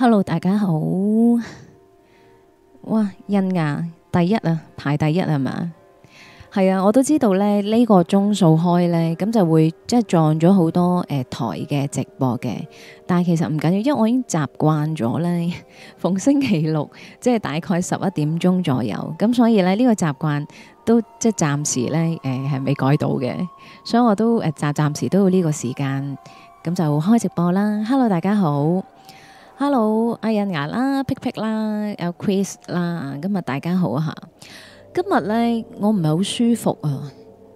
hello，大家好。哇，恩雅第一啊，排第一係嘛？係啊，我都知道咧，呢、呢個鐘數開咧，咁就會即係撞咗好多誒、呃、台嘅直播嘅。但係其實唔緊要，因為我已經習慣咗咧， 逢星期六即係大概十一點鐘左右，咁所以咧呢、呢個習慣都即係暫時咧誒係未改到嘅，所以我都誒暫、呃、暫時都要呢個時間咁就開直播啦。hello，大家好。hello，阿、啊、仁牙啦，pic pic 啦，有 Chris 啦，今日大家好啊！今日咧，我唔係好舒服啊，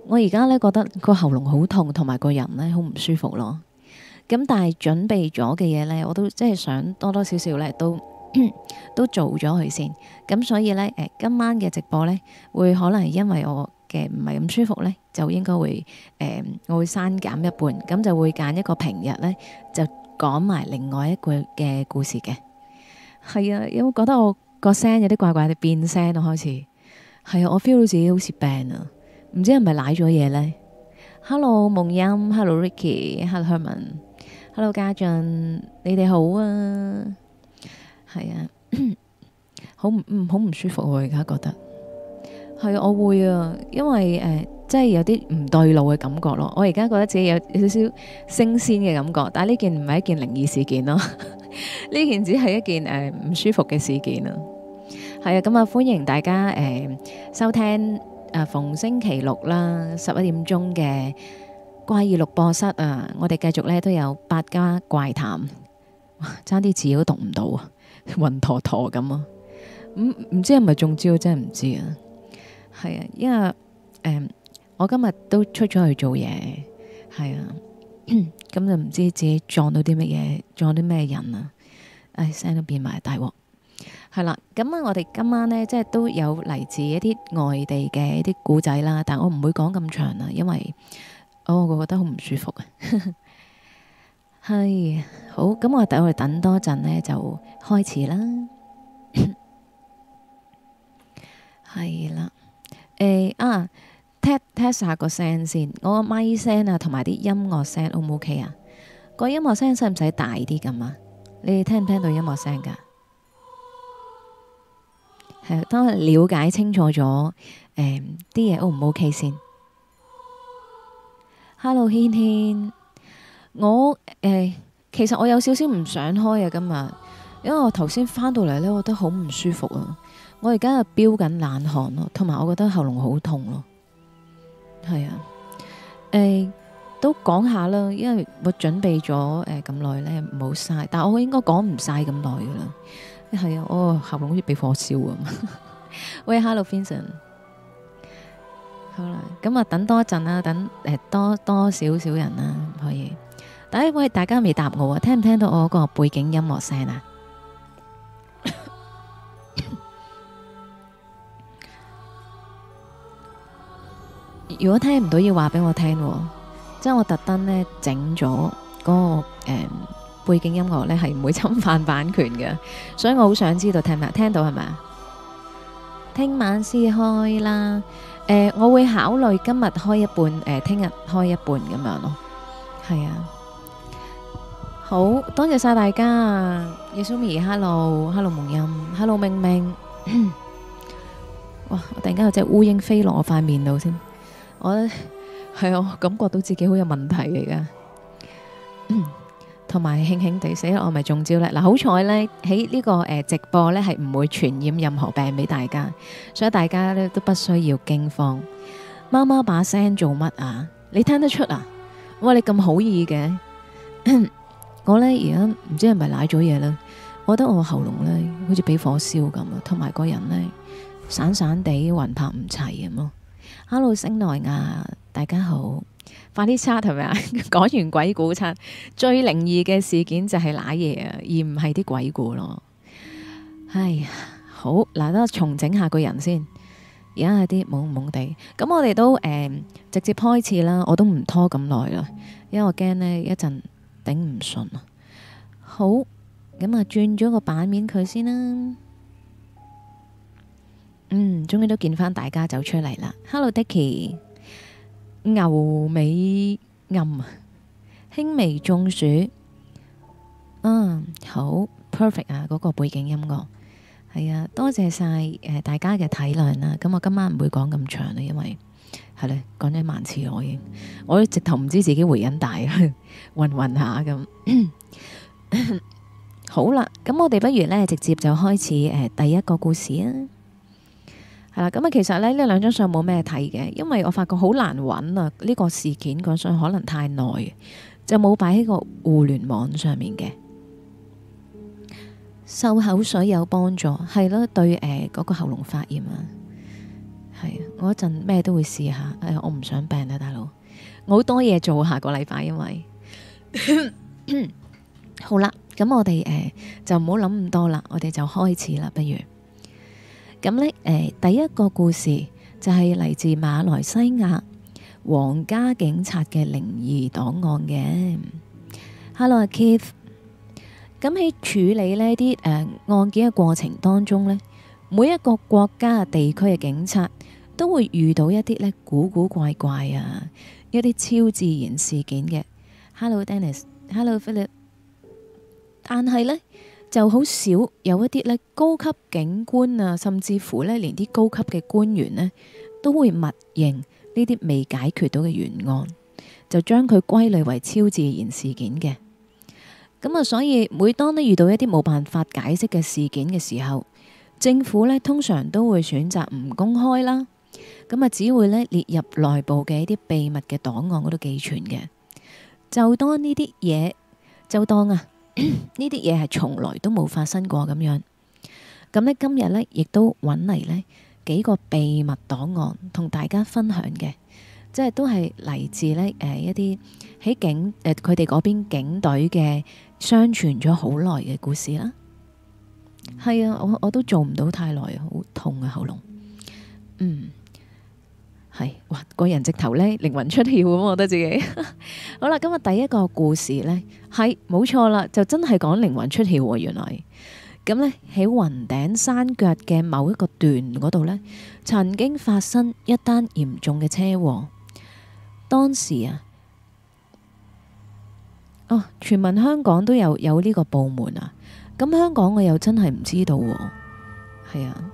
我而家咧覺得個喉嚨好痛，同埋個人咧好唔舒服咯。咁但係準備咗嘅嘢咧，我都即係想多多少少咧都都做咗佢先。咁所以咧，誒，今晚嘅直播咧，會可能因為我嘅唔係咁舒服咧，就應該會誒、呃，我會刪減一半，咁就會揀一個平日咧就。講埋另外一個嘅故事嘅，係啊，有冇覺得我個聲有啲怪怪地變聲啊？開始係啊，我 feel 到自己好似病啊，唔知係咪奶咗嘢呢 h e l l o 夢音，Hello, Hello Ricky，Hello Herman，Hello 家俊，你哋好啊，係啊，好唔好唔舒服我而家覺得係、啊，我會啊，因為誒。呃真係有啲唔對路嘅感覺咯，我而家覺得自己有有少少升仙嘅感覺，但係呢件唔係一件靈異事件咯，呢件只係一件誒唔、呃、舒服嘅事件啊。係啊，咁啊歡迎大家誒、呃、收聽啊、呃、逢星期六啦十一點鐘嘅怪異錄播室啊，我哋繼續咧都有百家怪談，差啲字都讀唔到啊，暈陀陀咁啊，唔、嗯、知係咪中招真係唔知啊，係啊，因為誒。呃我今日都出咗去做嘢，係啊，咁、 嗯、就唔知自己撞到啲乜嘢，撞到啲咩人啊？唉聲都變埋大鑊，係啦。咁啊，我哋今晚咧，即係都有嚟自一啲外地嘅一啲故仔啦。但係我唔會講咁長啊，因為、哦、我我覺得好唔舒服啊。係 好，咁我等我哋等多陣咧，就開始啦。係啦、 啊，誒啊！聽聽下個聲先，我個咪聲啊，同埋啲音樂聲 O 唔 OK 啊？個音樂聲使唔使大啲咁啊？你哋聽唔聽到音樂聲噶？係啊，當了解清楚咗，誒啲嘢 O 唔 OK 先？Hello，軒軒，我誒、欸、其實我有少少唔想開啊。今日因為我頭先翻到嚟咧，我覺得好唔舒服啊。我而家就飆緊冷汗咯，同埋我覺得喉嚨好痛咯。係啊，誒，都講下啦，因為我準備咗誒咁耐咧，冇、呃、晒，但係我應該講唔晒咁耐噶啦，係啊，我喉嚨好似俾火燒咁。喂，Hello，Vincent，好啦，咁啊，等多一陣啊，等誒、呃、多多少少人啊，可以，第一位大家未答我啊，聽唔聽到我個背景音樂聲啊？如果聽唔到，要話俾我聽，即係我特登咧整咗嗰個誒背景音樂咧，係唔會侵犯版權嘅，所以我好想知道聽唔聽聽到，係咪啊？聽晚先開啦，誒，我會考慮今日開一半，誒，聽日開一半咁樣咯。係啊，好多謝晒大家。Yesomie，hello，hello，夢音，hello，明明。哇！我突然間有隻烏蠅飛落我塊面度先。我係我感覺到自己好有問題嚟嘅，同埋輕輕地死啦，我咪中招呢。嗱，好彩呢，喺呢這個誒直播呢，係唔會傳染任何病俾大家，所以大家呢都不需要驚慌。貓貓把聲做乜啊？你聽得出啊？我話你咁好意嘅， 我呢而家唔知係咪瀨咗嘢啦。我覺得我喉嚨呢，好似俾火燒咁啊，同埋個人呢，散散地魂魄唔齊咁咯。Hello 星奈亞，大家好。快啲 chat 係咪啊？講 完鬼故 chat，最靈異嘅事件就係瀨嘢啊，而唔係啲鬼故咯。唉，好，嗱，得重整一下個人先。而家係啲懵懵地，咁我哋都誒、呃、直接開始啦。我都唔拖咁耐啦，因為我驚呢一陣頂唔順啊。好，咁啊，轉咗個版面佢先啦。嗯，終於都見翻大家走出嚟啦。Hello，Dicky，牛尾暗，輕微中暑。嗯、oh，好 perfect 啊，嗰、那個背景音樂係啊，多謝晒誒大家嘅體諒啦。咁我今晚唔會講咁長啦，因為係咧講咗一萬次我已經，我直頭唔知自己回音大啊，暈 暈下咁。 好啦，咁我哋不如咧直接就開始誒第一個故事啊。係啦，咁啊，其實咧呢兩張相冇咩睇嘅，因為我發覺好難揾啊呢個事件個相可能太耐，就冇擺喺個互聯網上面嘅。漱口水有幫助，係咯，對誒嗰、呃嗰個喉嚨發炎啊。係，我一陣咩都會試下。誒、哎，我唔想病啊，大佬，我好多嘢做下個禮拜，因為 好啦，咁我哋誒、呃、就唔好諗咁多啦，我哋就開始啦，不如。咁呢，誒、呃，第一個故事就係嚟自馬來西亞皇家警察嘅靈異檔案嘅。Hello，阿 Keith。咁喺處理呢啲誒、呃、案件嘅過程當中呢，每一個國家、地區嘅警察都會遇到一啲呢古古怪怪啊，一啲超自然事件嘅。Hello，Dennis。Hello，Philip。但係呢，就好少有一啲咧，高級警官啊，甚至乎呢，連啲高級嘅官員呢，都會默認呢啲未解決到嘅原案，就將佢歸類為超自然事件嘅。咁啊，所以每當咧遇到一啲冇辦法解釋嘅事件嘅時候，政府呢，通常都會選擇唔公開啦。咁啊，只會呢列入內部嘅一啲秘密嘅檔案嗰度寄存嘅。就當呢啲嘢，就當啊。呢啲嘢係從來都冇發生過咁樣，咁呢，今日呢亦都搵嚟呢幾個秘密檔案同大家分享嘅，即係都係嚟自呢誒一啲喺警誒佢哋嗰邊警隊嘅相傳咗好耐嘅故事啦。係啊，我我都做唔到太耐，好痛啊喉嚨。嗯。係，哇！個人直頭呢，靈魂出竅咁，我覺得自己 好啦。今日第一個故事呢，係冇錯啦，就真係講靈魂出竅喎、啊。原來咁呢，喺雲頂山腳嘅某一個段嗰度呢，曾經發生一單嚴重嘅車禍。當時啊，哦，傳聞香港都有有呢個部門啊，咁香港我又真係唔知道喎、啊。係啊，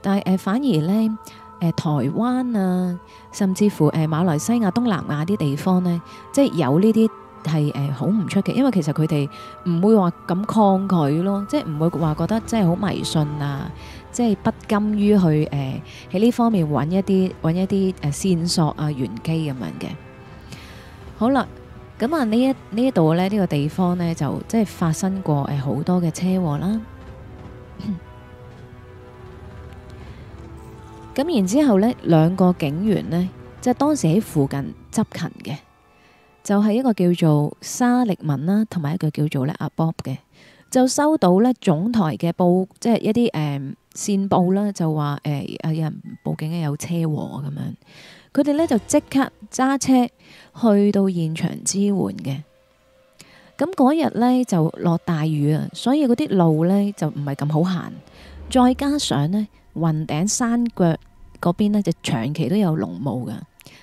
但係、呃、反而呢。誒、呃、台灣啊，甚至乎誒、呃、馬來西亞、東南亞啲地方呢，即係有呢啲係誒好唔出奇，因為其實佢哋唔會話咁抗拒咯，即係唔會話覺得即係好迷信啊，即係不甘於去誒喺呢方面揾一啲揾一啲誒、啊、線索啊、玄機咁樣嘅。好啦，咁啊呢一呢一度咧呢個地方呢，就即係發生過誒好多嘅車禍啦。 咁然之後呢，兩個警員呢，即係當時喺附近執勤嘅，就係一個叫做沙力文啦，同埋一個叫做咧阿 Bob 嘅，就收到呢總台嘅報，即係一啲誒線報啦，就話誒有人報警有車禍咁樣，佢哋呢就即刻揸車去到現場支援嘅。咁嗰日呢，就落大雨啊，所以嗰啲路呢，就唔係咁好行，再加上呢，雲頂山腳，嗰邊呢就長期都有濃霧㗎。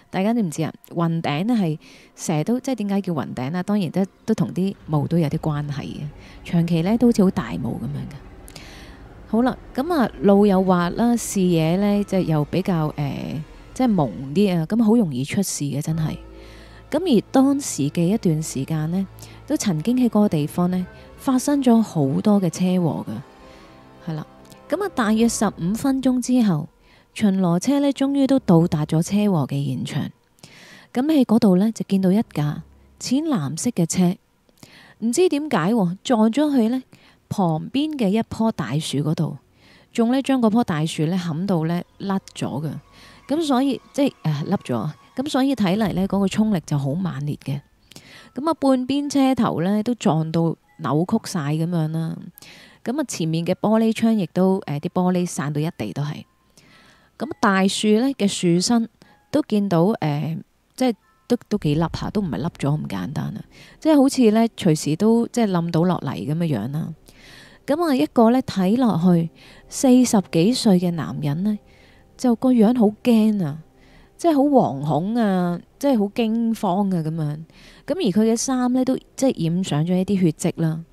大家知唔知啊？雲頂呢係成日都即係點解叫雲頂啊？當然都都同啲霧都有啲關係嘅。長期呢都好似好大霧咁樣嘅。好啦，咁啊路又滑啦，視野呢即係又比較誒、呃、即係蒙啲啊，咁好容易出事嘅真係。咁而當時嘅一段時間呢，都曾經喺嗰個地方呢發生咗好多嘅車禍㗎。係啦，咁啊，大約十五分鐘之後。巡邏車咧，終於都到達咗車禍嘅現場。咁喺嗰度呢，就見到一架淺藍色嘅車，唔知點解撞咗去呢，旁邊嘅一棵大樹嗰度，仲咧將嗰棵大樹呢冚到呢甩咗嘅。咁所以即係誒甩咗，咁、呃、所以睇嚟呢，嗰個衝力就好猛烈嘅。咁啊，半邊車頭呢都撞到扭曲晒咁樣啦。咁啊，前面嘅玻璃窗亦都誒啲、呃、玻璃散到一地都係。咁大樹呢嘅樹身都見到誒、呃，即係都都幾凹下，都唔係凹咗咁簡單啊！即係好似呢，隨時都即係冧到落嚟，咁嘅樣啦。咁啊，一個呢，睇落去四十幾歲嘅男人呢，就個樣好驚啊，即係好惶恐啊，即係好驚慌啊咁樣。咁而佢嘅衫呢，都即係染上咗一啲血迹啦。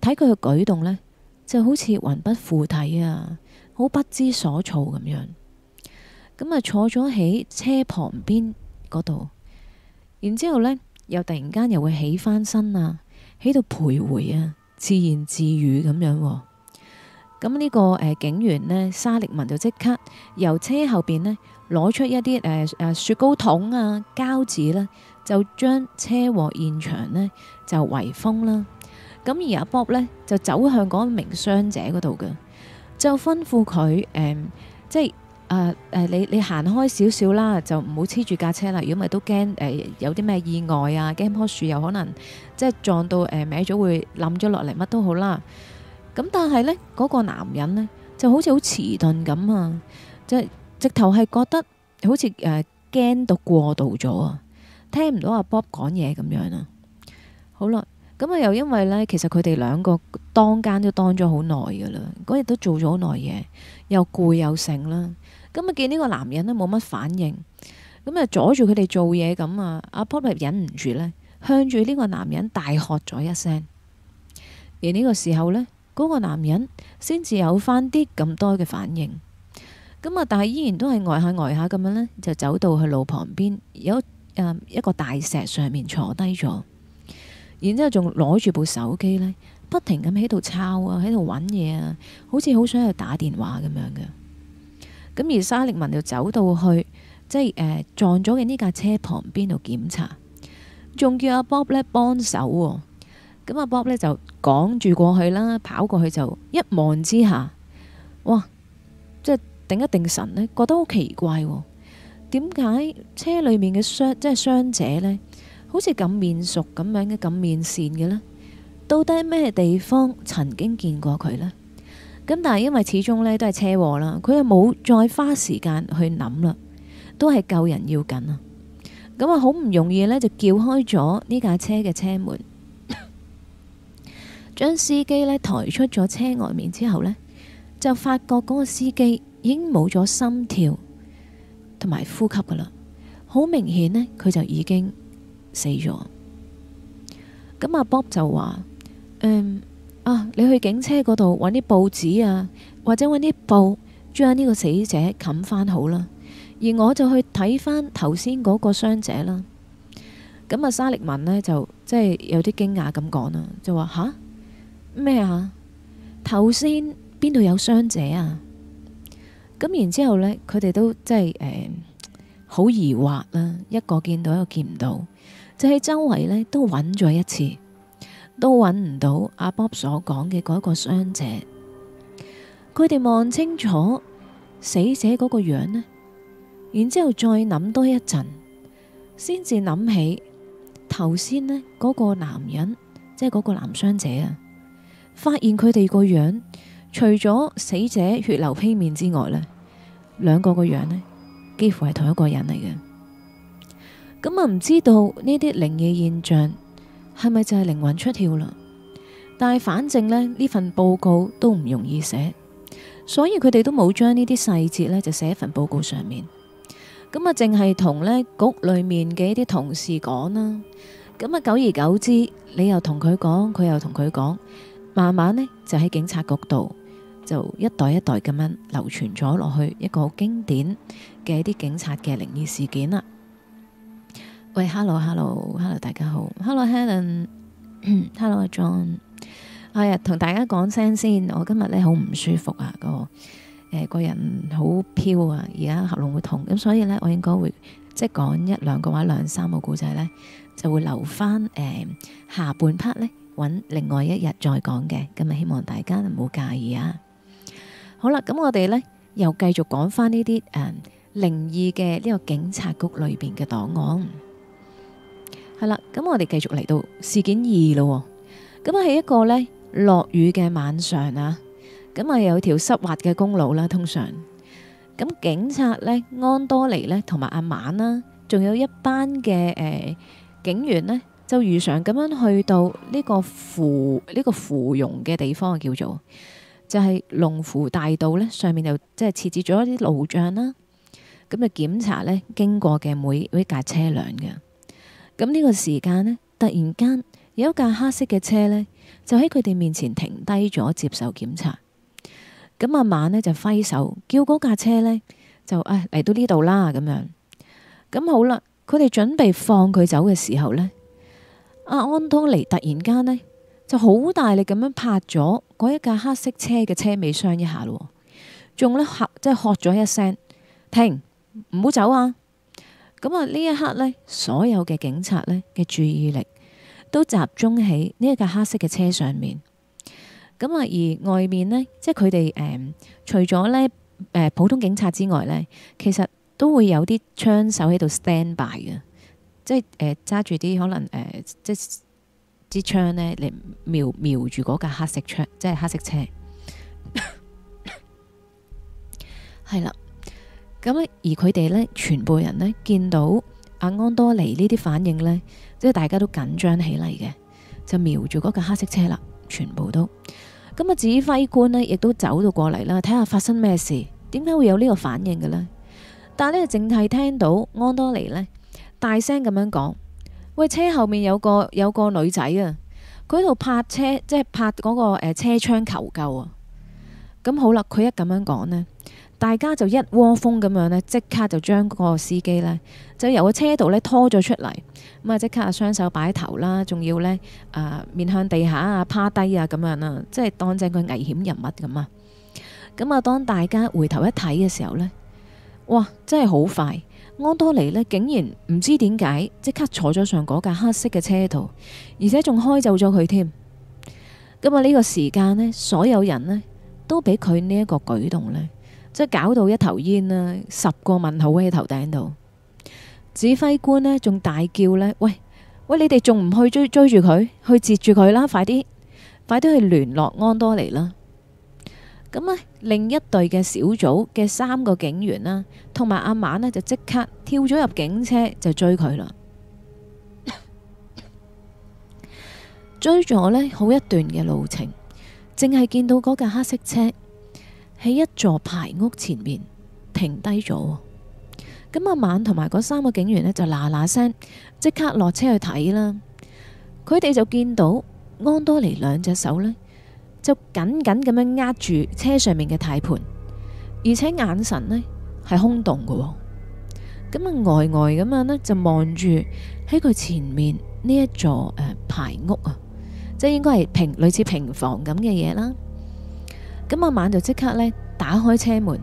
睇佢嘅舉動呢，就好似魂不附體啊，好不知所措咁樣。咁啊，坐咗喺車旁邊嗰度，然之後呢，又突然間又會起翻身啊，喺度徘徊啊，自言自語咁樣。咁呢、這個誒、呃、警員呢，沙力文就即刻由車後邊呢攞出一啲、呃啊、雪糕桶啊、膠紙呢，就將車禍現場呢就圍封啦。咁而阿、啊、Bob 呢就走向嗰名傷者嗰度嘅，就吩咐佢誒、呃、即係。誒、呃、誒，你你行開少少啦，就唔好黐住架車啦。如果咪都驚誒、呃、有啲咩意外啊，驚棵樹又可能即係撞到誒、呃、歪咗會冧咗落嚟乜都好啦。咁但係呢，嗰、嗰個男人呢，就好似好遲鈍咁啊，即係直頭係覺得好似誒驚到過度咗啊，聽唔到阿 Bob 講嘢咁樣啦、啊。好啦，咁啊又因為呢，其實佢哋兩個當間都當咗好耐㗎啦，嗰日都做咗好耐嘢，又攰又醒啦。咁啊！見呢個男人呢冇乜反應，咁啊阻住佢哋做嘢咁啊！阿婆又忍唔住呢，向住呢個男人大喝咗一聲。而呢個時候呢，嗰個男人先至有翻啲咁多嘅反應。咁啊，但係依然都係呆下呆下咁樣呢，就走到去路旁邊，有一個大石上面坐低咗。然之後仲攞住部手機呢，不停咁喺度抄啊，喺度揾嘢啊，好似好想喺度打電話咁樣嘅。咁而沙力文就走到去，即係誒、呃、撞咗嘅呢架車旁邊度檢查，仲叫阿 Bob 咧幫手。咁阿、哦啊、Bob 咧就趕住過去啦，跑過去就一望之下，哇！即係定一定神咧，覺得好奇怪、哦，點解車裏面嘅傷即係傷者咧，好似咁面熟咁樣嘅，咁面善嘅咧？到底咩地方曾經見過佢咧？咁但係因為始終呢都係車禍啦，佢又冇再花時間去諗啦，都係救人要緊啊！咁啊好唔容易呢，就撬開咗呢架車嘅車門，將 司機呢抬出咗車外面之後呢，就發覺嗰個司機已經冇咗心跳同埋呼吸噶啦，好明顯呢，佢就已經死咗。咁阿 Bob 就話：，嗯啊！你去警車嗰度揾啲報紙啊，或者揾啲布，將呢個死者冚翻好啦。而我就去睇翻頭先嗰個傷者啦。咁啊沙力文呢，就即係有啲驚訝咁講啦，就話，吓咩啊？頭先邊度有傷者啊？咁然之後呢，佢哋都即係誒好疑惑啦，一個見到一個見唔到，就喺周圍呢都揾咗一次。都揾唔到阿 Bob 所講嘅嗰個傷者，佢哋望清楚死者嗰個樣呢，然之後再諗多一陣，先至諗起頭先呢嗰個男人，即係嗰個男傷者啊，發現佢哋個樣，除咗死者血流披面之外呢，兩個個樣呢，幾乎係同一個人嚟嘅。咁啊唔知道呢啲靈異現象。係咪就係靈魂出竅啦？但係反正呢，呢份報告都唔容易寫，所以佢哋都冇將呢啲細節呢就寫喺份報告上面。咁啊，淨係同呢局裏面嘅一啲同事講啦。咁啊，久而久之，你又同佢講，佢又同佢講，慢慢呢就喺警察局度就一代一代咁樣流傳咗落去一個好經典嘅一啲警察嘅靈異事件啦。喂，hello，hello，hello，Hello. Hello, 大家好，hello，Helen，hello，John，我、hey, 日同大家講聲先，我今日咧好唔舒服啊，個誒、呃、個人好飄啊，而家喉嚨會痛，咁所以咧我應該會即係講一兩個話兩三個故仔咧，就會留翻，誒、呃、下半 part 咧，揾另外一日再講嘅，今日希望大家唔好介意啊。好啦，咁我哋咧又繼續講翻呢啲誒靈異嘅呢個警察局裏邊嘅檔案。係啦，咁我哋繼續嚟到事件二咯。咁啊，喺一個呢落雨嘅晚上啊，咁啊有條濕滑嘅公路啦，通常。咁警察呢，安多尼呢，同埋阿曼啦，仲有一班嘅誒、呃、警員呢，就如常咁樣去到呢個芙呢、這個芙蓉嘅地方叫做就係、是、龍湖大道呢，上面就即係設置咗一啲路障啦。咁就檢查呢經過嘅每每一架車輛嘅。咁、這、呢個時間呢，突然間有一架黑色嘅車呢，就喺佢哋面前停低咗，接受檢查。咁阿曼呢，就揮手叫嗰架車呢，就嚟、哎、到呢度啦咁樣。咁好啦，佢哋準備放佢走嘅時候呢，阿安東尼突然間呢，就好大力咁樣拍咗嗰一架黑色車嘅車尾箱一下咯，仲呢，即係喝咗一聲，停，唔好走啊！咁啊！呢一刻呢，所有嘅警察呢嘅注意力都集中喺呢一架黑色嘅車上面。咁啊，而外面呢，即係佢哋誒，除咗呢誒、呃、普通警察之外呢，其實都會有啲槍手喺度 stand by 嘅，即係誒揸住啲可能誒、呃、即係支槍呢嚟瞄瞄住嗰架黑色槍，即係黑色車，係 啦。咁而佢哋呢，全部人呢，見到阿安多尼呢啲反應呢，即係大家都緊張起嚟嘅，就瞄住嗰架黑色車啦，全部都。咁啊，指揮官呢，亦都走咗過嚟啦，睇下發生咩事，點解會有呢個反應嘅呢？但係呢，淨係聽到安多尼呢，大聲咁樣講，喂，車後面有個有個女仔啊，佢喺度拍車，即係拍嗰個誒車窗求救啊。咁好啦，佢一咁樣講呢。大家就一窩蜂咁樣呢，即刻就將嗰個司機呢，就由個車度呢拖咗出嚟咁啊，即刻啊，雙手擺頭啦，仲要呢啊，面向地下啊，趴低啊咁樣啦，即係當正佢危險人物咁啊。咁啊，當大家回頭一睇嘅時候呢，哇！真係好快，安多尼呢竟然唔知點解即刻坐咗上嗰架黑色嘅車度，而且仲開走咗佢添。咁啊，呢個時間呢，所有人呢，都俾佢呢一個舉動呢。即係搞到一頭煙啦，十個問號喺頭頂度，指揮官呢仲大叫呢，喂喂，你哋仲唔去追追住佢，去截住佢啦！快啲，快啲去聯絡安多尼啦！咁呢，另一隊嘅小組嘅三個警員啦，同埋阿馬呢就即刻跳咗入警車就追佢啦。追咗呢好一段嘅路程，淨係見到嗰架黑色車。喺一座排屋前面停低咗，咁阿晚同埋嗰三個警員呢，就嗱嗱聲，即刻落車去睇啦。佢哋就見到安多尼兩隻手呢，就緊緊咁樣握住車上面嘅軚盤，而且眼神呢，係空洞嘅。咁啊呆呆咁樣呢，就望住喺佢前面呢一座誒排屋啊，即係應該係平類似平房咁嘅嘢啦。咁阿猛就即刻咧打開車門，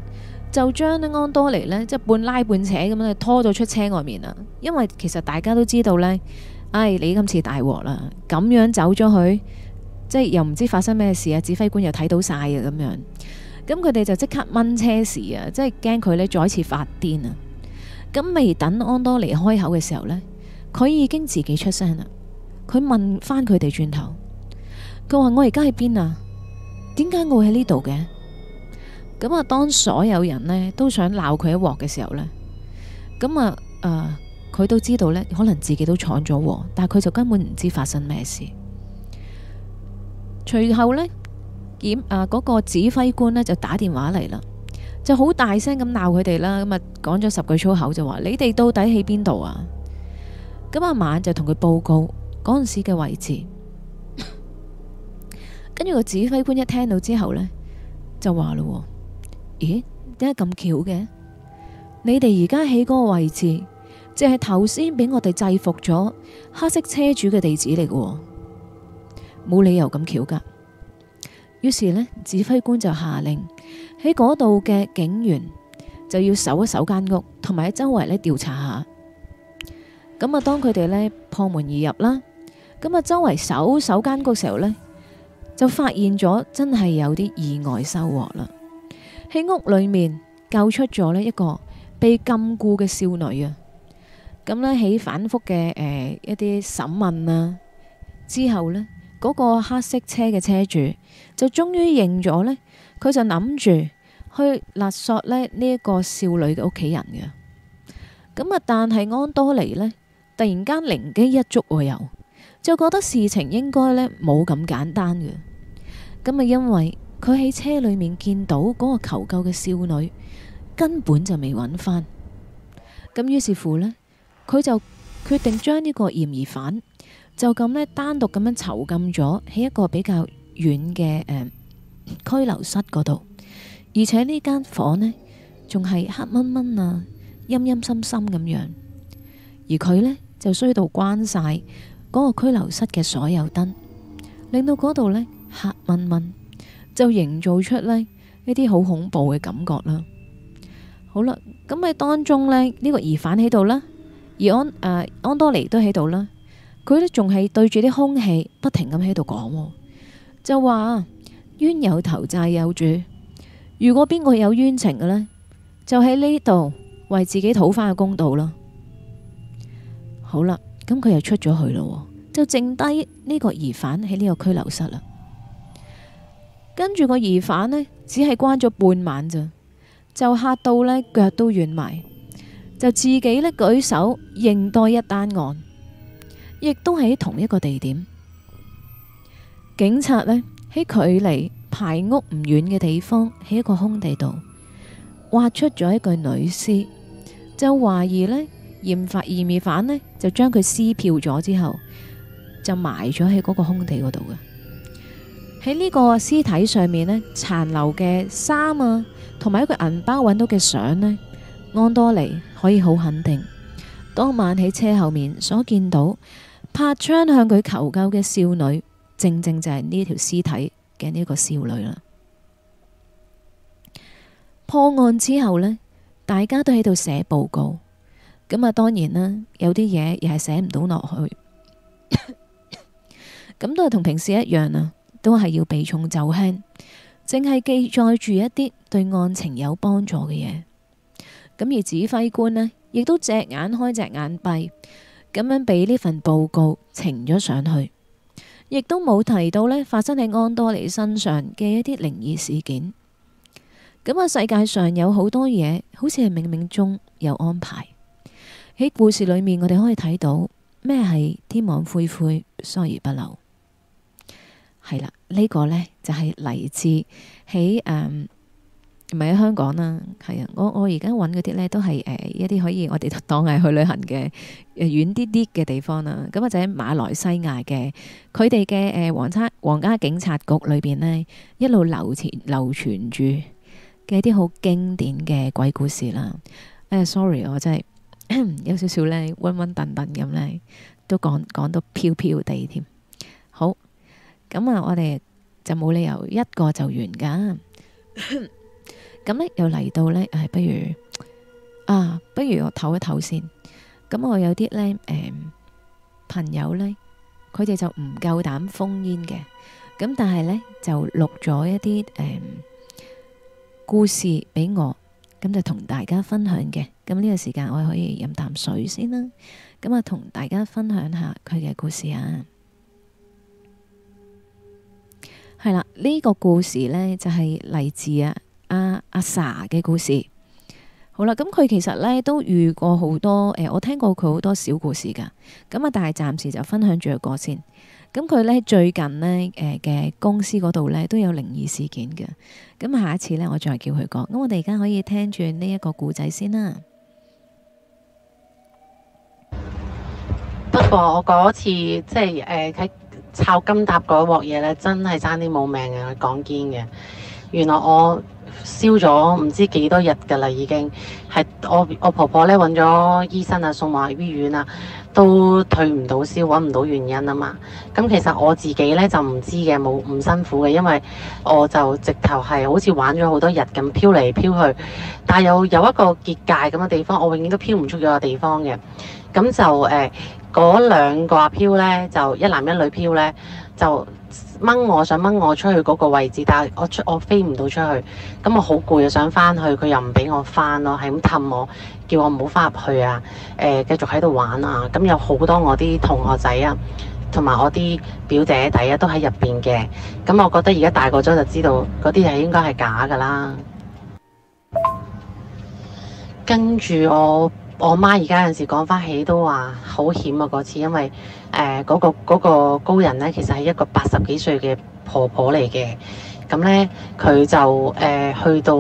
就將啲安多尼呢，即係半拉半扯咁樣拖咗出車外面啦。因為其實大家都知道呢，唉、哎、你今次大鑊啦，咁樣走咗去，即係又唔知發生咩事啊！指揮官又睇到晒啊咁樣，咁佢哋就即刻掹車士啊，即係驚佢呢再一次發癲啊！咁未等安多尼開口嘅時候呢，佢已經自己出聲啦。佢問翻佢哋轉頭，佢話我而家喺邊啊？點解我喺呢度嘅？咁啊，當所有人呢都想鬧佢一鑊嘅時候呢，咁啊誒，佢都知道呢，可能自己都闖咗禍，但係佢就根本唔知發生咩事。隨後呢，檢誒嗰個指揮官呢就打電話嚟啦，就好大聲咁鬧佢哋啦。咁啊，講咗十句粗口就話：就你哋到底喺邊度啊？咁啊，晚就同佢報告嗰陣時嘅位置。跟住個指揮官一聽到之後呢，就話咯：咦，點解咁巧嘅？你哋而家喺嗰個位置，淨係頭先俾我哋制服咗黑色車主嘅地址嚟嘅，冇理由咁巧噶。於是呢，指揮官就下令喺嗰度嘅警員就要守一守間屋，同埋喺周圍呢調查下。咁啊，當佢哋呢破門而入啦，咁啊，周圍守守間屋嘅時候呢。」就發現咗，真係有啲意外收穫啦！喺屋裏面救出咗咧，一個被禁錮嘅少女啊！咁咧喺反覆嘅誒一啲審問啊之後咧，嗰個黑色車嘅車主就終於認咗咧，佢就諗住去勒索咧呢一個少女嘅屋企人嘅。咁啊，但係安多尼咧突然間靈機一觸喎又。就覺得事情應該呢冇咁簡單嘅，咁啊，因為佢喺車裏面見到嗰個求救嘅少女根本就未揾翻，咁於是乎呢，佢就決定將呢個嫌疑犯就咁呢單獨咁樣囚禁咗喺一個比較遠嘅誒、呃、拘留室嗰度，而且呢間房呢，仲係黑蚊蚊啊陰陰森森咁樣，而佢呢，就衰到關晒。嗰、那個拘留室嘅所有燈，令到嗰度呢黑掹掹，就營造出呢一啲好恐怖嘅感覺啦。好啦，咁喺當中呢，呢、這個疑犯喺度啦，而安誒、呃、安多尼都喺度啦，佢咧仲係對住啲空氣不停咁喺度講，就話冤有頭債有主，如果邊個有冤情嘅呢，就喺呢度為自己討返個公道啦。好啦，咁佢又出咗去咯。就剩低呢個疑犯喺呢個拘留室啦。跟住個疑犯呢，只係關咗半晚咋，就嚇到呢腳都軟埋，就自己呢舉手認多一單案，亦都喺同一個地點。警察呢，喺距離排屋唔遠嘅地方，喺一個空地度挖出咗一具女屍，就懷疑呢嫌罰嫌疑犯呢，就將佢撕票咗之後。就埋咗喺嗰個空地嗰度嘅。喺呢個屍體上面呢，殘留嘅衫啊，同埋一個銀包揾到嘅相呢，安多尼可以好肯定，當晚喺車後面所見到，拍窗向佢求救嘅少女，正正就係呢條屍體嘅呢個少女啦。破案之後呢，大家都喺度寫報告，咁啊，當然啦，有啲嘢亦係寫唔到落去。 咁都係同平時一樣啊，都係要避重就輕，淨係記載住一啲對案情有幫助嘅嘢。咁而指揮官呢，亦都隻眼開隻眼閉，咁樣俾呢份報告呈咗上去，亦都冇提到呢，發生喺安多尼身上嘅一啲靈異事件。咁啊，世界上有好多嘢，好似係冥冥中有安排。喺故事裏面，我哋可以睇到咩係天網恢恢，疏而不漏。係啦，呢、呢個呢就係嚟自喺誒，唔係喺香港啦，係啊，我我而家揾嗰啲呢都係誒、呃、一啲可以我哋當係去旅行嘅、呃、遠啲啲嘅地方啦。咁或者馬來西亞嘅，佢哋嘅誒皇家皇家警察局裏邊呢，一路流傳流傳住嘅一啲好經典嘅鬼故事啦。誒、呃、sorry 我真係 有少少呢，瘟瘟頓頓咁呢，都講講到飄飄地添。咁啊，我哋就冇理由一個就完㗎。咁呢又嚟到呢，係，不如啊，不如我唞一唞先。咁我有啲呢，誒，朋友呢，佢哋就唔夠膽封煙嘅。咁但係呢，就錄咗一啲誒故事俾我，咁就同大家分享嘅。咁呢個時間我可以飲啖水先啦。咁啊，同大家分享下佢嘅故事啊。係啦，呢、這個故事呢就係、是、嚟自啊阿阿 Sa 嘅故事。好啦，咁佢其實呢都遇過好多誒、呃，我聽過佢好多小故事噶。咁啊，但係暫時就分享住個先。咁佢呢最近呢誒嘅、呃、公司嗰度呢都有靈異事件嘅。咁下一次呢我再叫佢講。咁我哋而家可以聽住呢一個故仔先啦。不過我嗰次即係誒喺。呃抄金塔嗰鑊嘢咧，真係差啲冇命嘅，講堅嘅。原來我燒咗唔知幾多日㗎啦，已經係我我婆婆咧揾咗醫生啊，送埋去醫院啊，都退唔到燒，揾唔到原因啊嘛。咁其實我自己咧就唔知嘅，冇唔辛苦嘅，因為我就直頭係好似玩咗好多日咁漂嚟漂去，但係有有一個結界咁嘅地方，我永遠都漂唔出嗰個地方嘅。咁就誒。呃嗰兩個阿飄咧，就一男一女飄咧，就掹我想掹我出去嗰個位置，但係我出我飛唔到出去，咁我好攰又想翻去，佢又唔俾我翻咯，係咁氹我，叫我唔好翻入去啊，誒、呃，繼續喺度玩啊，咁有好多我啲同學仔啊，同埋我啲表姐弟啊，都喺入邊嘅，咁我覺得而家大個咗就知道嗰啲係應該係假噶啦，跟住我。我媽而家有時講翻起都話好險啊！嗰次因為誒嗰、呃嗰個嗰個高人咧，其實係一個八十幾歲嘅婆婆嚟嘅，咁咧佢就誒、呃、去到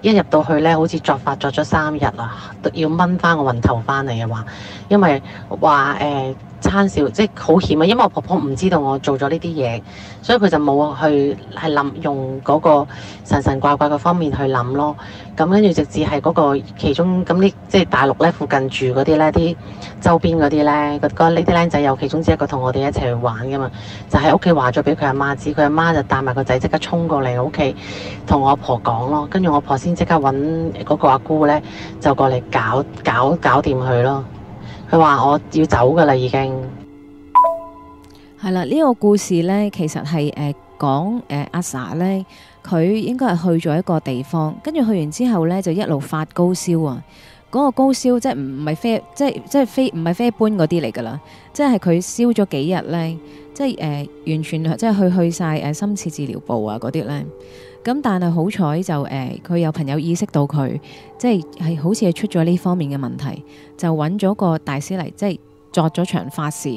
一入到去咧，好似作法作咗三日啊，要掹翻個雲頭翻嚟啊話，因為話誒、呃差少即係好險啊！因為我婆婆唔知道我做咗呢啲嘢，所以佢就冇去係諗用嗰個神神怪怪嘅方面去諗咯。咁跟住直至係嗰個其中咁呢，即係大陸咧附近住嗰啲咧啲周邊嗰啲咧，個呢啲僆仔有其中之一個同我哋一齊去玩噶嘛，就喺屋企話咗俾佢阿媽知，佢阿媽就帶埋個仔即刻衝過嚟屋企同我阿婆講咯，跟住我婆先即刻搵嗰個阿姑咧就過嚟搞搞搞掂佢咯。佢話我要走噶啦，已經係啦。呢個故事呢，其實係誒、呃、講誒、呃、阿 Sa 呢，佢應該係去咗一個地方，跟住去完之後呢，就一路發高燒啊！嗰、嗰個高燒即係唔係非即係即係非唔係非一般嗰啲嚟噶啦，即係佢燒咗幾日呢，即係誒、呃、完全即係去去晒誒深切治療部啊嗰啲呢。咁但係好彩就誒，佢有朋友意識到佢即係係好似係出咗呢方面嘅問題，就揾咗個大師嚟，即係作咗場法事，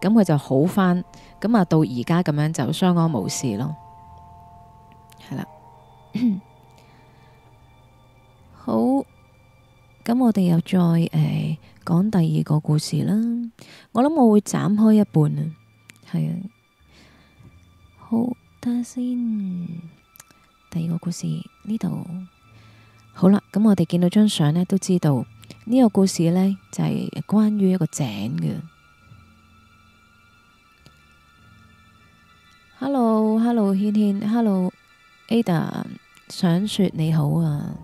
咁佢就好返，咁啊到而家咁樣就相安無事咯，係啦，好，咁我哋又再誒講、呃、第二個故事啦，我諗我會斬開一半啊，係啊，好睇先。看看第二個故事呢度好啦，咁我哋見到張相咧，都知道呢、這個故事呢就係、是、關於一個井嘅。Hello，Hello，倩 Hello, 倩，Hello，Ada，想說你好啊？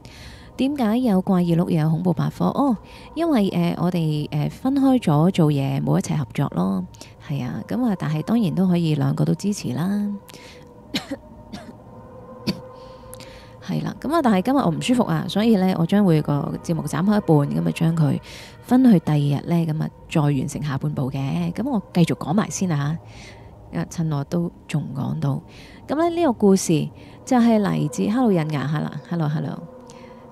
點解有怪異錄又有恐怖百科？哦，因為誒、呃、我哋誒、呃、分開咗做嘢，冇一齊合作咯。係啊，咁啊，但係當然都可以兩個都支持啦.。 係啦，咁啊，但係今日我唔舒服啊，所以咧，我將會個節目斬開一半，咁啊，將佢分去第二日咧，咁啊，再完成下半部嘅，咁我繼續講埋先啊吓，啊趁我都仲講到，咁咧呢個故事就係嚟自 Hello 人牙吓啦，Hello Hello，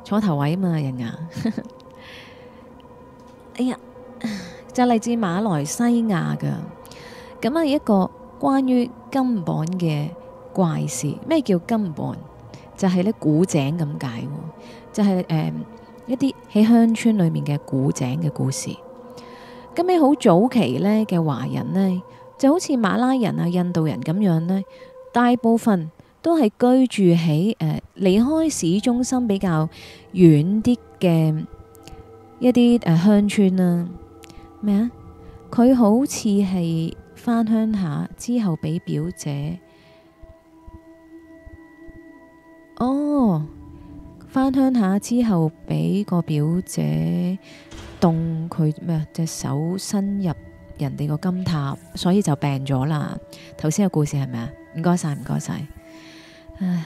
坐頭位啊嘛人牙， 哎呀，就係嚟自馬來西亞噶，咁啊一個關於金榜嘅怪事，咩叫金榜？就係咧古井咁解，就係誒一啲喺鄉村裏面嘅古井嘅故事。咁樣好早期咧嘅華人呢，就好似馬拉人啊、印度人咁樣呢，大部分都係居住喺誒離開市中心比較遠啲嘅一啲誒鄉村啦。咩啊？佢好似係翻鄉下之後俾表姐。哦，返鄉下之後俾個表姐動佢咩隻手伸入人哋個金塔，所以就病咗啦。頭先嘅故事係咪啊？唔該晒，唔該晒！唉，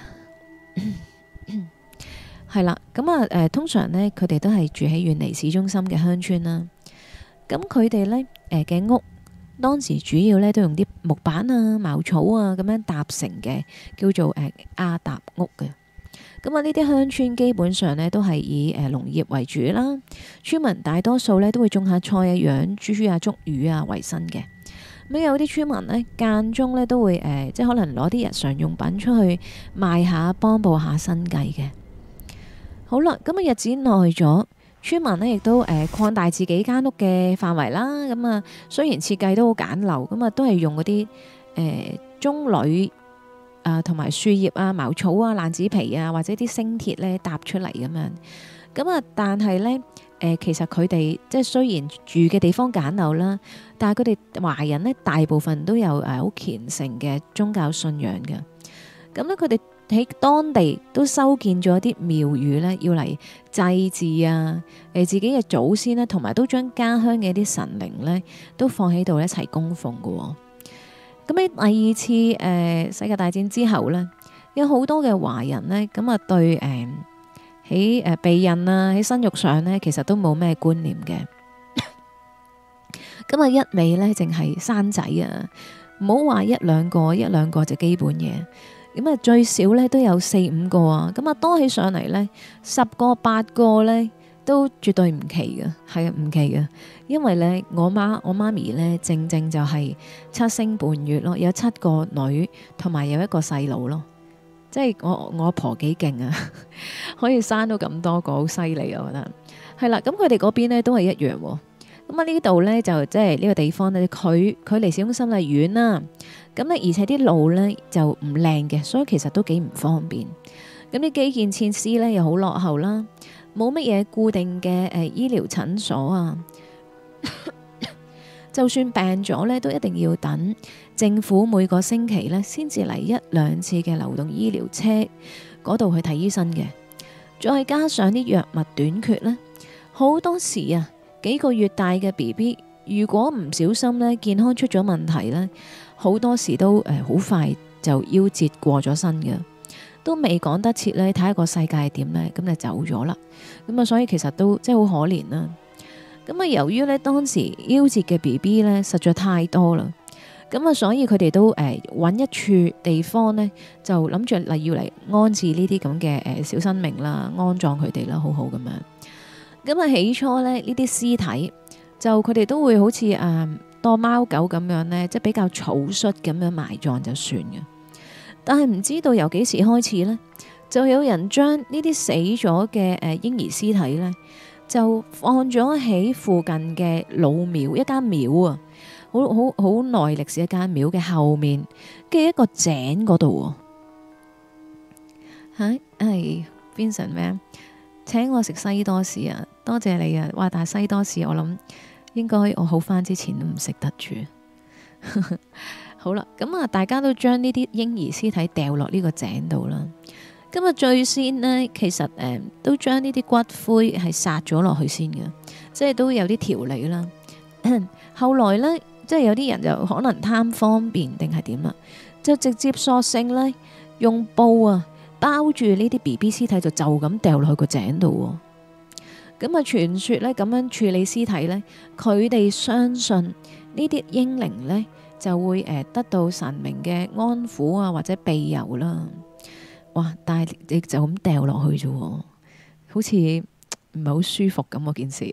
係啦，咁 啊，誒、 呃，通常呢，佢哋都係住喺遠離市中心嘅鄉村啦。咁佢哋呢誒嘅、呃、屋，當時主要呢都用啲木板啊、茅草啊咁樣搭成嘅，叫做誒亞答屋嘅。咁啊，呢啲鄉村基本上咧都係以誒、呃、農業為主啦，村民大多數咧都會種下菜啊、養豬豬啊、捉魚啊為生嘅。咁有啲村民咧間中咧都會誒、呃，即係可能攞啲日常用品出去賣下，幫補下生計嘅。好啦，咁啊日子耐咗，村民咧亦都誒、呃、擴大自己間屋嘅範圍啦。咁、嗯、啊，雖然設計都好簡陋，咁、嗯、啊都係用嗰啲誒棕櫚。啊，同埋樹葉啊、茅草啊、爛紙皮啊，或者啲星鐵咧搭出嚟咁樣。咁啊，但係咧，誒、呃，其實佢哋即係雖然住嘅地方簡陋啦，但係佢哋華人咧大部分都有誒好虔誠嘅宗教信仰嘅。咁咧，佢哋喺當地都修建咗啲廟宇咧，要嚟祭祀啊，誒、呃、自己嘅祖先咧、啊，同埋都將家鄉嘅啲神靈咧都放喺度一齊供奉嘅喎、啊。咁喺第二次誒、呃、世界大戰之後咧，有好多嘅華人咧，咁啊對誒喺誒避孕啊喺生育上咧，其實都冇咩觀念嘅。咁啊，一味咧淨係生仔啊，唔好話一兩個一兩個就基本嘢。咁啊，最少咧都有四五個啊，咁啊多起上嚟咧，十個八個咧。都絕對唔奇嘅，係啊，唔奇嘅，因為咧，我媽我媽咪咧，正正就係七星伴月咯，有七個女，同埋有一個細佬咯，即係我我阿婆幾勁啊， 可以生到咁多個，好犀利啊，我覺得係啦，咁佢哋嗰邊咧都係一樣，咁啊呢度咧就即係呢個地方咧，佢距離市中心咧遠啦，咁咧而且啲路咧就唔靚嘅，所以其實都幾唔方便，咁呢基建設施咧又好落後啦。冇乜嘢固定嘅誒醫療診所啊， 就算病咗咧，都一定要等政府每個星期咧先至嚟一兩次嘅流動醫療車嗰度去睇醫生嘅。再加上啲藥物短缺咧，好多時啊，幾個月大嘅 BB，如果唔小心咧，健康出咗問題咧，好多時都誒好快就夭折過咗身嘅。都未講得切咧，睇下個世界係點咧，咁就走咗啦。咁啊，所以其實都即係好可憐啦。咁啊，由於咧當時夭折嘅 B B 咧實在太多啦，咁啊，所以佢哋都誒搵一處地方咧，就諗住嚟要嚟安置呢啲咁嘅誒小生命啦，安葬佢哋啦，好好咁樣。咁啊，起初咧呢啲屍體就佢哋都會好似啊當貓狗咁樣咧，即係比較草率咁樣埋葬就算嘅。但係唔知道由幾時開始呢，就有人將呢啲死咗嘅，誒嬰兒屍體呢，就放咗喺附近嘅老廟一間廟啊，好好好耐歷史一間廟嘅後面，跟住一個井嗰度啊。係、hey, Vincent 咩？請我食西多士啊！多謝你啊！哇！但係西多士我諗應該我好翻之前都唔食得住。 好啦，咁啊，大家都將呢啲嬰兒屍體掉落呢個井度啦。咁啊，最先呢，其實誒、嗯，都將呢啲骨灰係殺咗落去先嘅，即係都有啲條理啦。後來呢，即係有啲人就可能貪方便定係點啊，就直接索性呢，用布啊包住呢啲 B B 屍體就就咁掉落去個井度。咁啊，傳說呢，咁樣處理屍體呢，佢哋相信呢啲嬰靈呢。就會誒得到神明嘅安撫啊，或者庇佑啦。哇！但係你就咁掉落去啫，好似唔係好舒服咁嗰件事，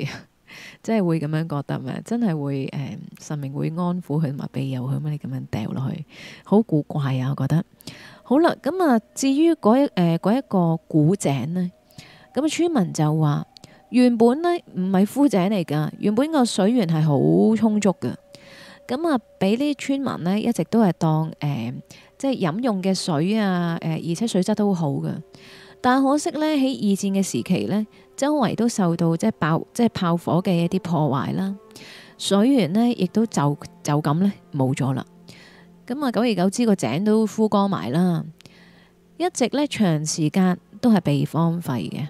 即 係會咁樣覺得咩？真係會誒、呃、神明會安撫佢同埋庇佑佢咩？你咁樣掉落去，好古怪啊！我覺得好啦，咁啊，至於嗰一誒一個古井呢，咁村民就話原本呢，唔係枯井嚟噶，原本個水源係好充足噶。咁啊，俾呢啲村民呢一直都係當即係、呃即係、飲用嘅水啊、呃，而且水質都好嘅。但可惜呢，喺二戰嘅時期呢，周圍都受到即係爆即係炮火嘅一啲破壞啦，水源呢亦都就就咁呢冇咗啦。咁啊，久而久之個井都枯乾埋啦，一直呢長時間都係被荒廢嘅。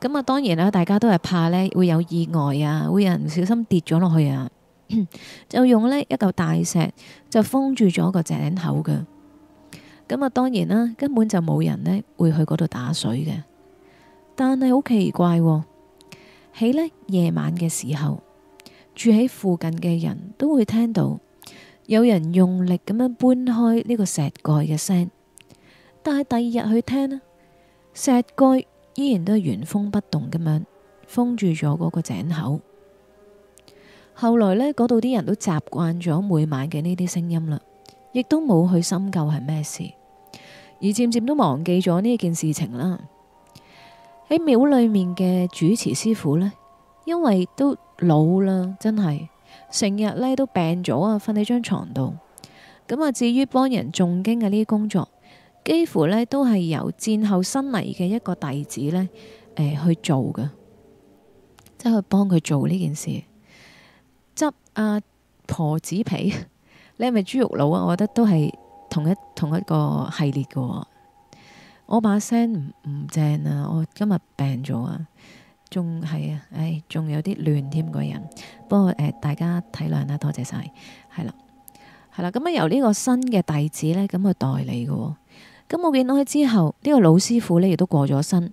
咁啊，當然啦，大家都係怕呢會有意外啊，會有人唔小心跌咗落去啊。 就用呢一嚿大石就封住咗個井口嘅。咁啊當然啦，根本就冇人呢會去嗰度打水嘅。但係好奇怪喎，哦，喺呢夜晚嘅時候，住喺附近嘅人都會聽到有人用力咁樣搬開呢個石蓋嘅聲。但係第二日去聽呢石蓋依然都係原封不動咁樣封住咗嗰個井口。後來呢，嗰度啲人都習慣咗每晚嘅呢啲聲音啦，亦都冇去深究係咩事，而漸漸都忘記咗呢件事情啦。喺廟裏面嘅主持師傅呢，因為都老啦，真係成日呢都病咗啊，瞓喺張床度。咁啊，至於幫人誦經嘅呢啲工作，幾乎呢都係由戰後新嚟嘅一個弟子呢去做嘅，即係去幫佢做呢件事。執啊婆子皮，你係咪豬肉佬啊？我覺得都係同一同一個系列噶喎。我把聲唔唔正啊！我今日病咗啊，仲係啊，唉、哎，仲有啲亂添個人。不過誒，大家體諒啦，多謝晒。係啦，係啦，咁啊由呢個新嘅弟子咧，咁去代理噶喎。咁我見到佢之後，呢個老師傅咧亦都過咗身。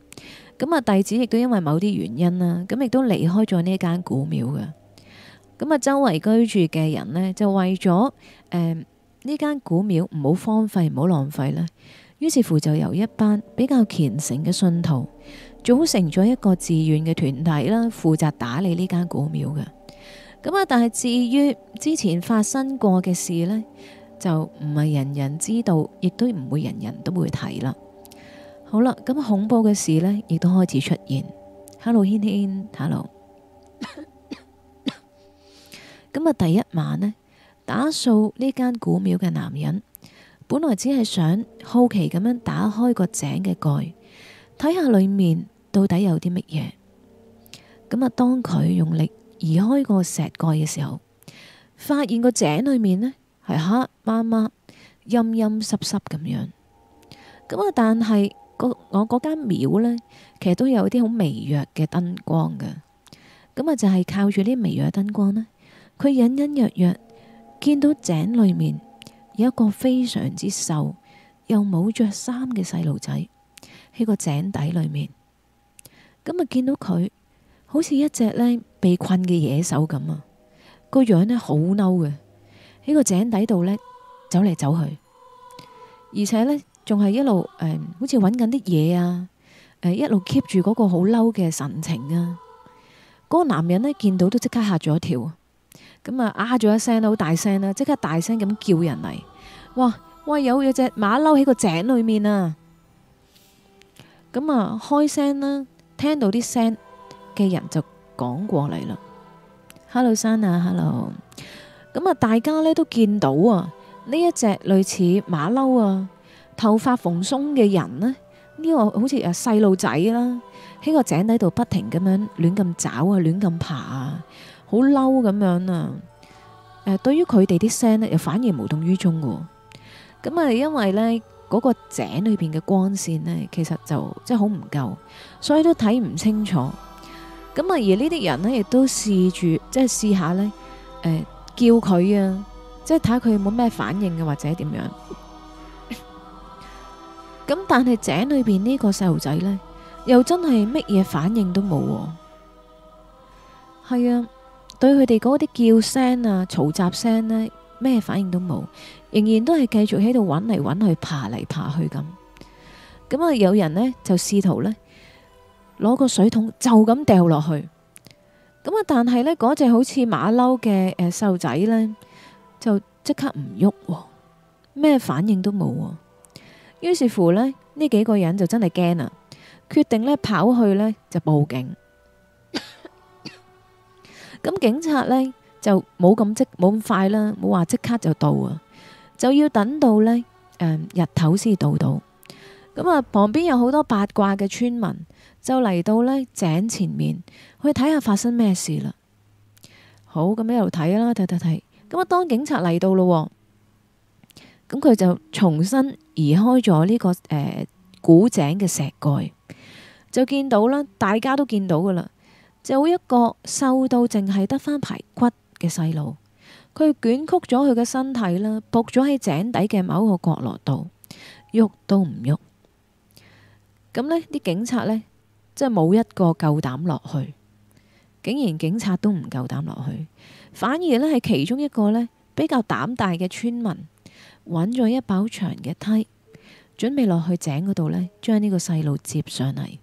咁啊，弟子亦都因為某啲原因啦，咁亦都離開咗呢一間古廟噶。咁啊，周圍居住嘅人呢，就為咗誒呢間古廟唔好荒廢，唔好浪費啦。於是乎就由一班比較虔誠嘅信徒組成咗一個自願嘅團體啦，負責打理呢間古廟嘅。咁啊，但係至於之前發生過嘅事呢，就唔係人人知道，亦都唔會人人都會睇啦。好啦，咁恐怖嘅事呢，亦都開始出現。Hello 軒軒，Hello。 咁啊！第一晚呢，打掃呢間古廟嘅男人，本來只係想好奇咁樣打開個井嘅蓋，睇下裏面到底有啲乜嘢？咁啊，當佢用力移開個石蓋嘅時候，發現個井裏面呢係黑麻麻、陰陰濕濕咁樣。咁啊，但係我嗰間廟呢，其實都有啲好微弱嘅燈光㗎。咁啊，就係、是、靠住啲微弱嘅燈光呢。佢隱隱約約見到井裏面有一個非常之瘦又冇着衫嘅細路仔喺個井底裏面。咁啊，見到佢好似一隻呢被困嘅野獸咁啊，個樣呢好嬲嘅喺個井底度呢走嚟走去，而且呢仲係一路誒，好似搵緊啲嘢啊，誒一路 keep 住嗰個好嬲嘅神情啊。嗰、那個男人呢見到都即刻嚇咗一跳。咁啊，啊咗一聲啦，好大聲啦，即刻大聲咁叫人嚟，哇喂，有有隻馬騮喺個井裏面啊！咁啊，開聲啦，聽到啲聲嘅人就講過嚟啦，Hello 山啊，Hello！咁啊，嗯、大家咧都見到啊，呢一隻類似馬騮啊，頭髮蓬鬆嘅人呢、啊，呢、這個好似啊細路仔啦，喺個井底度不停咁樣亂咁找啊，亂咁爬啊。好嬲咁樣啊！誒，對於佢哋啲聲呢，又反而無動於衷噶。咁啊，因為呢嗰個井裏邊嘅光線呢，其實就即係好唔夠，所以都睇唔清楚。咁啊，而呢啲人呢，亦都試住即係試下呢，誒叫佢啊，即係睇下佢有冇咩反應嘅，或者點樣。咁但係井裏邊呢個細路仔呢，又真係乜嘢反應都冇。係啊。對佢哋嗰啲叫聲啊、嘈雜聲呢，咩反應都冇，仍然都係繼續喺度揾嚟揾去、爬嚟爬去咁。咁啊，有人呢，就試圖呢，攞個水桶就咁掉落去。咁啊，但係呢，嗰隻好似馬騮嘅誒細路仔呢，就即刻唔喐，咩反應都冇。於是乎呢，呢幾個人就真係驚啦，決定呢，跑去呢，就報警。咁警察呢，就冇咁即，冇咁快啦，冇話即刻就到啊，就要等到呢、嗯、日頭先到到。咁啊，旁邊有好多八卦嘅村民就嚟到呢井前面去睇下發生咩事啦。好，咁一路睇啦，睇睇睇。咁啊，那當警察嚟到咯，咁佢就重新移開咗呢、這個誒、呃、古井嘅石蓋，就見到啦，大家都見到噶啦。就好一個瘦到淨係得翻排骨嘅細路，佢捲曲咗佢嘅身體啦，伏咗喺井底嘅某個角落度，喐都唔喐。咁呢啲警察呢，即係冇一個夠膽落去，竟然警察都唔夠膽落去，反而呢係其中一個呢比較膽大嘅村民，揾咗一把長嘅梯，準備落去井嗰度呢，將呢個細路接上嚟。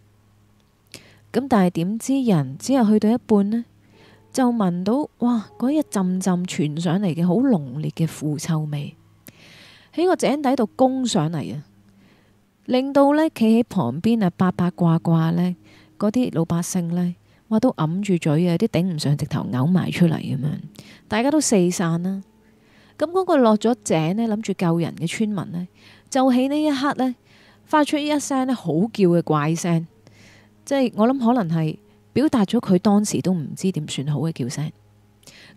咁但係點知人只係去到一半呢，就聞到哇，嗰一陣陣傳上嚟嘅，好濃烈嘅腐臭味，喺個井底度供上嚟啊！令到呢，企喺旁邊啊八八卦卦呢，嗰啲老百姓呢，哇都揞住嘴啊，啲頂唔上直頭嘔埋出嚟咁樣，大家都四散啦。咁、那、嗰個落咗井呢，諗住救人嘅村民呢，就喺呢一刻呢，發出一聲呢，好叫嘅怪聲。即係我諗，可能係表達咗佢當時都唔知點算好嘅叫聲。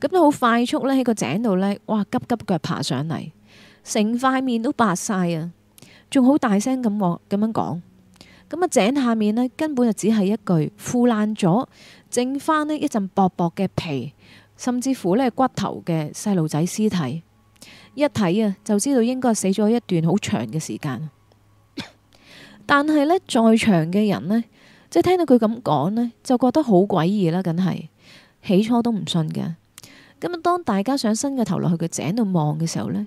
咁都好快速呢，喺個井度呢，哇！急急腳爬上嚟，成塊面都白晒啊，仲好大聲咁講，咁樣講。咁啊，井下面呢，根本就只係一具腐爛咗，剩翻呢一陣薄薄嘅皮，甚至乎呢，骨頭嘅細路仔屍體。一睇啊，就知道應該死咗一段好長嘅時間。但係呢，在場嘅人呢。一聽到佢咁講咧，就覺得好詭異啦，梗係起初都唔信嘅。咁啊，當大家想伸個頭落去個井度望嘅時候咧，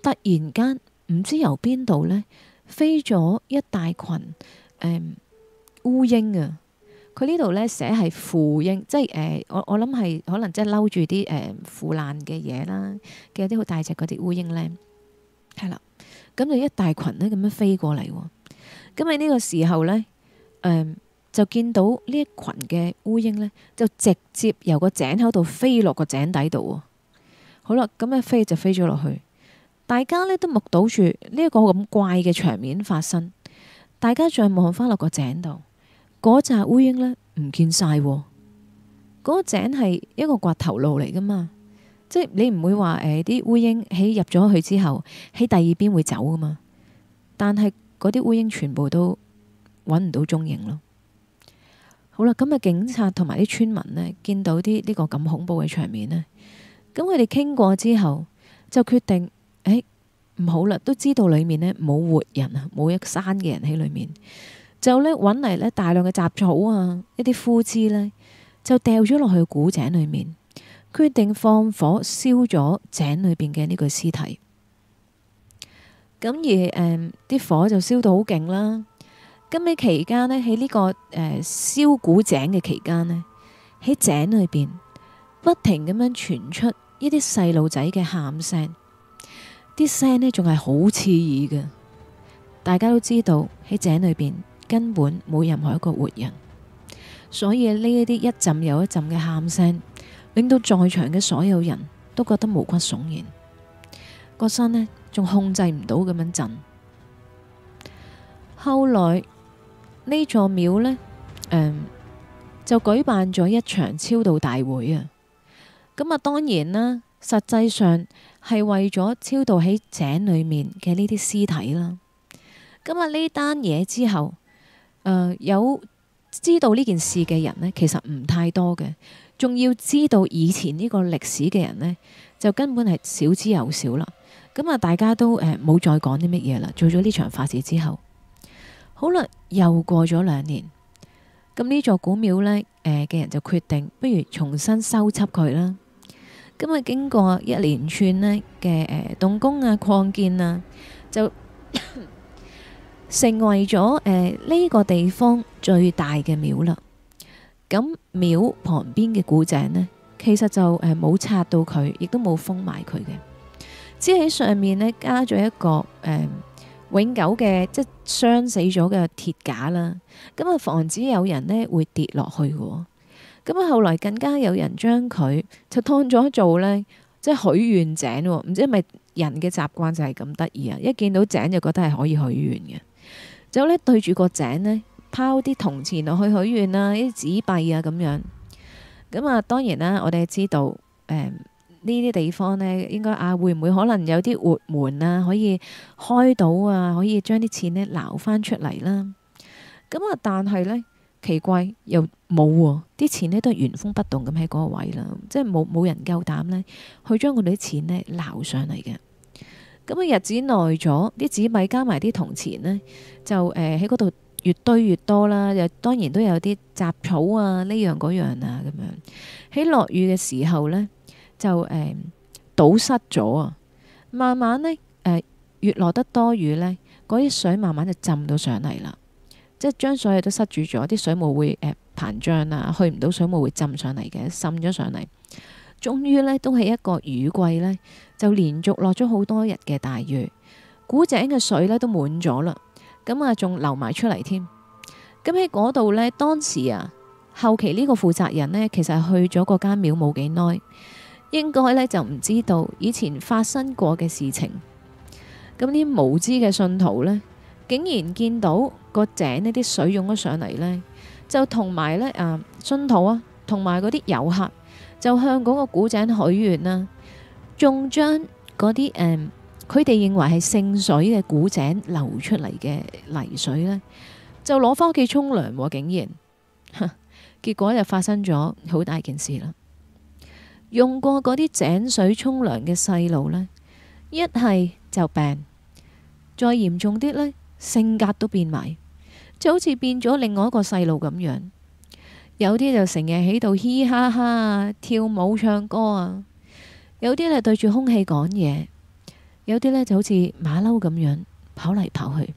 突然間唔知由邊度咧飛咗一大群誒烏蠅啊！佢呢度咧寫係腐蠅，即係誒、呃、我我諗係可能即係嬲住啲誒腐爛嘅嘢啦，嘅啲好大隻嗰啲烏蠅咧，係啦，咁就一大群咧咁樣飛過嚟。咁喺呢個時候咧，誒、嗯。就見到呢一群嘅烏蠅呢，就直接由個井口度飛落個井底度喎。好啦，咁一飛就飛咗落去，大家呢都目睹住呢一個咁怪嘅場面發生。大家再望翻落個井度，嗰就係烏蠅呢，唔見晒、哦。嗰、嗰個井係一個掘頭路嚟噶嘛，即係你唔會話誒啲烏蠅喺入咗去之後喺第二邊會走噶嘛。但係嗰啲烏蠅全部都揾唔到蹤影咯。好啦，咁啊，警察同埋啲村民呢，見到啲呢個咁恐怖嘅場面呢，咁佢哋傾過之後，就決定誒，唔好啦，都知道裏面呢冇活人啊，冇一山嘅人喺裏面，就呢，揾嚟呢大量嘅雜草啊，一啲枯枝呢，就掉咗落去古井裏面，決定放火燒咗井裏邊嘅呢具屍體。咁而誒，啲、嗯、火就燒到好勁啦。咁呢期間呢，喺呢、這個誒、呃、燒古井嘅期間呢，喺井裏邊不停咁樣傳出一啲細路仔嘅喊聲，啲聲呢仲係好刺耳嘅。大家都知道喺井裏邊根本冇任何一個活人，所以呢一啲一陣又一陣嘅喊聲，令到在場嘅所有人都覺得毛骨悚然，個身呢，仲控制唔到咁樣震。後來。呢座廟呢，嗯、就舉辦咗一場超度大會啊！咁、嗯、啊，當然啦，實際上係為咗超度喺井裏面嘅呢啲屍體啦。咁、嗯、啊，呢單嘢之後、呃，有知道呢件事嘅人呢，其實唔太多嘅，仲要知道以前呢個歷史嘅人呢，就根本係少之又少啦。咁、嗯、啊，大家都冇、嗯、再講啲乜嘢啦。做咗呢場法事之後，好啦，又過咗兩年，咁呢座古廟呢，誒、呃、嘅人就決定，不如重新修葺佢啦。咁啊，經過一連串呢嘅誒動工啊、擴建啊，就 成為咗誒呢個地方最大嘅廟啦。咁廟旁邊嘅古井呢，其實就誒冇、呃、拆到佢，亦都冇封埋佢嘅，只喺上面呢加咗一個誒。呃永久嘅即係傷死咗嘅鐵架啦，咁啊防止有人呢會跌落去嘅，咁啊後來更加有人將佢就當咗做呢，即係許願井，唔知係咪人嘅習慣就係咁得意啊？一見到井就覺得係可以許願嘅，就呢，對住個井呢，拋啲銅錢落去許願啊，啲紙幣啊咁樣，咁啊當然啦，我哋知道誒。嗯呢啲地方呢，應該啊，會唔會可能有啲活門啊，可以開到啊，可以將啲錢呢撈翻出嚟啦？咁啊，但係呢，奇怪又冇喎、啊，啲錢呢都係原封不動咁喺嗰個位啦，即係冇冇人夠膽呢去將佢哋啲錢呢撈上嚟嘅。咁啊日子耐咗，啲紙幣加埋啲銅錢呢，就誒喺嗰度越堆越多啦。又當然都有啲雜草啊，呢樣嗰樣啊咁樣。喺落雨嘅時候呢。就誒、呃，堵塞咗啊，慢慢呢，誒、呃，越落得多雨呢，嗰啲水慢慢就浸到上嚟啦。即係將所有都塞住咗，啲水霧會膨脹啊，去唔到水霧會浸上嚟嘅，滲咗上嚟。終於呢，都係一個雨季呢，就連續落咗好多日嘅大雨，古井嘅水呢，都滿咗啦。咁啊，仲流埋出嚟添。咁喺嗰度呢，當時啊，後期呢個負責人呢，其實去咗嗰間廟冇幾耐。應該咧，就唔知道以前發生過嘅事情，咁啲無知嘅信徒呢，竟然見到個井呢啲水湧咗上嚟，呢，就同埋呢，啊信徒啊，同埋嗰啲遊客就向嗰個古井許願啦，仲將嗰啲誒，佢哋認為係聖水嘅古井流出嚟嘅泥水呢，就攞翻屋企沖涼喎，竟然，結果就發生咗好大件事啦。用過嗰啲井水沖涼嘅細路呢，一係就病，再嚴重啲呢，性格都變埋，就好似變咗另外一個細路咁樣。有啲就成日喺度嘻哈哈啊，跳舞唱歌啊，有啲呢，對住空氣講嘢，有啲呢就好似馬騮咁樣跑嚟跑去，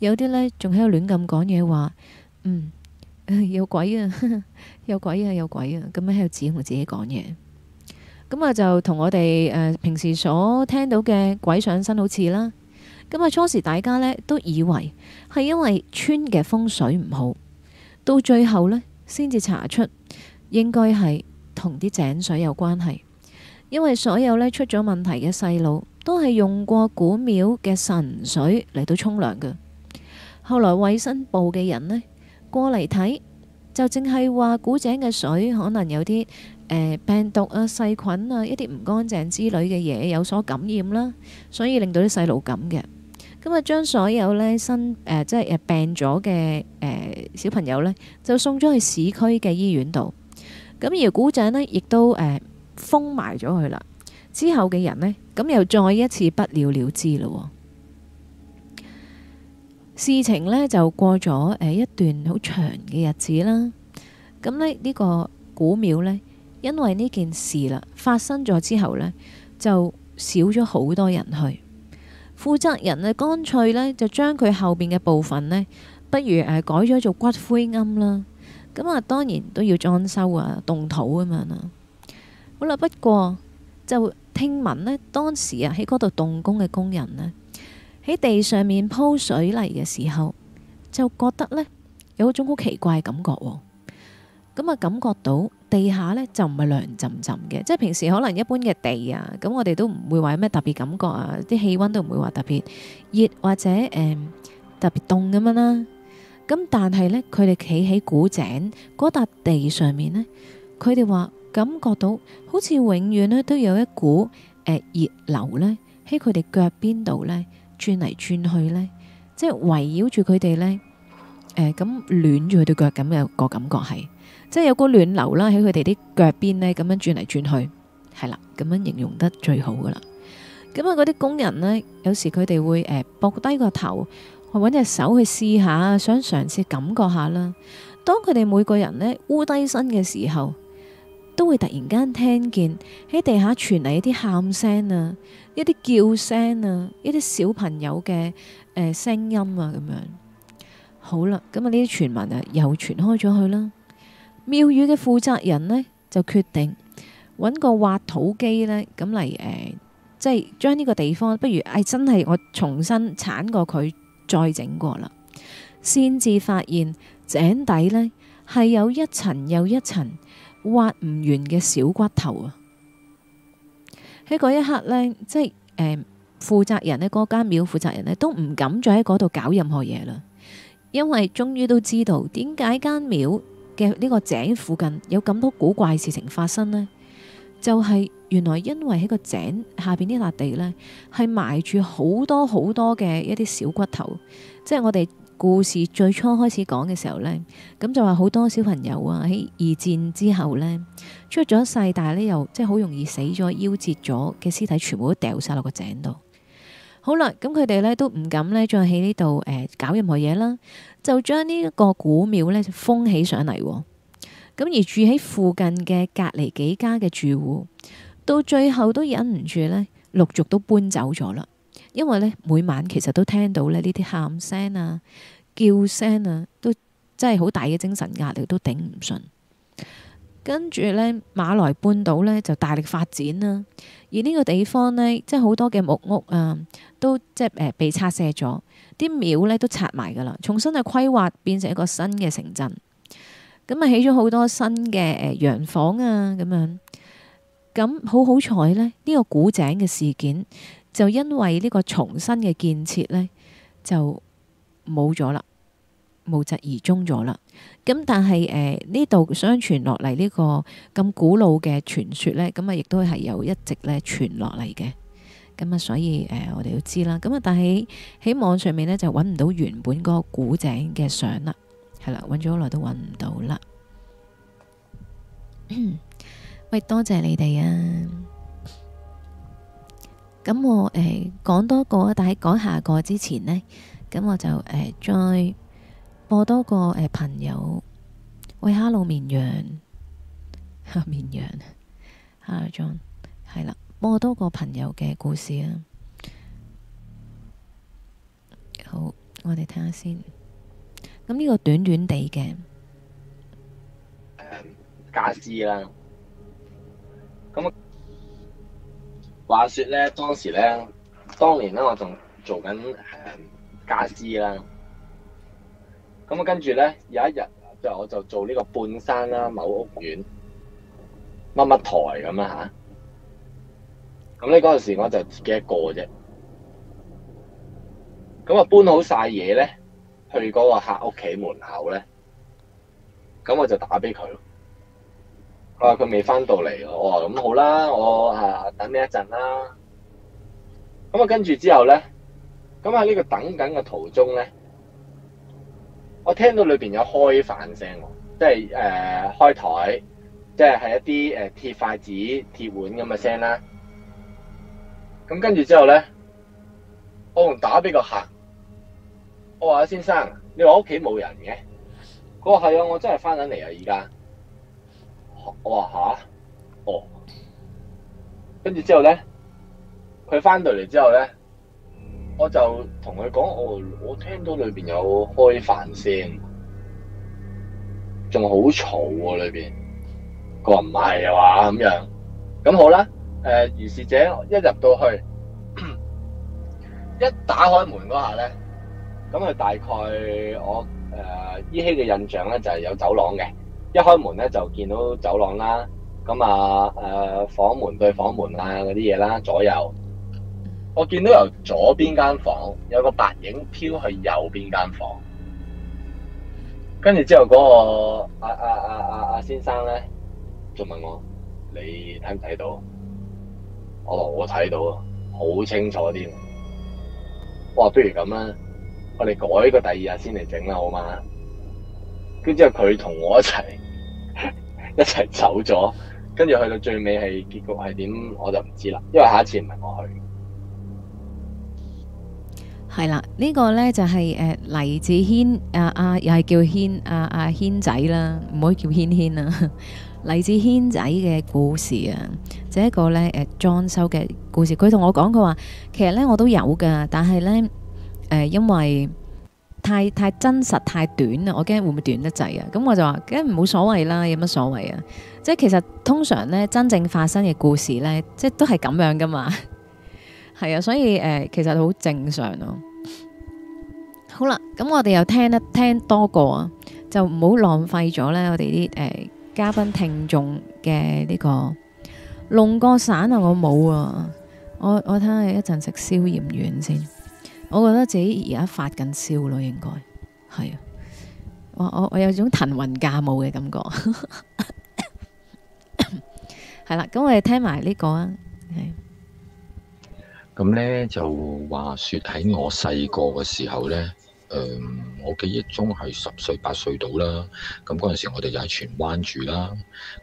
有啲呢仲喺度亂咁講嘢話，嗯。 有鬼啊，有鬼啊，有鬼啊！咁樣喺度指控自己講嘢，咁啊就同我哋誒平時所聽到嘅鬼上身好似啦。咁啊初時大家呢都以為係因為村嘅風水唔好，到最後呢先至查出應該係同啲井水有關係，因為所有呢出咗問題嘅細路都係用過古廟嘅神水嚟到沖涼嘅。後來衛生部嘅人呢。過嚟睇就淨係話古井嘅水可能有啲誒、呃、病毒啊，細菌啊一啲唔乾淨之類嘅嘢，有所感染啦，所以令到啲細路咁嘅。咁啊將所有咧新誒、呃、即係誒病咗嘅誒小朋友咧就送咗去市區嘅醫院度。咁而古井咧亦都誒、呃、封埋咗佢啦。之後嘅人呢，咁又再一次不了了之啦。事情呢就過咗誒一段好長嘅日子啦。咁咧呢個古廟呢，因為呢件事啦發生咗之後呢，就少咗好多人去。負責人呢，乾脆呢就將佢後邊嘅部分呢，不如誒改咗做骨灰庵啦。咁啊，當然都要裝修啊、動土咁樣啦。好啦，不過就聽聞呢，當時啊喺嗰度動工嘅工人呢。喺地上面鋪水泥嘅時候，就覺得呢有一種好奇怪嘅感覺喎、哦。咁啊，感覺到地下呢就唔係涼浸浸嘅，即係平時可能一般嘅地啊，咁我哋都唔會話有咩特別感覺啊，啲氣温都唔會話特別熱或者、呃、特別凍咁樣啦。咁但係呢，佢哋企喺古井嗰笪、那個、地上面呢，佢哋話感覺到好似永遠咧都有一股誒熱、呃、流呢，喺佢哋腳邊度呢。轉嚟轉去呢，即係圍繞住佢哋呢，誒、呃、咁暖住佢對腳咁有個感覺係，即係有個暖流啦喺佢哋啲腳邊呢咁樣轉嚟轉去，係啦，咁樣形容得最好噶啦。咁啊，嗰啲工人呢，有時佢哋會誒伏、呃、低個頭，去搵隻手去試下，想嘗試感覺下啦。當佢哋每個人呢，烏低身嘅時候，都會突然間聽見喺地下傳嚟一啲喊聲啊！一啲叫聲啊，一啲小朋友嘅誒、呃、聲音啊，咁樣好啦。咁啊，呢啲傳聞啊又傳開咗去啦。廟宇嘅負責人呢，就決定揾個挖土機呢。咁嚟誒，即、呃、係、就是、將呢個地方，不如係、哎、真係我重新鏟過佢，再整過啦，先至發現井底呢，係有一層又一層挖唔完嘅小骨頭啊！喺嗰一刻呢，即係誒，負責人呢，嗰間廟負責人呢，都唔敢再喺嗰度搞任何嘢啦，因為終於都知道點解間廟嘅呢個井附近有咁多古怪事情發生呢，就係原來因為喺個井下邊啲笪地呢，係埋住好多好多嘅一啲小骨頭，即係我哋。故事最初開始講嘅時候呢，咁就話好多小朋友啊喺二戰之後呢，出咗世，但係呢又即係好容易死咗、夭折咗嘅屍體全部都掉晒落個井度。好啦，咁佢哋呢都唔敢呢，再喺呢度誒搞任何嘢啦，就將呢一個古廟呢封起上嚟。咁而住喺附近嘅隔離幾家嘅住戶，到最後都忍唔住呢，陸續都搬走咗啦。因為呢，每晚其實都聽到呢呢啲喊聲啊、叫聲啊，都真係好大嘅精神壓力，都頂唔順。跟住呢，馬來半島呢就大力發展啦，而呢個地方呢，即係好多嘅木屋啊，都即係、呃、被拆卸咗，啲廟呢都拆埋噶啦，重新去規劃變成一個新嘅城鎮。咁啊，起咗好多新嘅洋房啊，咁樣。咁好好彩呢，呢、這個古井嘅事件。就因為呢個重新嘅建設呢，就冇咗啦，無疾而終咗啦。咁但係誒呢度相傳落嚟呢個咁古老嘅傳說呢，咁啊亦都係由一直咧傳落嚟嘅。咁啊所以誒、呃、我哋都知啦。咁啊但係喺網上面呢，就揾唔到原本嗰個古井嘅相啦。係啦，揾咗好耐都揾唔到啦。 喂，多謝你哋啊！咁我誒、呃、講多個，但係講下個之前呢，咁我就誒、呃、再播多個誒、呃、朋友。喂，哈嘍綿羊，哈綿羊，哈嘍 John 係啦，播多個朋友嘅故事啊！好，我哋睇下先。咁呢個短短地嘅假傢俬啦，咁、嗯。話說咧，當時咧，當年咧，我仲做緊誒傢俬啦。咁啊，跟住咧有一日，就我就做呢個半山啦，某屋苑乜乜台咁啦吓，咁呢嗰陣時我就自己一個啫。咁啊搬好曬嘢咧，去嗰個客屋企門口咧。咁我就打俾佢咯。啊！佢未翻到嚟，我話咁好啦，我啊等你一陣啦。咁啊，跟住之後咧，咁喺呢個等緊嘅途中咧，我聽到裏邊有開飯聲，即係誒、呃、開台，即係係一啲誒鐵筷子、鐵碗咁嘅聲啦。咁跟住之後咧，我同打俾個客，我話：先生，你話屋企冇人嘅？佢話係啊，我真係翻緊嚟啊，而家。我話吓，哦，跟住之後咧，佢翻到嚟之後咧，我就同佢講，我、哦、我聽到裏邊有開飯聲，仲好嘈喎裏邊、啊。佢話唔係啊嘛，咁樣，咁好啦，誒、呃，如是者一入到去，一打開門嗰下咧，咁佢大概我誒、呃、依稀嘅印象咧就係有走廊嘅。一開門咧就見到走廊啦，咁啊，誒房門對房門啊嗰啲嘢啦左右，我見到由左邊間房有個白影飄去右邊間房，跟住之後嗰、嗰個阿阿阿先生咧就問我：你睇唔睇到？哦、我我睇到啊，好清楚啲。我話不如咁啦，我哋改個第二日先嚟整啦好嘛？」跟住之後佢同我一齊。一齊走咗，跟住去到最尾係結局係點，我就唔知啦。因為下一次唔係我去。係啦，呢個呢就係誒黎智軒啊啊，又係叫軒啊啊軒仔啦，唔可以叫軒軒啊。黎智軒仔嘅故事啊，即一個呢誒裝修嘅故事。佢同我講佢話，其實呢，我都有噶，但係呢，誒因為。太太真實太短啦，我驚會唔會短得滯啊？咁我就話，梗冇所謂啦，有乜所謂啊？即係其實通常咧，真正發生嘅故事咧，即係都係咁樣噶嘛。係 啊，所以誒、呃，其實好正常咯。好啦，咁我哋又聽一聽多個啊，就唔好浪費咗咧，我哋啲誒嘉賓聽眾嘅呢個弄過散啊，我冇啊，我我睇下一陣食消炎丸先。我覺得自己而家發緊燒咯，應該係啊！我我我有種騰雲駕霧嘅感覺，係 啦。咁我哋聽埋呢個啊，係。咁咧就話説喺我細個嘅時候咧，誒、嗯，我記憶中係十歲八歲到啦。咁嗰陣時我哋就喺荃灣住啦。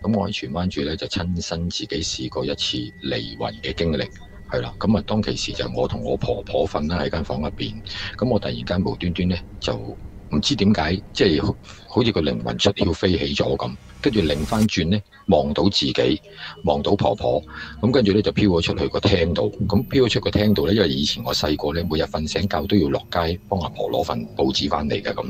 咁我喺荃灣住咧就親身自己試過一次離魂嘅經歷。係啦，咁啊當其時就我同我婆婆瞓啦，喺間房入邊，咁我突然間無端端咧就唔知點解，即係好似個靈魂出竅飛起咗咁，跟住擰翻轉咧望到自己，望到婆婆，咁跟住咧就飄咗出去個廳度，咁飄出去個廳度咧，因為以前我細個咧每日瞓醒覺都要落街幫阿婆攞份報紙翻嚟嘅咁，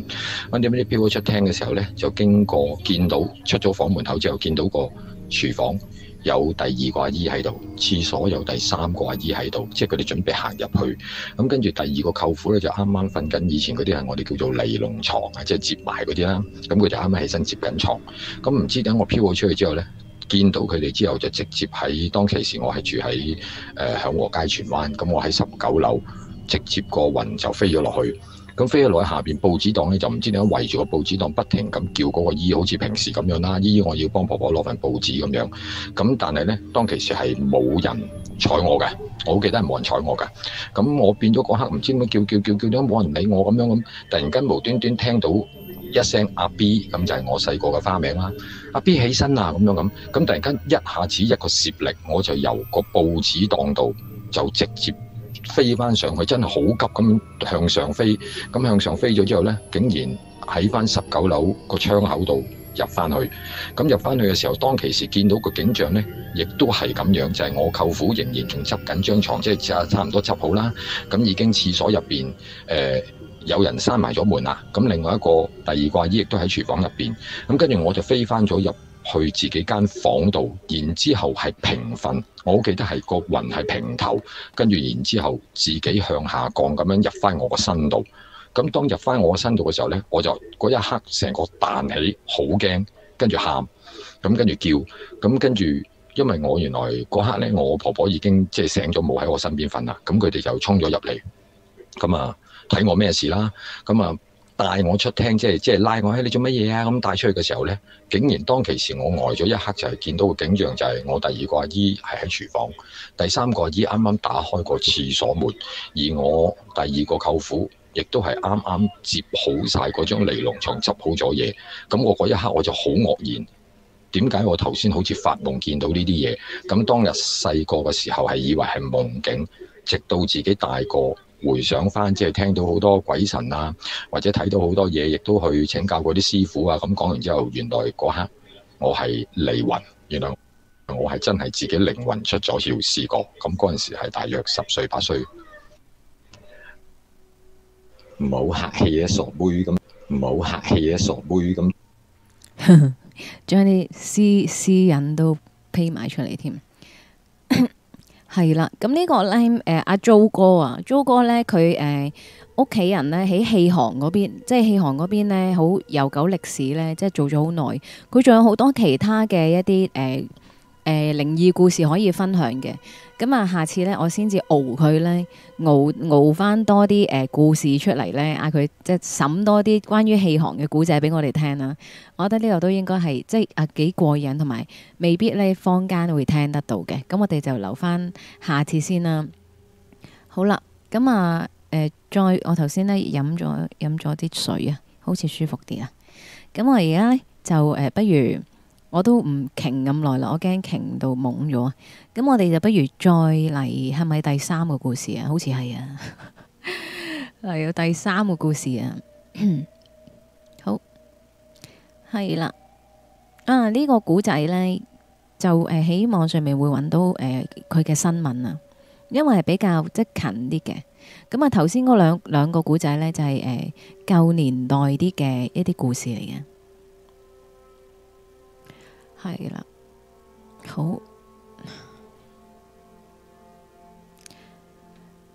咁點解點飄咗出廳嘅時候咧就經過見到，出咗房門口之後見到個廚房。有第二個阿姨喺度，廁所有第三個阿姨喺度，即係佢哋準備行入去。咁跟住第二個舅父呢，就啱啱瞓緊，以前嗰啲係我哋叫做尼龍床，啊，即係摺埋嗰啲啦。咁佢就啱啱起身摺緊床。咁唔知等我飄咗出去之後呢，見到佢哋之後就直接喺當其時我係住喺誒享和街荃灣，咁我喺十九樓直接個雲就飛咗落去。咁飛咗落喺下邊，報紙檔咧，就唔知點解圍住個報紙檔不停咁叫嗰個姨，好似平時咁樣啦。姨姨，我要幫婆婆攞份報紙咁樣。咁但係咧，當其時係冇人睬我嘅，我記得係冇人睬我嘅。咁我變咗嗰刻唔知點解叫叫叫叫咗冇人理我咁樣咁，突然間無端端聽到一聲阿 B，咁就係我細個嘅花名啦。阿 B 起身啦咁樣咁，咁突然間一下子一個攝力，我就由個報紙檔度就直接。飛翻上去，真係好急咁向上飛，咁向上飛咗之後呢，竟然喺翻十九樓個窗口度入翻去。咁入翻去嘅時候，當其時見到個景象呢，亦都係咁樣，就係我舅父仍然仲執緊張床，即係差唔多執好啦。咁已經廁所入邊誒，有人閂埋咗門啦。咁另外一個第二掛衣亦都喺廚房入邊。咁跟住我就飛翻咗入。去自己間房度，然之後係平瞓，我好記得係個雲係平頭，跟住然之後自己向下降咁樣入翻我個身度，咁當入翻我個身度嘅時候呢，我就嗰一刻成個彈起，好驚，跟住喊，咁跟住叫，咁跟住因為我原來嗰刻呢，我婆婆已經即係、就是、醒咗冇喺我身邊瞓啦，咁佢哋就衝咗入嚟，咁啊睇我咩事啦，咁啊。帶我出廳，即係即係拉我，喺你做乜嘢啊？咁帶出去嘅時候呢，竟然當其時我呆咗一刻，就係見到個景象，就係我第二個阿姨係喺廚房，第三個阿姨啱啱打開個廁所門，而我第二個舅父亦都係啱啱接好晒嗰張尼龍床，執好咗嘢。咁我嗰一刻我就好愕然，點解我頭先好似發夢見到呢啲嘢？咁當日細個嘅時候係以為係夢境，直到自己大個。回想翻，即係聽到好多鬼神啊，或者睇到好多嘢，亦都去請教過啲師傅啊。咁講完之後，原來嗰刻我係離魂，原來我係真係自己靈魂出咗竅試過。咁嗰陣時係大約十歲八歲。唔好客氣啊，傻妹咁。唔好客氣啊，傻妹咁。將啲私私隱都披埋出嚟添。 係啦，咁呢個咧誒阿 Jo 哥啊，Jo 哥咧佢誒屋企人咧喺戲行嗰邊，即係戲行嗰邊咧好悠久歷史咧，即係做咗好耐，佢仲有好多其他嘅一啲誒。呃誒、呃，靈異故事可以分享嘅，咁啊，下次呢，我先至熬佢呢，熬熬翻多啲誒、呃、故事出嚟呢嗌佢即係審多啲關於戲行嘅古仔俾我哋聽啦。我覺得呢個都應該係即係啊，幾過癮，同埋未必呢坊間會聽得到嘅。咁我哋就留翻下次先啦。好啦，咁啊，誒、呃，再我頭先呢飲咗飲咗啲水啊，好似舒服啲啊。咁我而家呢，就誒、呃，不如。我都唔傾咁耐咯，我驚傾到懵咗。咁我哋就不如再嚟，係咪第，、啊、 第三個故事啊？ 好似係啊，嚟啊，第三個故事啊。好，係啦。啊，呢個古仔呢，就誒喺網上面會揾到誒佢嘅新聞啊，因為係比較即近啲嘅。咁啊，頭先嗰兩兩個古仔呢，就係誒舊年代啲嘅一啲故事嚟嘅。係啦，好，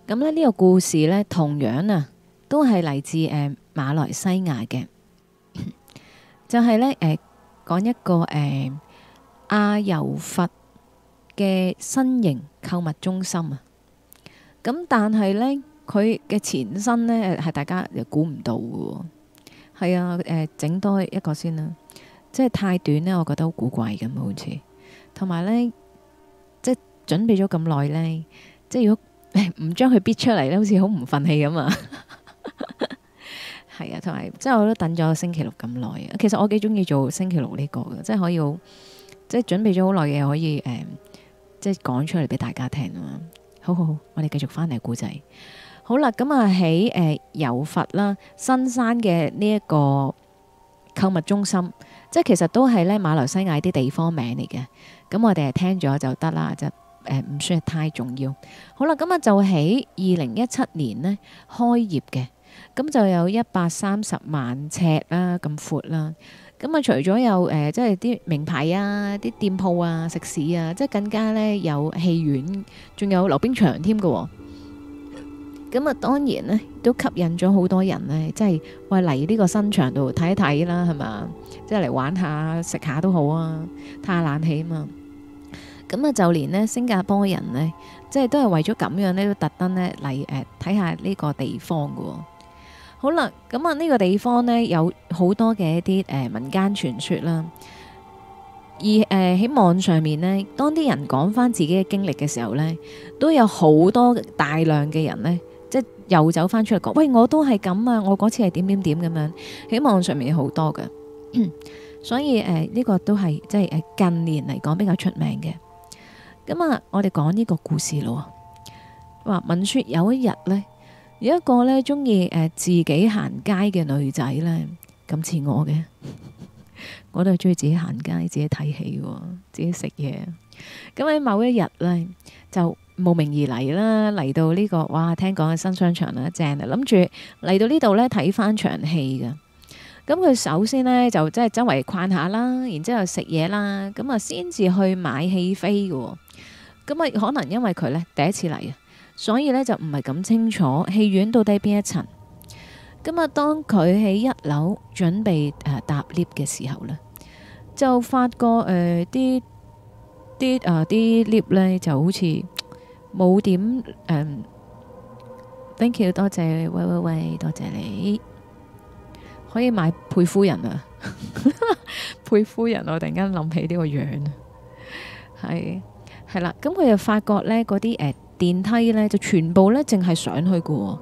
咁咧呢個故事咧，同樣啊，都係嚟自誒馬來西亞嘅，就係咧誒講一個誒阿尤佛嘅新型購物中心啊，咁但係咧佢嘅前身咧係大家又估唔到嘅，係啊，誒整多一個先啦。即係太短呢，我覺得好很古怪咁，好似同埋呢，即係準備咗咁耐呢，即係如果唔將佢逼出嚟呢，好似好唔忿氣咁啊。係 啊，同埋即係我都等咗星期六咁耐啊。其實我幾中意做星期六呢、呢個嘅，即係可以好，即係準備咗好耐嘅，可以誒、嗯，即係講出嚟俾大家聽啊。好好好，我哋繼續翻嚟古仔。好啦，咁啊喺誒有佛啦，新山嘅呢一個。購物中心，即係其實都係咧馬來西亞啲地方名嚟嘅，咁我哋係聽咗就得啦，就誒唔需要太重要。好啦，咁啊就喺二零一七年呢開業嘅，咁就有一百三十萬尺啦，咁闊啦。咁啊，除咗有誒，即係啲名牌啊、啲店鋪啊、食肆啊，即係更加咧有戲院，仲有溜冰場添㗎喎。咁啊，當然呢，都吸引咗好多人呢，即係喂嚟呢個新場度睇一睇啦，係嘛？即係嚟玩下、食下都好啊，嘆下冷氣啊嘛。咁啊，就連呢新加坡人呢，即係都係為咗咁樣呢，都特登呢嚟誒睇下呢個地方噶、哦。好啦，咁啊，呢個地方呢，有好多嘅一啲誒、呃、民間傳説啦。而誒喺、呃、網上面呢，當啲人講翻自己嘅經歷嘅時候呢，都有好多大量嘅人呢。又走返出嚟講，喂，我都係咁啊！我嗰次係點點點咁樣，怎樣，怎樣的，喺網上面有好多嘅， 所以誒呢、呃這個都係即係誒近年嚟講比較出名嘅。咁啊，我哋講呢個故事咯。話文説有一日呢，有一個呢鍾意誒自己行街嘅女仔呢，咁似我嘅， 我都係鍾意自己行街、自己睇戲、哦、自己食嘢。咁喺某一日呢，就。慕名而嚟啦，嚟到呢個哇，聽講嘅新商場啊，正啊！諗住嚟到呢度呢，睇翻場戲嘅。咁佢首先呢，就即係周圍逛下啦，然之後食嘢啦，咁啊先至去買戲飛嘅。咁啊可能因為佢呢第一次嚟啊，所以呢就唔係咁清楚戲院到底邊一層。咁啊當佢喺一樓準備搭 lift 嘅時候呢，就發覺誒啲啲啊啲 lift 呢就好似。冇點，嗯 Thank you 多謝，喂喂喂，多謝你可以買配夫人啊，配 夫人，我突然間諗起呢個樣，係係啦，咁佢就發覺呢嗰啲誒電梯呢，就全部呢淨係上去嘅，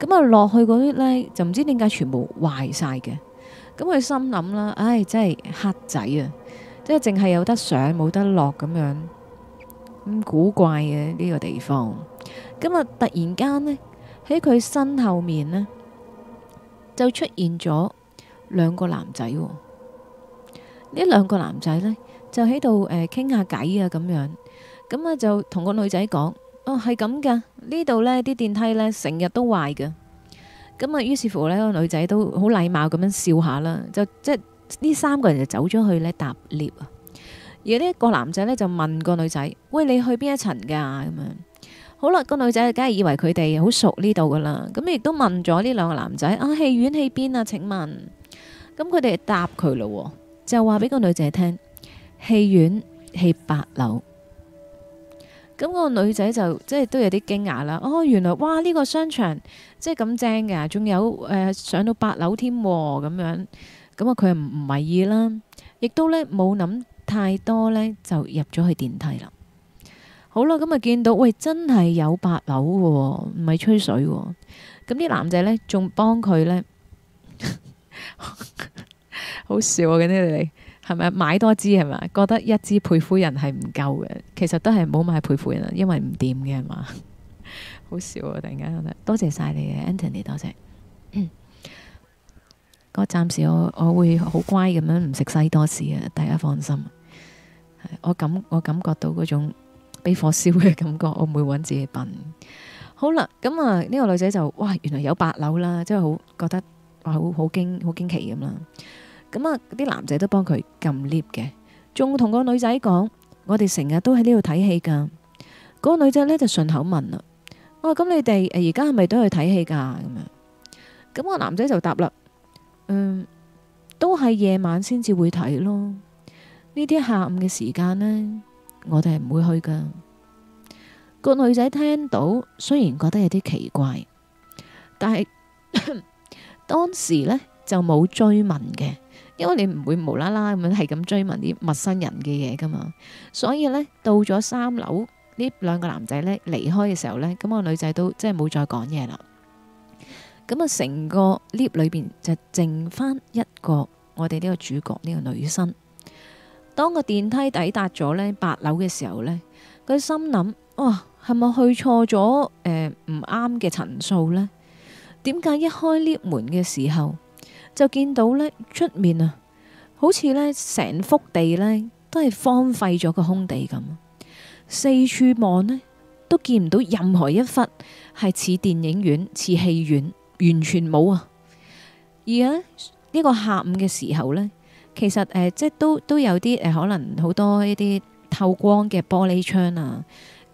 咁啊落去嗰啲呢，就唔知點解全部壞晒嘅，咁佢心諗啦，唉、哎、真係黑仔啊，即係淨係有得上冇得落咁樣。咁古怪嘅、啊、呢、呢個地方，今、嗯、日突然間呢，喺佢身後面呢，就出現咗兩個男仔、哦，呢兩個男仔呢，就喺度誒傾下偈啊咁樣，咁、嗯、啊就同個女仔講，哦係咁噶，這這呢度呢啲電梯呢，成日都壞噶，咁啊於是乎呢個女仔都好禮貌咁樣笑下啦，就即係呢三個人就走咗去呢搭 lift 啊。而呢個男仔呢，就問個女仔：喂，你去邊一層㗎？咁樣好啦，個女仔梗係以為佢哋好熟呢度㗎啦。咁亦都問咗呢兩個男仔啊，戲院喺邊啊？請問，咁佢哋答佢咯，就話俾個女仔聽戲院喺八樓。咁、個女仔就即係都有啲驚訝啦。哦、啊，原來哇呢個商場即係咁正㗎，仲有誒、呃、上到八樓添咁樣咁啊。佢唔唔為意啦，亦都呢冇諗。太多呢，就入咗去電梯啦。好啦，咁啊見到喂，真係有八樓嘅，唔係吹水。咁啲男仔呢，仲幫佢呢，好笑嘅、啊、呢你，係咪啊？買多支係咪啊？覺得一支配夫人係唔夠嘅，其實都係唔好買配夫人，因為唔掂嘅係嘛。好笑啊！突然間覺得多謝晒你啊，Anthony，多謝、嗯暫我。我暫時我我會好乖咁樣唔食西多士啊，大家放心。我感我感覺到嗰種畀火燒嘅感覺，我唔會揾自己笨。好啦，咁啊呢個女仔就哇，原來有八樓啦，真係好覺得好好驚好驚奇咁啦。咁啊啲男仔都幫佢撳 lift 嘅，仲同個女仔講：我哋成日都喺呢度睇戲噶。嗰個女仔呢，就順口問啦：哦，咁你哋而家係咪都去睇戲噶？咁樣，咁個男仔就答啦：嗯，都係夜晚先至會睇咯。呢啲下午嘅時間咧，我哋係唔會去噶個女仔聽到，雖然覺得有啲奇怪，但係當時咧就冇追問嘅，因為你唔會無啦啦咁樣係咁追問啲陌生人嘅嘢噶嘛所以咧到咗三樓，呢兩個男仔咧離開嘅時候咧，咁個女仔都即係冇再講嘢啦。咁啊，成個 lift 裏邊就剩翻一個我哋呢個主角呢個女生。當個電梯抵達咗呢八樓嘅時候呢，佢心諗，哇，係咪去錯咗，誒，唔啱嘅層數呢？點解一開呢門嘅時候，就見到呢出面啊，好似呢成幅地呢，都係荒廢咗個空地咁，四處望呢，都見唔到任何一忽係似電影院、似戲院，完全冇啊！而呢個下午嘅時候呢，其實誒、呃，即係都都有啲誒、呃，可能好多一啲透光嘅玻璃窗啊，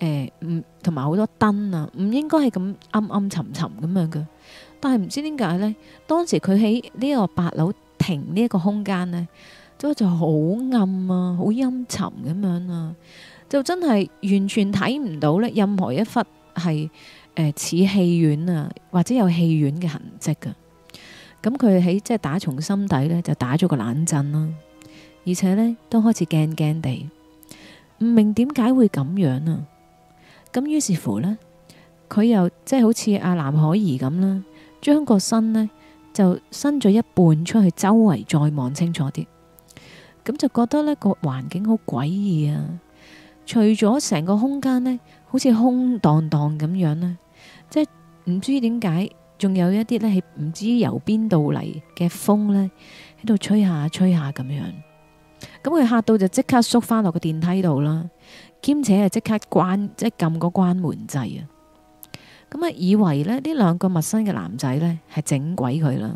誒唔同埋好多燈啊，唔應該係咁暗暗沉沉咁樣嘅。但係唔知點解呢，當時佢喺呢個八樓停呢一個空間呢，就好暗啊，好陰沉咁樣啊，就真係完全睇唔到呢任何一忽係、呃、似戲院啊，或者有戲院嘅痕跡嘅、啊。咁佢喺即係打從心底呢，就打咗個冷震啦，而且呢，都開始驚驚地，唔明點解會咁樣啊！咁於是乎呢，佢又即係、就是、好似阿藍可兒咁啦，將個身呢，就伸咗一半出去，周圍再望清楚啲，咁就覺得呢個環境好詭異啊！除咗成個空間呢，好似空蕩蕩咁樣呢，即係唔知點解。仲有一啲呢，係唔知由邊度嚟嘅風呢，喺度吹下吹下咁樣。咁佢嚇到就即刻縮翻落個電梯度啦，兼且啊即刻關即係撳個關門掣啊。咁啊以為咧呢兩個陌生嘅男仔呢係整鬼佢啦，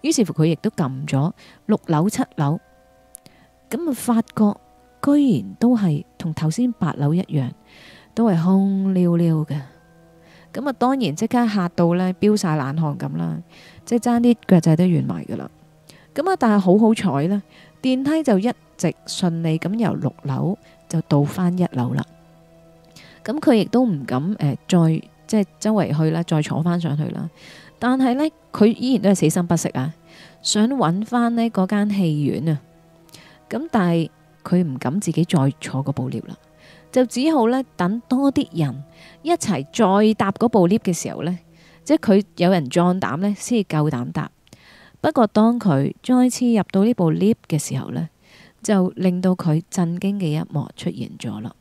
於是乎佢亦都撳咗六樓七樓，咁啊發覺居然都係同頭先八樓一樣，都係空溜溜嘅。咁啊，當然即刻嚇到呢，飆晒冷汗咁啦，即係爭啲腳仔都軟埋噶啦。咁啊，但係好好彩呢，電梯就一直順利咁由六樓就到翻一樓啦。咁佢亦都唔敢誒再即係周圍去啦，再坐翻上去啦。但係呢，佢依然都係死心不息啊，想揾翻呢嗰間戲院啊。咁但係佢唔敢自己再坐個步料啦，就只好呢，等多啲人。一齊再搭嗰部 lift 嘅時候呢，即係佢有人壯膽呢先夠膽搭。不過當佢再次入到呢部 lift 嘅時候呢，就令到佢震驚嘅一幕出現咗啦。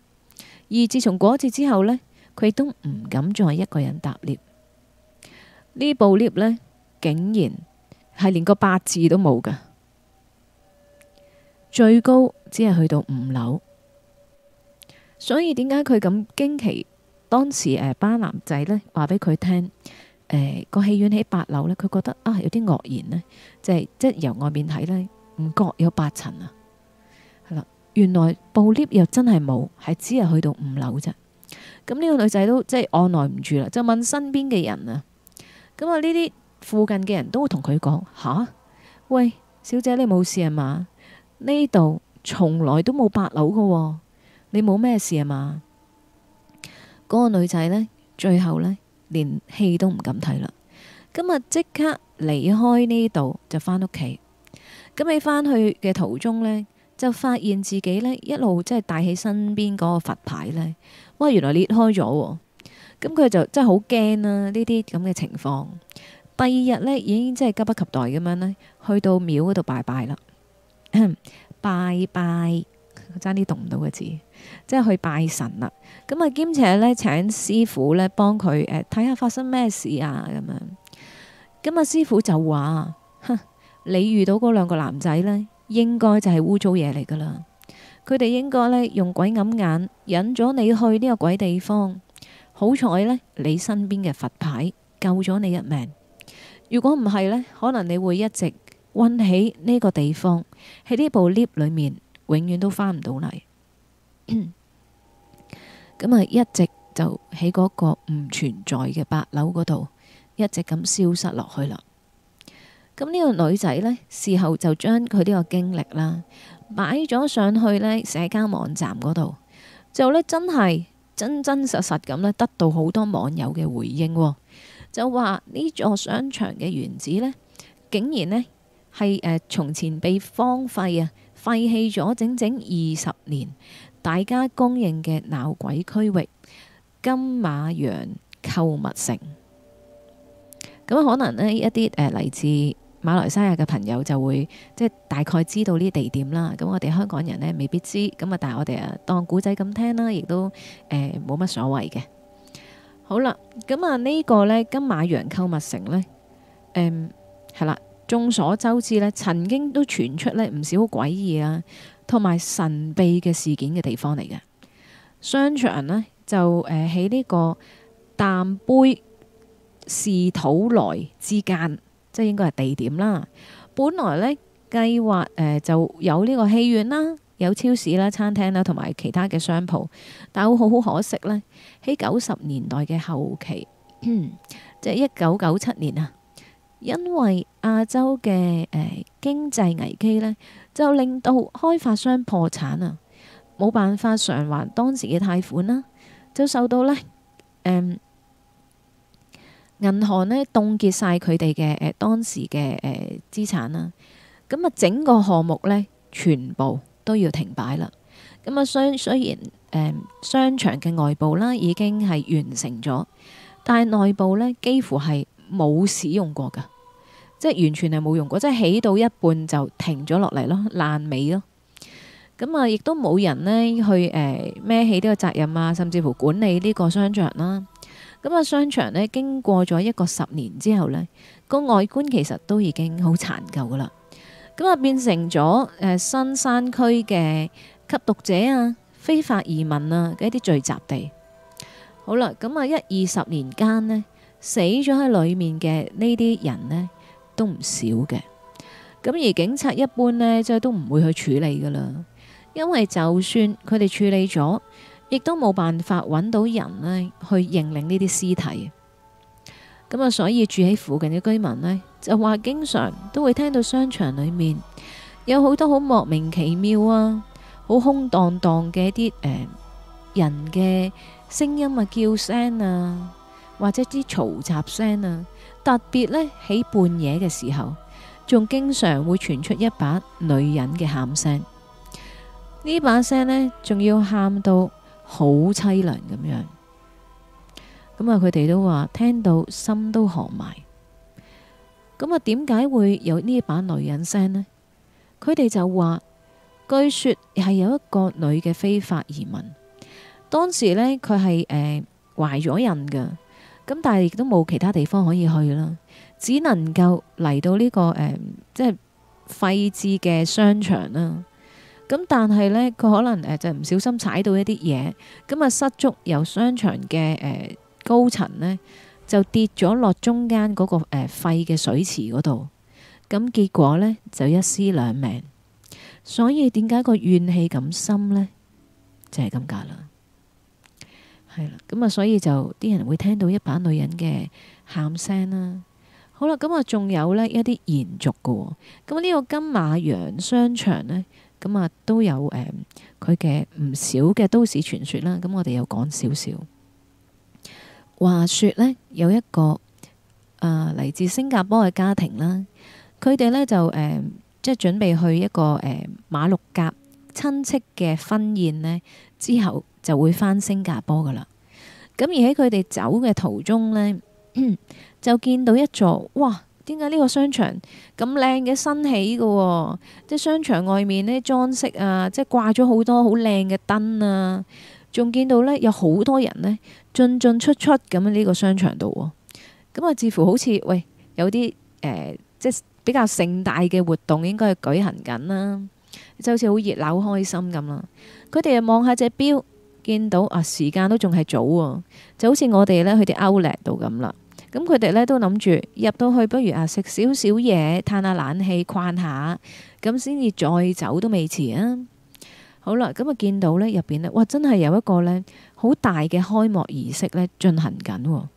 而自從嗰次之後呢，佢都唔敢再一個人搭 lift。呢部 lift 呢，竟然係連個八字都冇㗎，最高只係去到五樓。所以點解佢咁驚奇？當時誒班男仔呢話俾佢聽，誒個、欸、戲院喺八樓呢，佢覺得啊有啲愕然。呢就係、是、即由外面睇呢，唔覺有八層啊，係啦，原來部 lift 又真係冇，係只係去到五樓咋。咁呢個女仔都即按耐唔住啦，就問身邊嘅人啊，咁啊呢啲附近嘅人都會同佢講吓，喂，小姐你冇事啊嘛？呢度從來都冇八樓㗎喎、哦，你冇咩事啊嘛？嗰個女仔呢，最後呢，連戲都唔敢睇啦，咁咪即刻離開呢度就翻屋企。咁尾翻去嘅途中呢，就發現自己呢一路即係帶起身邊嗰個佛牌呢，哇，原來裂開咗，咁佢就真係好驚啦，呢啲咁嘅情況。第二日呢，已經真係急不及待咁樣呢，去到廟嗰度拜拜啦，拜拜。 bye bye 爭啲讀唔到嘅字，即係去拜神啦。咁啊，兼且呢，請師傅呢，幫佢誒睇下發生咩事啊，咁樣。咁啊，師傅就話，哼，你遇到嗰兩個男仔呢，應該就係污糟嘢嚟噶啦。佢哋應該呢，用鬼揞眼引咗你去呢個鬼地方。好彩呢，你身邊嘅佛牌救咗你一命。如果唔係呢，可能你會一直溫喺呢個地方喺呢部 lift 裏面。永遠都翻唔到嚟，咁啊 一直就喺嗰個唔存在嘅八樓嗰度，一直咁消失落去啦。咁呢個女仔呢，事後就將佢呢個經歷啦擺咗上去呢社交網站嗰度，就呢真係真真實實咁呢得到好多網友嘅回應，哦，就話呢座商場嘅原址呢，竟然呢係誒從前被荒廢啊！廢棄咗整整二十年，大家公認嘅鬧鬼區域——金馬洋購物城。咁可能呢一啲誒嚟自馬來西亞嘅朋友就會即係大概知道呢啲地點啦。咁我哋香港人呢未必知，咁啊，但係我哋啊當古仔咁聽啦，亦都誒冇乜所謂嘅。好啦，咁啊呢個呢金馬洋購物城呢，誒、嗯、係啦。眾所周知咧，曾經都傳出咧唔少好詭異啊，同埋神秘嘅事件嘅地方嚟嘅商場呢，就誒喺呢個淡杯士土內之間，即係應該係地點啦。本來呢計劃誒就有呢個戲院啦、有超市啦、餐廳啦同埋其他嘅商鋪，但好好可惜呢，喺九十年代嘅後期，即係一九九七年啊。因為亞洲嘅誒、呃、經濟危機咧，就令到開發商破產啊，冇辦法償還當時嘅貸款啦，就受到咧誒、嗯、銀行咧凍結晒佢哋嘅誒當時嘅誒、呃、資產啦，咁啊整個項目咧全部都要停擺啦。咁啊雖雖然誒、嗯、商場嘅外部啦已經係完成咗，但係內部咧幾乎係冇使用過㗎，即係完全係冇用過，即係起到一半就停咗落嚟咯，爛尾咯。咁啊，亦都冇人呢去誒孭、呃、起呢個責任啊，甚至乎管理呢個商場啦。咁啊，商場呢經過咗一個十年之後呢，個外觀其實都已經好殘舊噶啦。咁啊，變成咗誒、呃、新山區嘅吸毒者啊、非法移民啊嘅一啲聚集地。好啦，咁啊，一二十年間呢。死咗喺裏面嘅呢啲人呢，都唔少嘅。咁而警察一般呢，即係都唔會去處理噶啦，因為就算佢哋處理咗，亦都冇辦法揾到人呢去認領呢啲屍體。咁啊，所以住喺附近嘅居民呢，就話經常都會聽到商場裏面有好多好莫名其妙啊，好空蕩蕩嘅一啲誒、呃、人嘅聲音啊叫聲啊。或者啲嘈雜聲啊，特別呢喺半夜嘅時候，仲經常會傳出一把女人嘅喊聲。呢把聲呢，仲要喊到好淒涼咁樣。咁啊，佢哋都話聽到心都寒埋。咁啊，點解會有呢把女人聲呢？佢哋就話，據說係有一個女嘅非法移民，當時呢，佢係誒懷咗孕噶。咁但係亦都冇其他地方可以去啦，只能夠嚟到呢、這個誒、嗯，即係廢置嘅商場啦。咁但係呢，佢可能誒就唔小心踩到一啲嘢，咁啊失足由商場嘅誒高層呢，就跌咗落中間嗰個誒廢嘅水池嗰度，咁結果呢，就一屍兩命。所以點解個怨氣咁深呢？就係咁解啦。係啦，咁啊，所以就啲人會聽到一把女人嘅喊聲啦。好啦，咁、嗯、啊，仲有呢一啲延續嘅、哦。咁、嗯、呢、呢個金馬洋商場呢，咁、嗯、啊都有誒佢嘅唔少嘅都市傳說啦。咁、嗯、我哋又講少少。話說呢，有一個啊嚟、呃、自新加坡嘅家庭啦，佢哋呢就誒即係準備去一個誒、嗯、馬六甲親戚嘅婚宴呢之後，就會返新加坡噶啦。咁而喺佢哋走嘅途中呢，就見到一座哇，點解呢個商場咁靚嘅新起噶？即係商場外面呢裝飾啊，即係掛咗好多好靚嘅燈啊，仲見到呢有好多人呢進進出出咁喺呢個商場度。咁啊，似乎好似喂有啲誒、呃，即係比較盛大嘅活動應該係舉行緊啦，就好似好熱鬧、好開心咁啦。佢哋又望下隻錶。見到啊，時間都仲係早喎、啊，就好似我哋呢，佢哋 Outlet 到咁啦。咁佢哋呢都諗住入到去，不如啊食少少嘢，嘆下冷氣，逛下，咁先至再走都未遲啊。好啦，咁啊見到呢入邊呢，哇，真係有一個呢好大嘅開幕儀式呢進行緊、啊。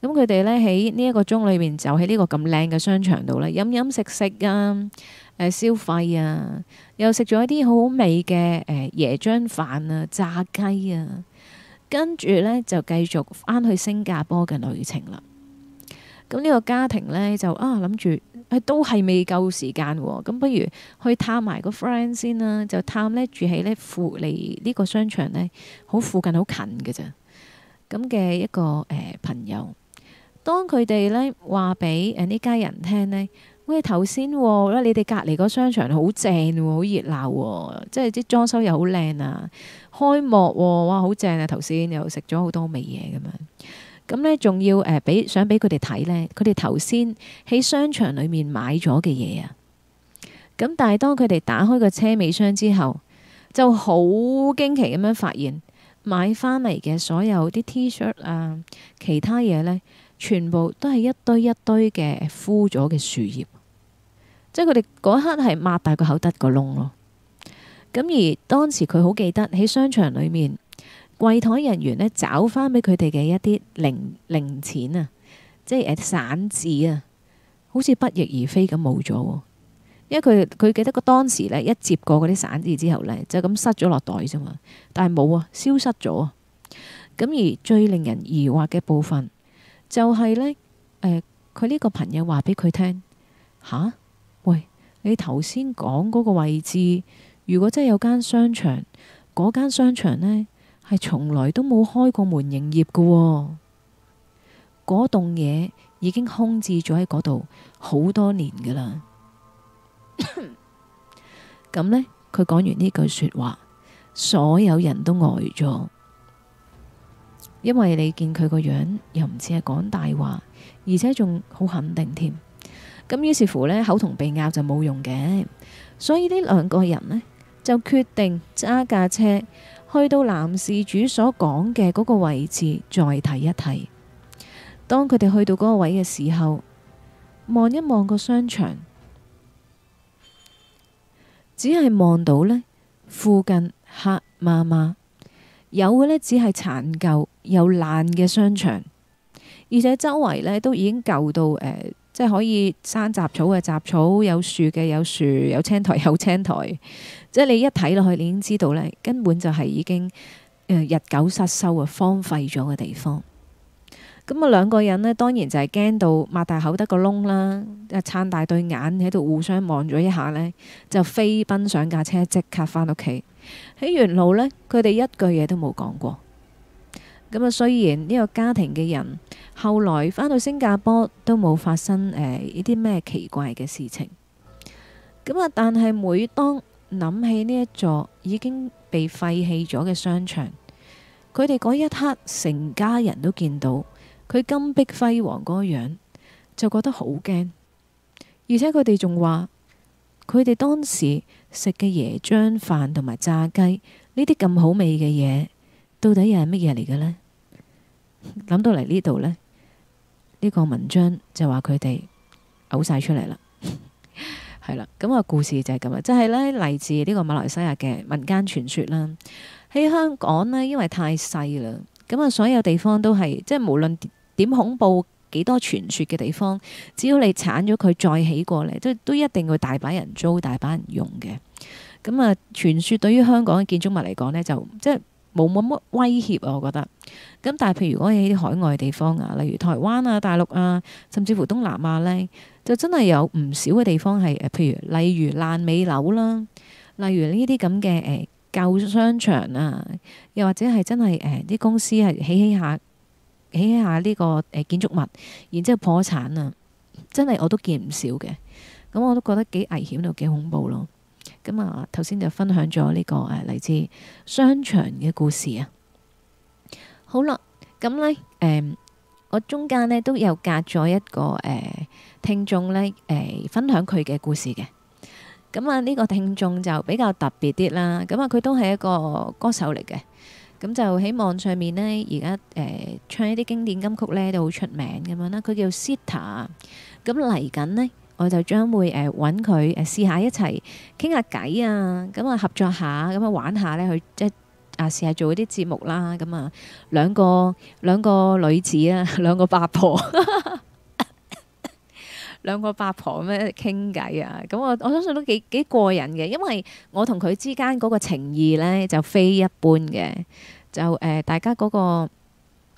咁佢哋呢喺呢一個鐘裏面，就喺呢個咁靚嘅商場度呢飲飲食食啊。誒消費啊，又食咗一啲好好味嘅誒椰漿飯啊、炸雞啊，跟住呢，就繼續翻去新加坡嘅旅程啦。咁呢個家庭呢，就啊諗住，都係、啊、未夠時間喎、啊，咁不如去探埋個 friend 先啦、啊。就探呢住喺呢附離呢個商場呢，好附近好近嘅咋。咁嘅一個誒朋友，當佢哋呢話俾誒呢家人聽呢。喂，頭先喎，你哋隔離個商場好正，好熱鬧，即係啲裝修又好靚啊！開幕哇，好正啊！頭先又食咗好多味嘢咁樣，咁呢，仲要俾想俾佢哋睇呢，佢哋頭先喺商場裏面買咗嘅嘢啊，咁但係當佢哋打開個車尾箱之後，就好驚奇咁樣發現買翻嚟嘅所有啲 T-shirt 啊，其他嘢呢，全部都係一堆一堆嘅枯咗嘅樹葉。即係佢哋嗰刻係擘大個口得個窿，咯，咁而當時佢好記得喺商場裏面櫃檯人員呢，找翻俾佢哋嘅一啲零零錢啊，即係散紙啊，好似不翼而飛咁冇咗。因為佢佢記得個當時呢一接過嗰啲散紙之後呢，就咁塞咗落袋啫嘛，但係冇啊，消失咗啊。咁而最令人疑惑嘅部分就係呢，佢、呃、呢個朋友話俾佢聽嚇。啊你頭先講嗰個位置，如果真係有間商場，嗰間商場呢係從來都冇開過門營業嘅喎，嗰棟嘢已經空置咗喺嗰度好多年噶啦。咁 呢，佢講完呢句說話，所有人都呆咗，因為你見佢個樣又唔似係講大話，而且仲好肯定添。咁於是乎呢，口同鼻拗就冇用嘅，所以呢兩個人呢，就決定揸架車去到男事主所講嘅嗰個位置再睇一睇。當佢哋去到嗰個位嘅時候，望一望個商場，只係望到呢附近黑麻麻，有嘅呢只係殘舊又爛嘅商場，而且周圍呢都已經舊到誒。呃即係可以生雜草嘅雜草，有樹嘅有樹，有青苔有青苔。即係你一睇落去，你已經知道呢，根本就係已經日久失修啊，荒廢咗嘅地方。咁啊，兩個人呢，當然就係驚到擘大口得個窿啦，啊撐大對眼喺度互相望咗一下呢，就飛奔上架車，即刻返屋企。喺沿路呢，佢哋一句嘢都冇講過。咁啊，雖然呢個家庭嘅人後來翻到新加坡都冇發生誒呢啲咩奇怪嘅事情，咁啊，但係每當諗起呢一座已經被廢棄咗嘅商場，佢哋嗰一刻成家人都見到佢金碧輝煌嗰個樣，就覺得好驚。而且佢哋仲話，佢哋當時食嘅椰漿飯同埋炸雞呢啲咁好味嘅嘢，到底又係乜嘢嚟嘅呢？諗到嚟呢度呢，呢個文章就話佢哋嘔晒出嚟啦，係 啦。咁啊，故事就係咁啦，即係呢嚟自呢個馬來西亞嘅民間傳說啦。喺香港呢，因為太細啦，咁啊，所有地方都係即係無論點恐怖，幾多傳說嘅地方，只要你鏟咗佢再起過嚟，都都一定會大把人租，大把人用嘅。咁啊，傳說對於香港嘅建築物嚟講呢，就即係。冇乜乜威脅啊，我覺得。咁但係譬如講喺啲海外地方啊，例如台灣啊、大陸啊，甚至乎東南亞呢，就真係有唔少嘅地方係譬如例如爛尾樓啦，例如呢啲咁嘅誒舊商場啊，又或者係真係誒啲公司係起起下起起下呢個建築物，然之後破產啊，真係我都見唔少嘅，咁我都覺得幾危險又幾恐怖咯。咁、嗯、啊，頭先就分享咗呢、這個誒、嚟、啊、自商場嘅故事啊。好啦，咁呢，誒、嗯，我中間呢都有隔咗一個誒、呃、聽眾咧，誒、呃，分享佢嘅故事嘅。咁、嗯、啊，呢、這個聽眾就比較特別啲啦。咁、嗯、啊，佢都係一個歌手嚟嘅。咁、嗯、就喺網上面呢而家誒唱一啲經典金曲呢都好出名噶嘛啦。佢叫 Sita，咁嚟緊呢。我就將會誒揾佢誒試下一齊傾下偈啊！咁、嗯、啊，合作下，咁、嗯、啊，玩下咧去即啊試下做嗰啲節目啦！咁、嗯、啊，兩個兩個女子啊，兩個八婆， 兩個八婆咁樣傾偈啊！咁、嗯、我我相信都幾幾過癮嘅，因為我同佢之間嗰個情義咧就非一般嘅，就誒、呃、大家嗰、那個。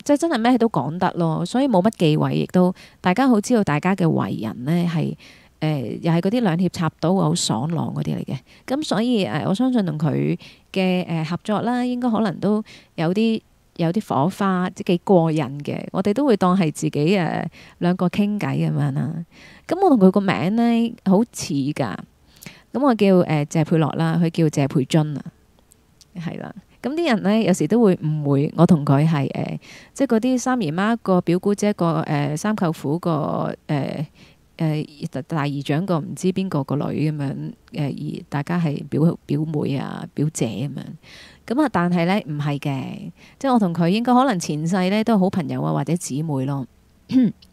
即係真係咩都講得咯，所以冇乜忌諱，亦都大家好知道大家嘅為人呢係誒又係嗰啲兩肋插刀，好爽朗嗰啲嚟嘅。咁所以誒、呃，我相信同佢嘅誒合作啦，應該可能都有啲有啲火花，即係幾過癮嘅。我哋都會當係自己誒、呃、兩個傾偈咁樣啦。咁我同佢個名呢好似㗎，咁我叫誒謝佩樂啦，佢叫謝佩津啊，係啦。咁啲人呢，有時都會誤會我同佢係誒，即係嗰啲三姨媽個表姑姐個誒、呃、三舅父個誒誒大姨丈個唔知邊個個女咁樣誒，而大家係表表妹啊表姐咁樣。咁啊，但係呢，唔係嘅，即係我同佢應該可能前世呢都係好朋友啊或者姊妹咯。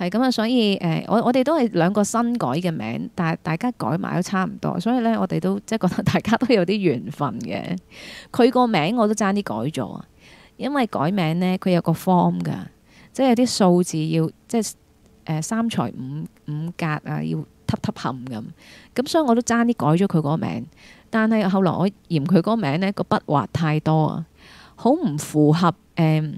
係咁啊，所以誒，我我哋都係兩個新改嘅名，但係大家改埋都差唔多，所以咧我哋都即係覺得大家都有啲緣分嘅。佢個名我都爭啲改咗，因為改名咧佢有個 form 㗎，即係啲數字要即係誒、呃、三才五五格啊，要㩒㩒冚咁，咁所以我都爭啲改咗佢個名。但係後來我嫌佢嗰個名咧個筆畫太多啊，好唔符合誒。呃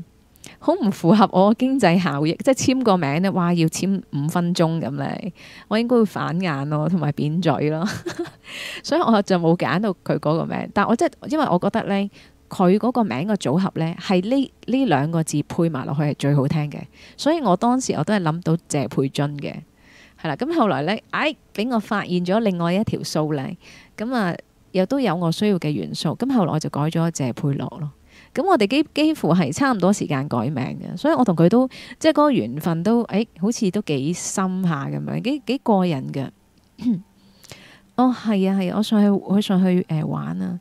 好唔符合我經濟效益，即係簽個名咧，哇要簽五分鐘咁咧，我應該會反眼咯，同埋扁嘴咯， 所以我就冇揀到佢嗰個名。但我即係因為我覺得咧，佢嗰個名嘅組合咧係呢呢兩個字配埋落去係最好聽嘅，所以我當時我都係諗到謝佩津嘅，係啦。咁後來咧，唉、哎，俾我發現咗另外一條數咧，咁啊又都有我需要嘅元素，咁後來我就改咗謝佩樂咯。咁我哋幾幾乎係差唔多時間改名嘅，所以我同佢都即係嗰個緣分都誒、哎，好似都幾深下咁樣，幾幾過癮嘅。 哦，係啊，係、啊，我上去我上去誒、呃、玩啊！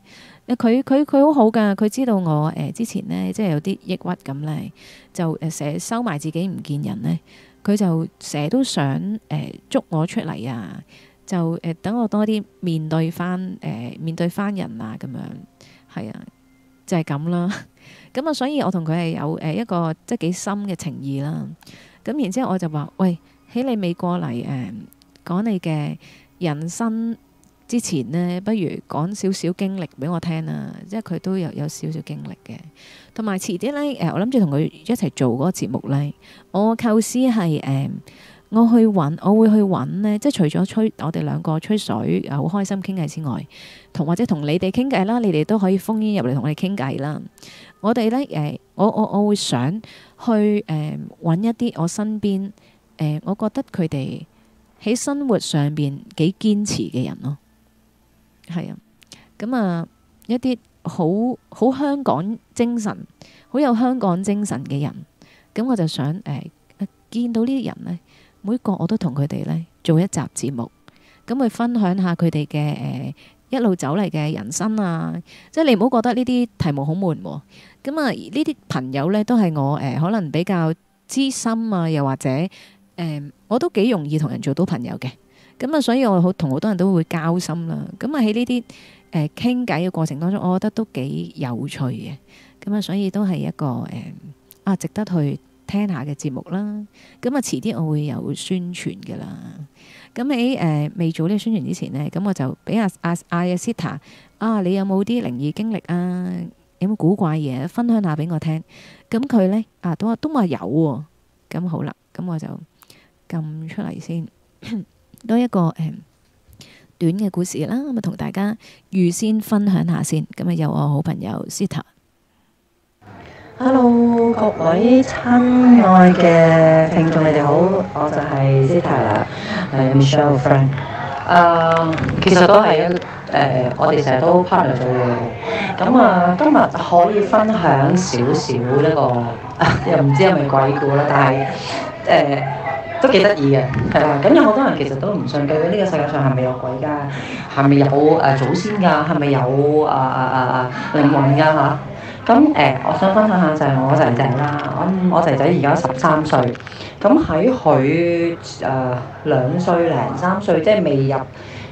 佢佢佢好好噶，佢知道我誒、呃、之前呢，即係有啲抑鬱咁咧，就誒成日收埋自己唔見人咧，佢就成日都想誒、呃、捉我出嚟啊，就誒等、呃、我多啲面對翻誒、呃、面對翻人啊咁樣，係啊。就係咁啦，咁 啊，所以我同佢係有誒、呃、一個即係幾深嘅情義啦。咁然之後我就話：喂，喺你未過嚟誒講你嘅人生之前呢，不如講少少經歷俾我聽啊！即係佢都有有少少經歷嘅。同埋遲啲呢，誒、呃，我諗住同佢一齊做嗰個節目呢，我構思係誒、呃我去揾，我會去揾呢，即係除咗吹我哋兩個吹水，好開心傾偈之外，同或者同你哋傾偈啦，你哋都可以封煙入嚟同我哋傾偈啦。我哋呢，誒、呃，我我我會想去誒揾、呃、一啲我身邊誒、呃，我覺得佢哋喺生活上面幾堅持嘅人咯，係啊，咁啊，一啲好好香港精神，好有香港精神嘅人，咁我就想誒、呃、見到呢啲人呢。每個我都同佢哋呢做一集節目，咁、嗯、去分享下佢哋嘅誒一路走嚟嘅人生啊！即係你唔好覺得呢啲題目好悶喎。咁啊，呢、嗯、啲朋友呢都係我誒、呃、可能比較知心啊，又或者、嗯、我都幾容易同人做到朋友嘅。咁、嗯、啊，所以我好同好多人都會交心啦、啊。咁啊喺呢啲誒傾偈嘅過程當中，我覺得都幾有趣嘅。咁、嗯、啊，所以都係一個、嗯啊、值得去。聽下嘅節目啦，咁啊，遲啲我會有宣傳噶啦。咁喺誒未做呢個宣傳之前呢，咁我就俾阿阿阿 Sita 啊，你有冇啲靈異經歷啊？有冇古怪嘢分享下俾我聽？咁佢呢，啊都話都話有喎、哦。咁好啦，咁我就撳出嚟先， 多一個誒、嗯、短嘅故事啦，咁啊同大家預先分享下先。咁啊有我好朋友 Sita。Hello，各位親愛嘅聽眾，你哋好，我就係 Zeta 啦，係 Michelle 嘅 friend。啊，其實都係一誒，我哋成日都 part 咗嘅。咁啊，今日可以分享少少呢個，又唔知係咪鬼故啦，但係誒都幾得意嘅，係啊。咁有好多人其實都唔信究竟呢個世界上係咪有鬼噶？係咪有誒祖先噶？係咪有啊啊啊靈魂噶吓？咁誒、呃，我想分享下就係我仔仔啦。我我仔仔而家十三歲，咁喺佢誒兩歲零三歲，即係未入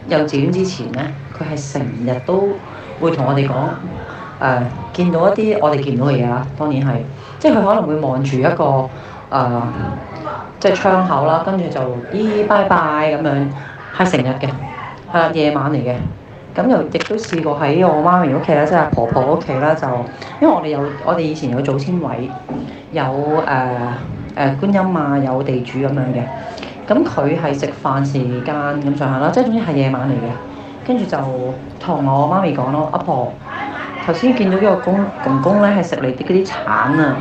幼稚園之前咧，佢係成日都會同我哋講誒，見到一啲我哋見唔到嘅嘢啦。當然係，即係佢可能會望住一個誒，即、呃、係、就係、窗口啦，跟住就咿咿拜拜咁樣，係成日嘅，係夜晚嚟嘅。咁又亦都試過喺我媽咪屋企啦，即係婆婆屋企啦，就因為我哋有我哋以前有祖先位，有誒誒觀音啊，有地主咁樣嘅。咁佢係食飯時間咁上下啦，即係總之係夜晚嚟嘅。跟住就同我媽咪講咯，阿婆頭先見到呢個公公公咧，係食你啲嗰啲橙啊，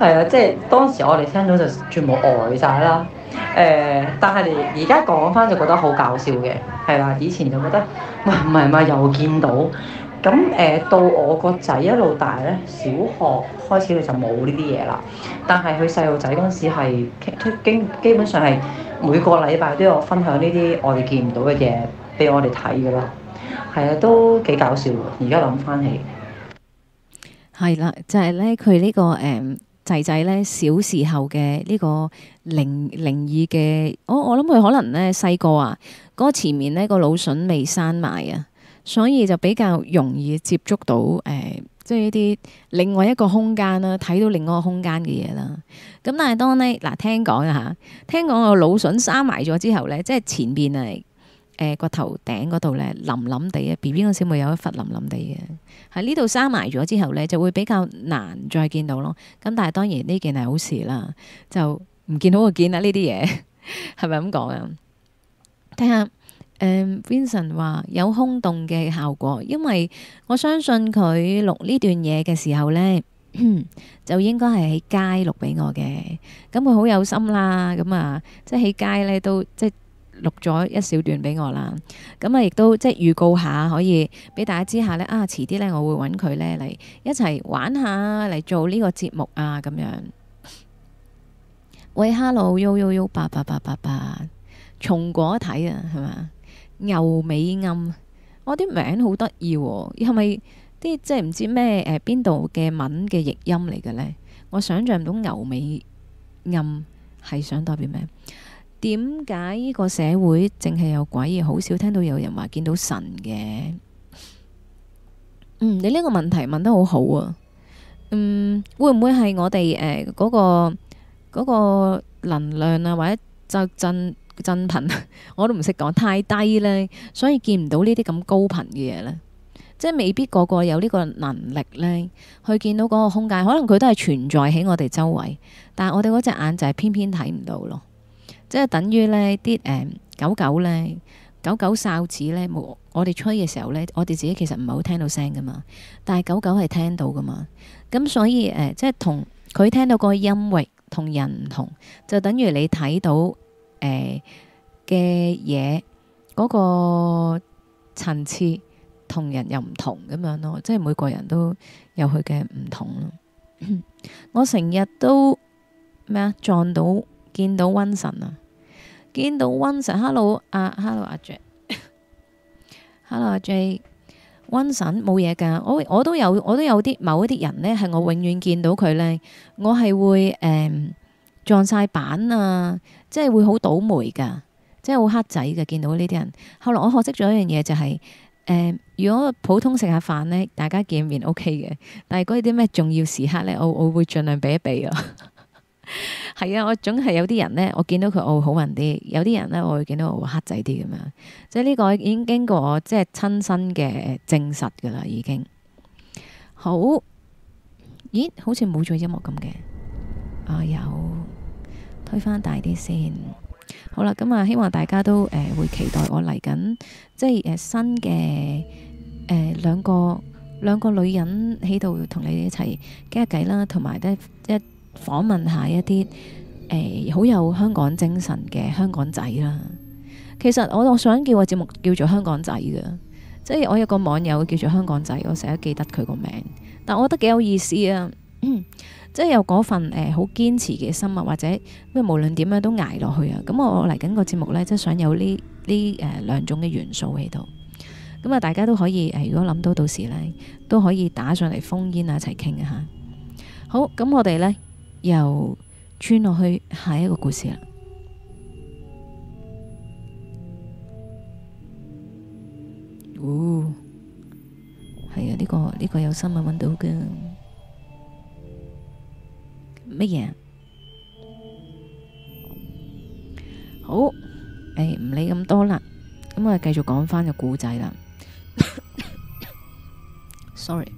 係 啊，即係當時我哋聽到就全部呆曬啦。誒、呃，但係你而家講翻就覺得好搞笑嘅，係啦。以前就覺得，哇，唔係嘛，又見到。咁誒、呃，到我個仔一路大咧，小學開始佢就冇呢啲嘢啦。但係佢細路仔嗰陣時係，基本上係每個禮拜都有分享呢啲我哋見唔到嘅嘢俾我哋睇㗎喇。係啊，都幾搞笑。而家諗翻起，係啦，就係、是、咧、這個，佢呢個誒。仔仔咧，小時候嘅呢個靈靈異嘅，我我諗佢可能咧細個啊，嗰、嗰個前面呢個腦笋未閂埋啊，所以就比較容易接觸到誒，即係呢啲另外一個空間啦，睇到另外一個空間嘅嘢啦。咁但係當咧嗱，聽講啊吓，聽講個腦笋閂埋咗之後咧，即係前邊係。誒、呃、個頭頂嗰度咧，腍腍地嘅 B B 小妹咪有一忽腍腍地嘅，喺呢度閂埋咗之後咧，就會比較難再見到咯。咁但係當然呢件係好事啦，就唔見好過見啦。呢啲嘢係咪咁講啊？睇下誒 Vincent 話有空洞嘅效果，因為我相信佢錄呢段嘢嘅時候咧， 就應該係喺街錄俾我嘅。咁佢好有心啦，咁啊，即係喺街咧都即係。錄咗一小段俾我啦，咁啊亦都即係預告下，可以俾大家知下呢。啊！遲啲呢，我會揾佢呢，嚟一齊玩一下，嚟做呢個節目啊咁樣。喂，Hello，U，U，U，八八八八八，松果體啊，係咪？牛尾暗，我、哦、啲名好得意喎，係咪啲即係唔知咩誒邊度嘅文嘅譯音嚟嘅呢？我想像唔到牛尾暗係想代表咩？點解呢個社會淨係有鬼，好少聽到有人話見到神嘅？嗯，你呢個問題問得好好啊。嗯，會唔會係我哋誒嗰個、嗰個能量啊，或者就震震頻，我都唔識講，太低呢，所以見唔到呢啲咁高頻嘅嘢呢？即係未必個個有呢個能力呢。去見到嗰個空間，可能佢都係存在喺我哋周圍，但係我哋嗰隻眼就係偏偏睇唔到咯。即係等於呢啲誒、呃、狗狗呢，狗狗哨子呢，我哋吹嘅時候呢，我哋自己其實唔係好聽到聲噶嘛，但係狗狗係聽到噶嘛。咁所以誒、呃，即係同佢聽到個音域同人唔同，就等於你睇到嘅嘢嗰個層次同人又唔同咁樣咯。即係每個人都有佢嘅唔同咯。 我成日都咩啊？撞到見到瘟神啊！見到瘟神，hello 阿、uh，hello 阿 J，hello 阿 J，瘟神冇嘢噶，我我都有，我都有啲某一啲人咧，係我永遠見到佢咧，我係會誒、嗯、撞晒板啊，即係會好倒楣噶，即係好黑仔嘅見到呢啲人。後來我學識咗一樣嘢、就是，就係誒，如果普通食下飯咧，大家見面 OK 嘅，但係嗰啲咩重要時刻咧，我我會盡量避一避啊。係 啊，我總係有啲人呢，我見到佢我會好運啲；有啲人呢，我會見到我會黑仔啲咁樣。即係呢個已經經過我即係親身嘅證實噶啦，已經好。咦，好似冇咗音樂咁嘅。啊，有，推返大啲先。好啦，咁、嗯、啊，希望大家都誒、呃、會期待我嚟緊，即係誒、呃、新嘅誒兩個兩個女人喺度同你哋一齊傾下偈啦，同埋咧一。訪問下一啲誒好有香港精神嘅香港仔啦。其實我我想叫個節目叫做香港仔嘅，即係我有個網友叫做香港仔，我成日記得佢個名，但我覺得幾有意思啊。 即係有嗰份誒好、欸、堅持嘅心啊，或者咩無論點樣都捱落去啊。咁我嚟緊個節目呢，即係想有呢呢誒兩種嘅元素喺度。咁啊，大家都可以誒，如果諗到到時呢，都可以打上嚟烽煙啊，一齊傾啊下，好咁，那我哋呢。又穿落去下一個故事啦。哦，係啊，呢個呢個有新聞揾到嘅乜嘢？好，唉、欸，唔理咁多啦，咁我繼續講翻個故仔啦。 Sorry，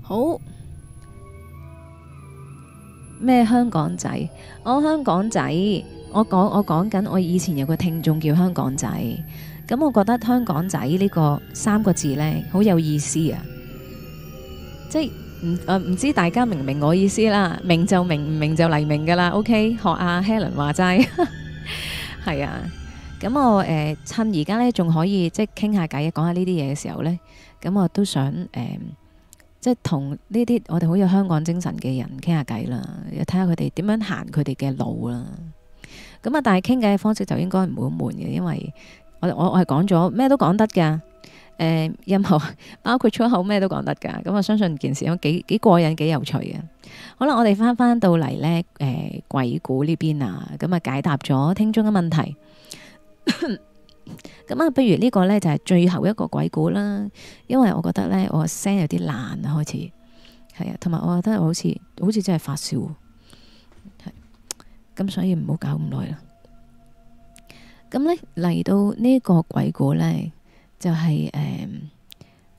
好。咩香港仔？我香港仔，我講我講緊，我以前有個聽眾叫香港仔，咁我覺得香港仔呢個三個字呢，好有意思啊！即係唔唔知大家明唔明我意思啦？明就明，唔明就黎明噶啦。OK，學阿 Helen 話齋係啊。咁我誒、呃、趁而家呢，仲可以即係傾下偈，講下呢啲嘢嘅時候呢，咁我都想誒。呃即係同呢啲我哋好有香港精神嘅人傾下偈啦，又睇下佢哋點樣行佢哋嘅路啦。咁啊，但係傾偈嘅方式就應該唔會好悶嘅，因為我我我係講咗咩都講得㗎，誒、呃、任何包括粗口咩都講得噶。咁我相信件事都幾幾過癮幾有趣嘅。好啦，我哋翻翻到嚟呢誒、呃、鬼故呢邊啊，咁啊解答咗聽眾嘅問題。 咁啊，不如呢個呢，就係最後一個鬼故啦，因為我覺得呢，我聲有啲爛啊，開始係啊，同埋我覺得我好似好似真係發燒，係咁所以唔好搞咁耐啦。咁呢嚟到呢個鬼故呢，就係、是、誒、嗯、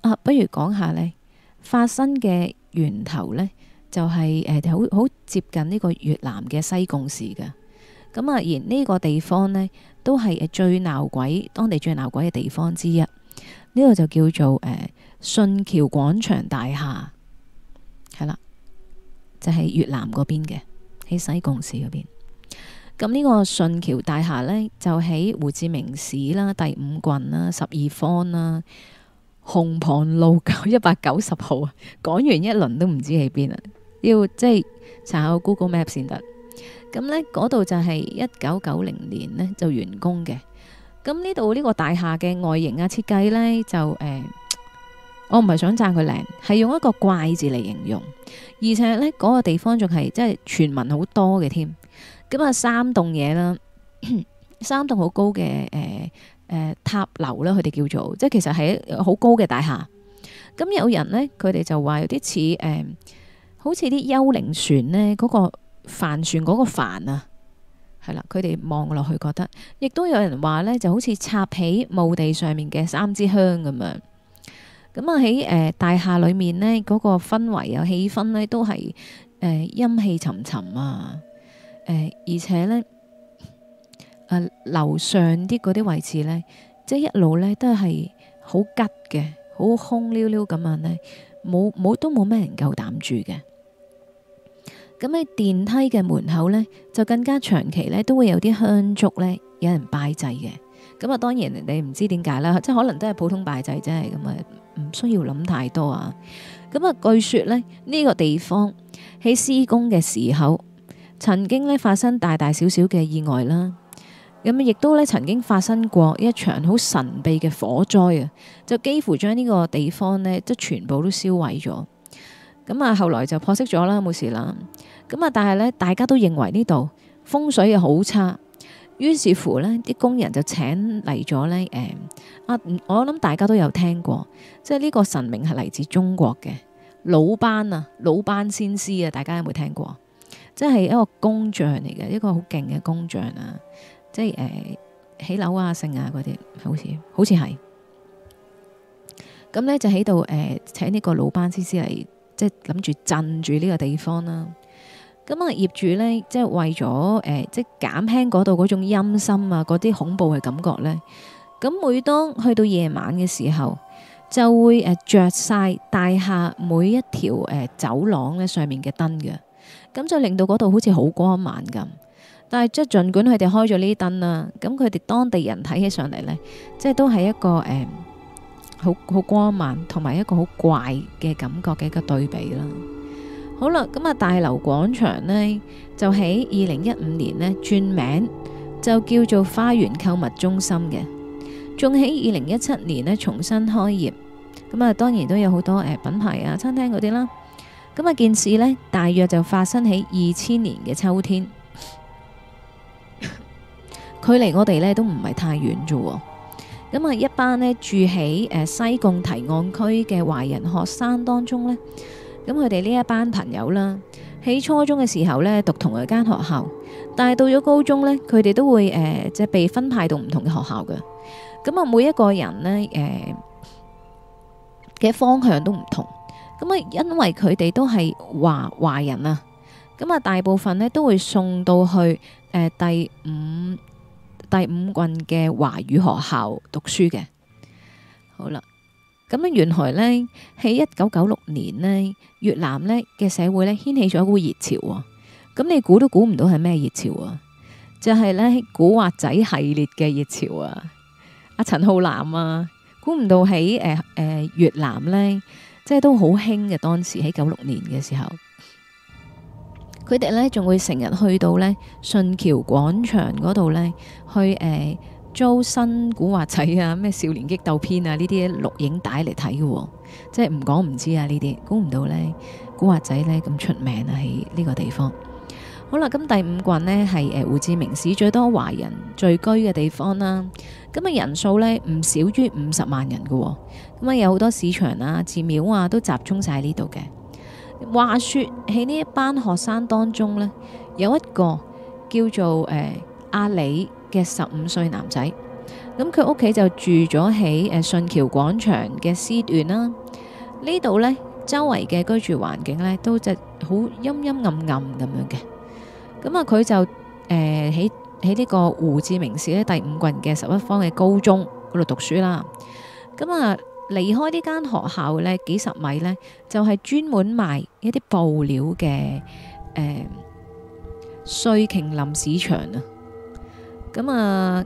啊，不如講下呢發生嘅源頭呢，就係誒好好接近呢個越南嘅西貢市噶。咁啊，而呢個地方呢。都係最鬧鬼，當地最鬧鬼嘅地方之一。呢個就叫做誒信橋廣場大廈，係啦，就喺越南嗰邊嘅，喺西貢市嗰邊。咁呢個信橋大廈呢，就喺胡志明市啦，第五郡啦，十二方啦，紅旁路九一百九十號。講完一輪都唔知喺邊啊，要即係、就是、查下 Google Map 先得。咁呢嗰度就係一九九零年呢就完工嘅。咁呢度呢個大廈嘅外形啊設計呢，就誒、欸，我唔係想讚佢靚，係用一個怪字嚟形容。而且呢嗰個地方仲係即係傳聞好多嘅添。咁啊三棟嘢啦，三棟好高嘅誒誒塔樓啦，佢哋叫做，即係其實係好高嘅大廈。咁有人呢，佢哋就話有啲似誒，好似啲幽靈船呢嗰個。帆船嗰個帆啊，係啦，佢哋望落去覺得，亦都有人話呢就好似插喺墓地上面嘅三支香咁樣。咁啊喺誒大廈裏面呢，嗰、那個氛圍啊氣氛呢，都係誒陰氣沉沉啊、呃，而且呢，誒、呃、樓上啲嗰啲位置呢，即、就、係、是、一路呢，都係好吉嘅，好空溜溜咁樣呢，冇冇都冇咩人夠膽住嘅。咁喺電梯嘅門口呢，就更加長期呢都會有啲香燭呢，有人拜祭嘅。咁啊，當然你唔知點解啦，即係可能都係普通拜祭，啫，係咁啊，唔需要諗太多啊。咁啊，據說呢，呢、呢個地方喺施工嘅時候，曾經呢發生大大小小嘅意外啦。咁亦都呢曾經發生過一場好神秘嘅火災啊，就幾乎將呢個地方呢，即全部都燒毀咗。咁啊，後來就破息咗啦，冇事啦。咁啊，但係呢，大家都認為呢度風水又好差，於是乎呢啲工人就請嚟咗呢。誒、嗯、啊，我諗大家都有聽過，即係呢個神明係嚟自中國嘅魯班啊，魯班先師啊，大家有冇聽過？即係一個工匠嚟嘅，一個好勁嘅工匠啊，即係誒、嗯、起樓啊、剩啊嗰啲，好似好似係。咁、嗯、呢，就喺度誒請呢個魯班先師嚟。即係諗住鎮住呢個地方啦，咁啊業主呢，即係為咗誒，即係減輕嗰度嗰種陰森啊，嗰啲恐怖嘅感覺呢。咁每當去到夜晚嘅時候，就會誒着晒大廈每一條誒走廊咧上面嘅燈嘅，咁就令到嗰度好似好光猛咁。但係即係盡管佢哋開咗呢啲燈啦，咁佢哋當地人睇起上嚟呢，即係都係一個誒。嗯好好光猛，同埋一個好怪嘅感覺嘅一個對比啦。好啦，咁啊，大樓廣場呢，就喺二零一五年呢轉名，就叫做花園購物中心嘅。仲喺二零一七年呢重新開業，咁啊，當然都有好多誒、呃、品牌啊、餐廳嗰啲啦。咁啊，件事呢，大約就發生喺二千年嘅秋天， 距離我哋呢，都唔係太遠啫。咁啊，一班呢住喺誒、呃、西貢堤岸區嘅華人學生當中呢，咁佢哋呢一班朋友啦，喺初中嘅時候呢讀同一間學校，但係到咗高中呢，佢哋都會誒、呃、即係被分派到唔同嘅學校嘅。咁啊，每一個人呢誒嘅、呃、方向都唔同。咁啊，因為佢哋都係華華人啊，咁啊，大部分呢都會送到去誒、呃、第五。第五郡嘅華語學校讀書嘅，好啦，咁樣原來呢，喺一九九六年呢，越南呢嘅社會呢，掀起咗一股熱潮啊！咁你估都估唔到係咩熱潮啊？就係呢，古惑仔系列嘅熱潮啊！阿陳浩南啊，估唔到喺誒誒越南呢，即係都好興嘅，當時喺九六年嘅時候。佢哋咧仲會成日去到咧信橋廣場嗰度呢，去誒、呃、租新古惑仔啊、咩少年激鬥片啊呢啲錄影帶嚟睇嘅，即係唔講唔知啊！呢啲估唔到呢古惑仔呢咁出名喺、啊、呢個地方。好啦，咁第五郡咧係誒胡志明市最多華人聚居嘅地方啦、啊，咁嘅人數呢唔少於五十萬人嘅、哦，咁啊有好多市場啊、寺廟啊都集中晒喺呢度嘅。話説喺呢一班學生當中呢，有一個叫做誒、呃、阿李嘅十五歲男仔，咁佢屋企就住咗喺誒順橋廣場嘅 C 段啦。呢、啊、度呢，周圍嘅居住環境呢都就好陰陰暗暗咁樣嘅。咁啊，佢就誒喺喺呢個胡志明市呢第五郡嘅十一方嘅高中嗰度讀書啦。咁啊～啊離開呢間學校呢，幾十米呢，就係、是、專門賣一啲布料嘅，誒、瑞、呃、瓊林市場、嗯、啊。咁啊，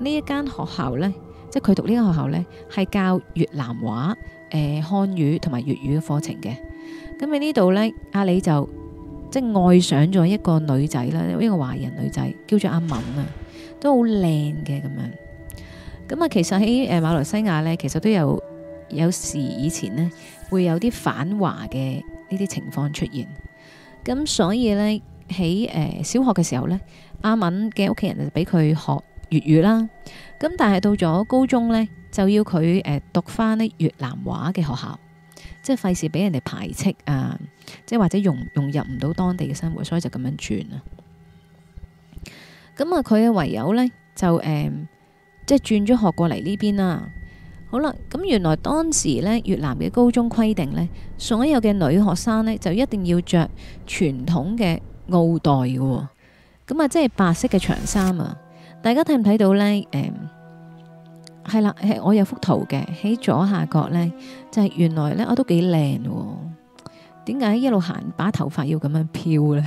呢一間學校呢，即係佢讀呢間學校呢，係教越南話、誒、呃、漢語同埋粵語嘅課程嘅。咁喺呢度呢，阿里就即係愛上咗一個女仔啦，一個華人女仔叫做阿敏啊，都好靚嘅咁樣。咁啊，其實喺誒馬來西亞咧，其實都有有時以前呢會有啲反華嘅呢啲情況出現。咁所以咧喺誒小學嘅時候咧，阿敏嘅屋企人就俾佢學粵語啦。咁但係到咗高中咧，就要佢誒、呃、讀翻咧越南話嘅學校，即係費事俾人哋排斥啊，即係或者融融入唔到當地嘅生活，所以就咁樣轉啦。咁啊，佢嘅唯有咧就誒。呃即係轉咗學過嚟呢邊啦，好啦，咁原來當時呢越南嘅高中規定呢，所有嘅女學生呢就一定要着傳統嘅奧黛嘅，咁啊即係白色嘅長衫啊，大家睇唔睇到呢？誒、嗯、係啦，我有幅圖嘅喺左下角呢，就係、是、原來呢我都幾靚喎，點解一路行把頭髮要咁樣飄呢？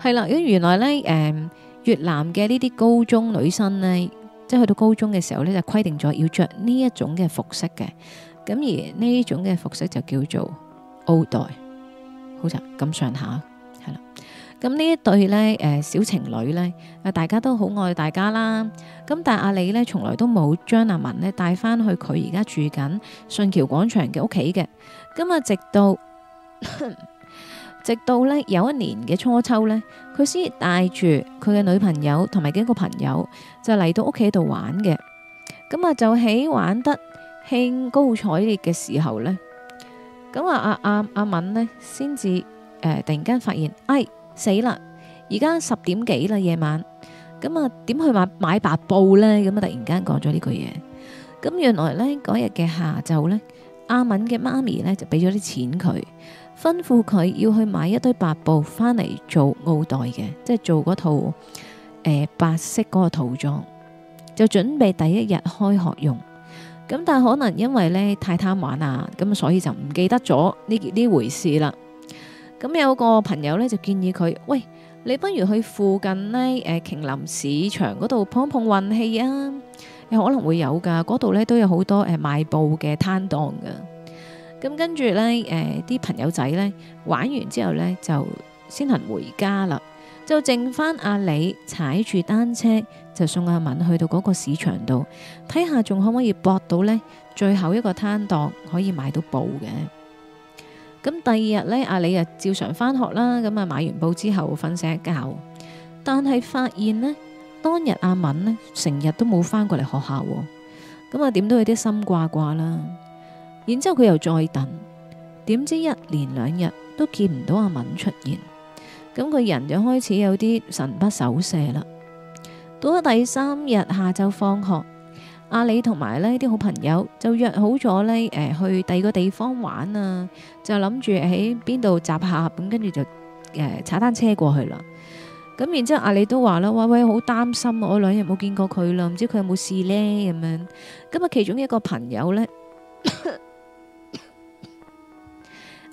係 啦，咁原來呢誒、嗯、越南嘅呢啲高中女生呢。即係去到高中嘅時候呢，就規定咗要着呢一種嘅服飾嘅，咁而呢種嘅服飾就叫做奧黛，好就咁上下係啦。咁呢一對咧，誒、呃、小情侶呢，啊大家都好愛大家啦。咁但係阿李呢，從來都冇將阿文呢帶翻去佢而家住緊信橋廣場嘅屋企嘅。咁啊，直到呵呵直到呢有一年嘅初秋呢。佢先帶住佢嘅女朋友同埋幾個朋友就嚟到屋企度玩嘅，咁啊就喺玩得興高采烈嘅時候，啊啊啊啊、呢，咁啊阿阿阿敏呢先至誒突然間發現，哎死啦！而家十點幾啦夜晚，咁啊點去買買白布呢？咁啊突然間講咗呢句嘢，咁原來呢嗰日嘅下晝呢，阿、啊、敏嘅媽咪呢就俾咗啲錢佢。吩咐佢要去買一堆白布翻嚟做奧黛嘅，即係做嗰套誒、呃、白色嗰個套裝，就準備第一日開學用。咁但可能因為咧太貪玩啊，咁所以就唔記得咗呢呢回事啦。咁有個朋友咧就建議佢：喂，你不如去附近呢，誒、呃，瓊林市場嗰度碰一碰運氣啊，有可能會有噶。嗰度咧都有好多誒賣、呃、布嘅攤檔噶。咁跟住呢，誒、呃、啲朋友仔呢玩完之後呢，就先行回家啦。就剩翻阿李踩住單車，就送阿敏去到嗰個市場度睇下，仲可唔可以博到呢最後一個攤檔可以買到布嘅。咁第二日呢，阿李就照常返學啦。咁啊買完布之後瞓醒一覺，但係發現呢，當日阿敏呢，成日都冇返過嚟學校喎、啊。咁啊點都有啲心掛掛啦～然之後佢又再等，點知一連兩日都見唔到阿敏出現，咁佢人就開始有啲神不守舍啦。到咗第三日下晝放學，阿里同埋呢啲好朋友就約好咗呢誒、呃、去第二個地方玩啊，就諗住喺邊度集合咁，跟住就誒踩單車過去啦。咁然之後阿里都話啦：「喂喂，好擔心、啊，我兩日冇見過佢啦，唔知佢有冇事呢？」咁樣。咁啊，其中一個朋友呢，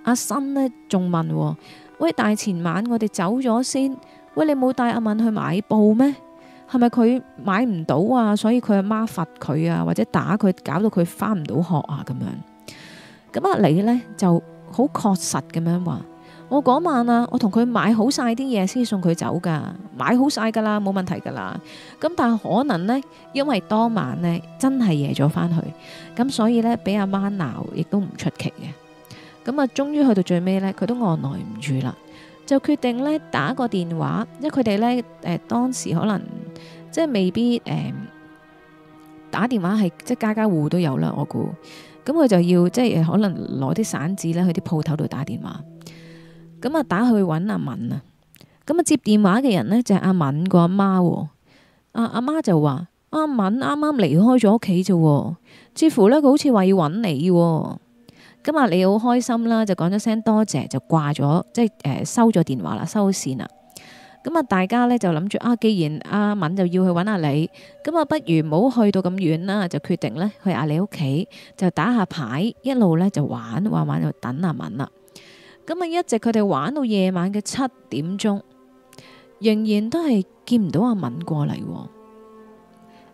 阿新咧仲問喎，喂，大前晚我哋走咗先，喂，你冇帶阿敏去買布咩？係咪佢買唔到啊？所以佢阿媽罰佢啊，或者打佢，搞到佢翻唔到學啊？咁樣，咁阿李咧就好確實咁樣話，我嗰晚啊，我同佢買好晒啲嘢，先送佢走噶，買好晒噶啦，冇問題噶啦。咁但係可能呢，因為當晚呢真係夜咗翻去，咁所以呢，俾阿媽鬧，亦都唔出奇嘅。咁啊，終於去到最尾呢，佢都按耐唔住啦，就決定呢打個電話，因為佢哋呢，誒、呃、當時可能即係未必誒、呃、打電話係即係家家戶戶都有啦，我估。咁佢就要即係可能攞啲散紙呢去啲鋪頭度打電話。咁啊，打去揾阿敏啊，咁啊接電話嘅人呢，就係、是、阿敏個阿媽喎。阿阿媽就話：阿、啊、敏啱啱離開咗屋企啫，似乎呢，佢好似話要揾你喎。今日你好開心啦，就講咗聲多謝，就掛咗，即係誒、呃、收咗電話啦，收線啦。咁啊，大家呢就諗住啊，既然阿敏就要去揾阿李，咁啊，不如唔好去到咁遠啦，就決定呢去阿李屋企就打下牌，一路呢就玩玩玩就等阿敏啦。咁啊，一直佢哋玩到夜晚嘅七點鐘，仍然都係見唔到阿敏過嚟。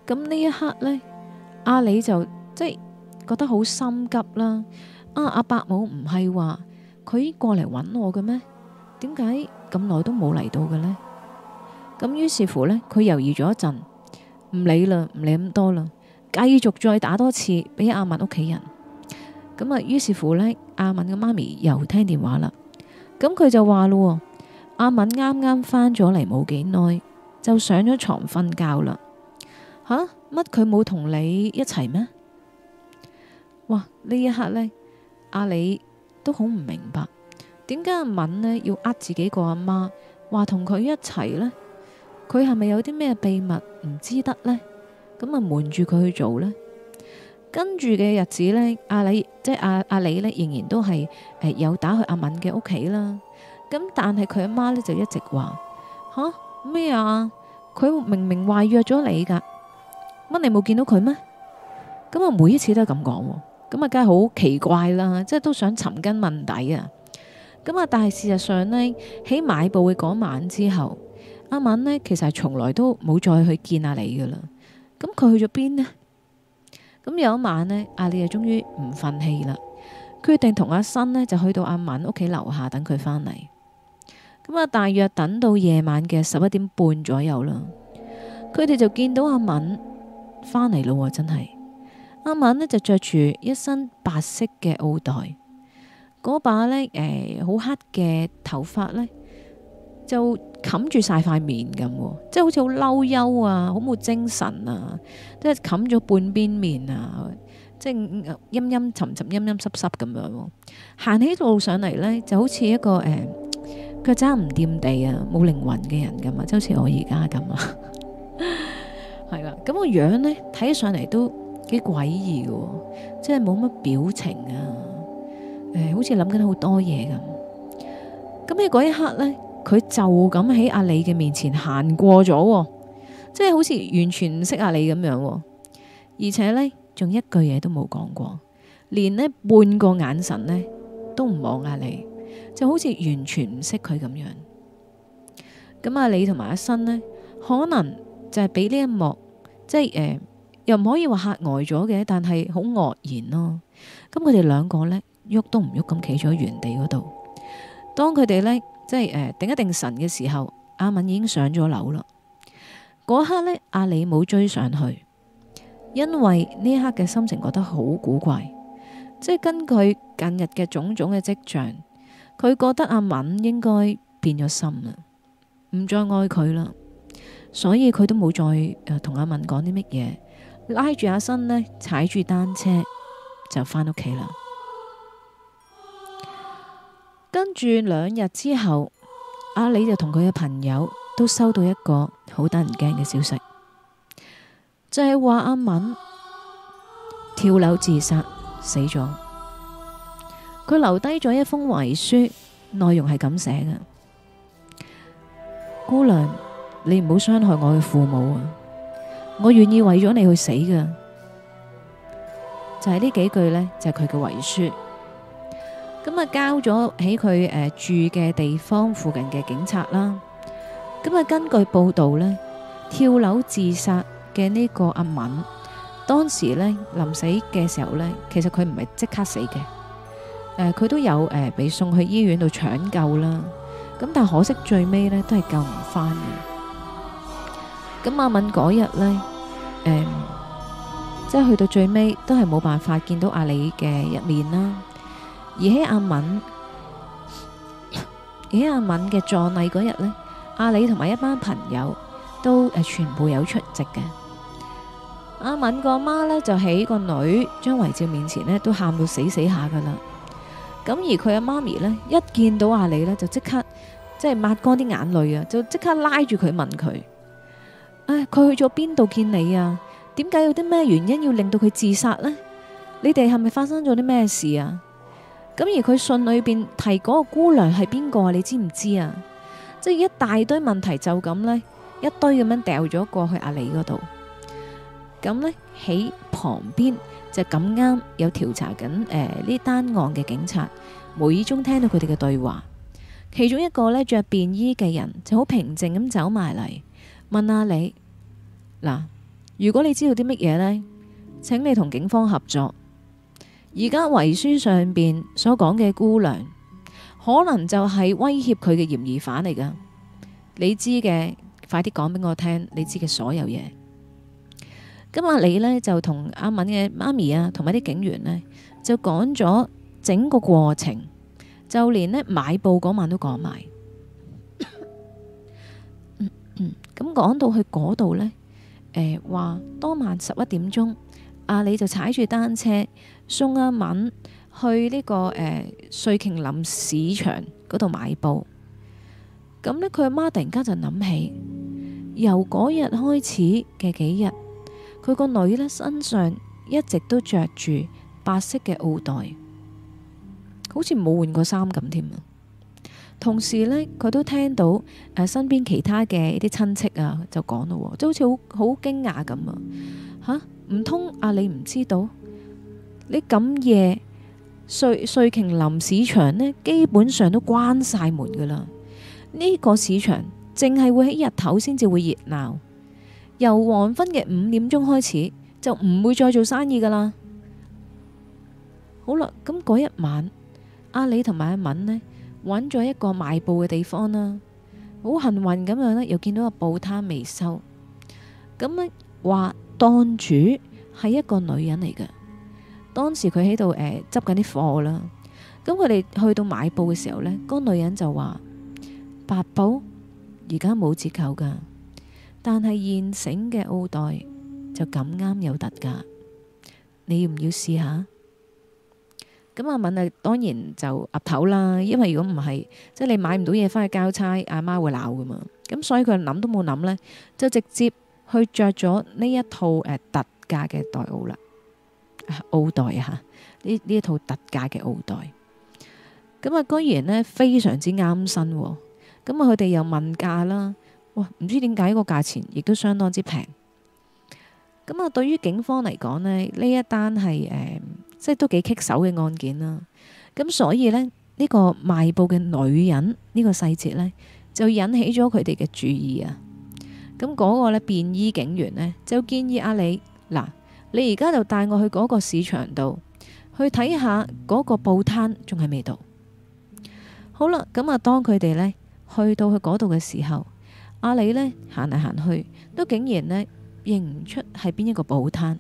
咁呢一刻呢，阿李就即係覺得好心急啦。啊！阿伯母唔係話佢過嚟揾我嘅咩？點解咁耐都冇嚟到嘅呢？咁於是乎呢，佢猶豫咗一陣，唔理啦，唔理咁多啦，繼續再打多次畀阿敏屋企人。咁啊，於是乎呢，阿敏嘅媽咪又聽電話啦。咁佢就話咯，阿敏啱啱返咗嚟冇幾耐，就上咗床瞓覺啦。吓，乜佢冇同你一齊咩？哇！呢一刻呢？阿李都好唔明白，點解阿敏呢要呃自己個阿媽話同佢一齊呢？佢係咪有啲咩秘密唔知得呢？咁啊瞞住佢去做呢？跟住嘅日子呢，阿李即係阿阿李咧，仍然都係誒、呃、有打去阿敏嘅屋企啦。咁但係佢阿媽呢就一直話吓咩啊？佢明明話約咗你噶乜你冇見到佢咩？咁我每一次都係咁講。咁啊，梗係好奇怪啦，即係都想尋根問底啊！咁啊，但係事實上呢，喺買報嘅嗰晚之後，阿敏呢其實從來都冇再去見阿李噶啦。咁佢去咗邊呢？咁有一晚呢，阿李啊終於唔忿氣啦，決定同阿新呢就去到阿敏屋企樓下等佢返嚟。咁啊，大約等到夜晚嘅十一點半左右啦，佢哋就見到阿敏返嚟咯，真係。啱啱呢，就着住一身白色嘅奧黛，嗰把呢，誒、呃、好黑嘅頭髮呢，就冚住晒塊面咁喎，即係好似好嬲憂啊，好冇精神啊，即係冚咗半邊面啊，即係陰陰沉沉、陰陰濕濕咁樣喎。行起路上嚟呢，就好似一個誒腳踭唔掂地啊，冇靈魂嘅人咁啊，就好似我而家咁啊，係啦，咁、那個樣呢，睇起上嚟都～幾詭異嘅，即係冇乜表情啊、呃！好似諗緊好多嘢咁。咁喺嗰一刻呢，佢就咁喺阿李嘅面前行過咗，即係好似完全唔識阿李咁樣。而且呢，仲一句嘢都冇講過，連呢半個眼神呢都唔望阿李，就好似完全唔識佢咁樣。咁阿李同埋阿新呢，可能就係俾呢一幕，即係誒。呃又唔可以話吓呆咗嘅，但係好愕然咯、哦。咁佢哋兩個呢，喐都唔喐咁企咗喺原地嗰度。當佢哋呢，即係定一定神嘅時候，阿敏已經上咗樓啦。嗰刻呢，阿里冇追上去，因為呢一刻嘅心情覺得好古怪，即係根據近日嘅種種嘅跡象，佢覺得阿敏應該變咗心啦，唔再愛佢啦，所以佢都冇再同阿敏講啲乜嘢。拉住阿新呢，踩住單車就翻屋企啦。跟住兩日之後，阿李就同佢嘅朋友都收到一個好得人驚嘅消息，就係話阿敏跳樓自殺死咗。佢留低咗一封遺書，內容係咁寫嘅：姑娘，你唔好傷害我嘅父母啊！我願意為咗你去死嘅。就係呢幾句呢，就係佢嘅遺書。咁啊，交咗喺佢誒住嘅地方附近嘅警察啦。咁啊，根據報道呢，跳樓自殺嘅呢個阿敏，當時呢臨死嘅時候呢，其實佢唔係即刻死嘅。誒，佢都有誒被送去醫院度搶救啦。咁但係可惜最尾呢都係救唔返嘅。咁阿敏嗰日呢。誒、嗯，即係去到最尾，都係冇辦法見到阿李嘅一面啦。而喺阿敏， 而喺阿敏嘅葬禮嗰日呢，阿李同埋一班朋友都誒、呃、全部有出席嘅。阿敏個媽呢，就喺個女張遺照面前呢，都喊到死死下噶啦。咁而佢阿媽咪呢，一見到阿李呢，就即刻即係抹乾啲眼淚啊，就即刻拉住佢問佢，唉、哎，佢去咗邊度見你啊？點解有啲咩原因要令到佢自殺呢？你哋係咪發生咗啲咩事啊？咁而佢信裏邊提嗰個姑娘係邊個啊？你知唔知啊？即係一大堆問題就咁呢，一堆咁樣掉咗過去阿李嗰度。咁呢，喺旁邊就咁啱有調查緊呢單案嘅警察，無意中聽到佢哋嘅對話。其中一個呢，着便衣嘅人就好平靜咁走埋嚟。問阿你，嗱，如果你知道啲乜嘢呢？請你同警方合作。而家遺書上邊所講嘅姑娘，可能就係威脅佢嘅嫌疑犯嚟㗎。你知嘅，快啲講俾我聽，你知嘅所有嘢。今日你呢，就同阿敏嘅媽咪啊，同埋啲警員呢，就講咗整個過程，就連呢買報嗰晚都講埋。咁講到去嗰度呢，誒話當晚十一點鐘，阿李就踩住單車送阿敏去呢、這個誒、呃、瑞瓊林市場嗰度買布。咁呢，佢阿媽突然間就諗起，由嗰日開始嘅幾日，佢個女呢，身上一直都穿着住白色嘅澳袋，好換似冇換過衫咁添啊！同時呢，佢都聽到誒、啊、身邊其他嘅一啲親戚啊，就講咯喎，就好似好好驚訝咁啊！嚇、啊，唔通阿李唔知道？你咁夜，瑞穗瓊林市場呢，基本上都關晒門噶啦。呢、呢個市場淨係會喺日頭先至會熱鬧，由黃昏嘅五點鐘開始，就唔會再做生意噶啦。好啦，咁嗰一晚，阿李同埋阿敏呢。揾咗一個賣布嘅地方啦，好幸運咁樣呢，又見到個布攤未收，咁呢話檔主係一個女人嚟嘅，當時佢喺度誒執緊啲貨啦，咁佢哋去到買布嘅時候呢，嗰、那個女人就話，白布而家冇折扣噶，但係現成嘅奧黛就咁啱有特價，你要唔要試下？咁阿敏啊，當然就岌頭啦，因為如果唔係，即係你買唔到嘢翻去交差，阿媽會鬧噶嘛。咁所以佢諗都冇諗呢，就直接去着咗呢一套誒特價嘅代澳啦，澳代啊！呢呢一套特價嘅澳代，代，咁啊居然呢，非常之啱身。咁啊佢哋又問價啦，哇唔知點解個價錢亦都相當之平。咁啊對於警方嚟講呢，呢一單係誒。嗯即係都幾棘手嘅案件啦，咁所以呢，呢、呢個賣布嘅女人呢個細節呢，就引起咗佢哋嘅注意啊！咁嗰個咧便衣警員呢，就建議阿李嗱，你而家就帶我去嗰個市場度去睇下嗰個報攤仲喺未到。好啦，咁啊當佢哋呢去到去嗰度嘅時候，阿李呢行嚟行去都竟然呢認唔出係邊一個報攤。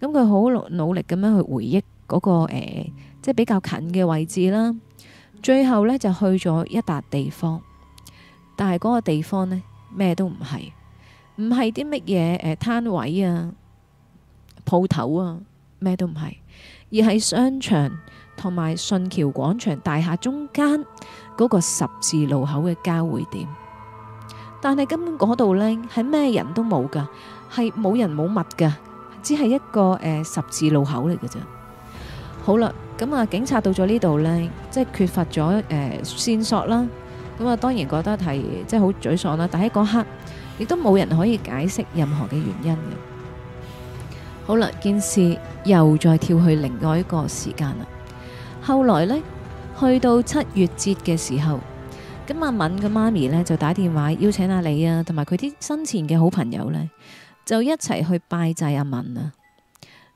咁佢好努力咁樣去回憶嗰、嗰個誒、呃，即係比較近嘅位置啦。最後呢，就去咗一笪地方，但係嗰個地方呢，咩都唔係，唔係啲乜嘢誒攤位啊、鋪頭啊，咩都唔係，而係商場同埋信橋廣場大廈中間嗰個十字路口嘅交匯點。但係根本嗰度呢，係咩人都冇噶，係冇人冇物噶。只係一個誒、呃、十字路口嚟嘅啫。好啦，咁啊，警察到咗呢度呢，即係缺乏咗誒、呃、線索啦。咁啊，當然覺得係即係好沮喪啦。但喺嗰刻，亦都冇人可以解釋任何嘅原因嘅。好啦，件事又再跳去另外一個時間啦。後來呢，去到七月節嘅時候，咁阿敏嘅媽咪呢，就打電話邀請阿李啊，同埋佢啲生前嘅好朋友呢。就一齊去拜祭阿文啊！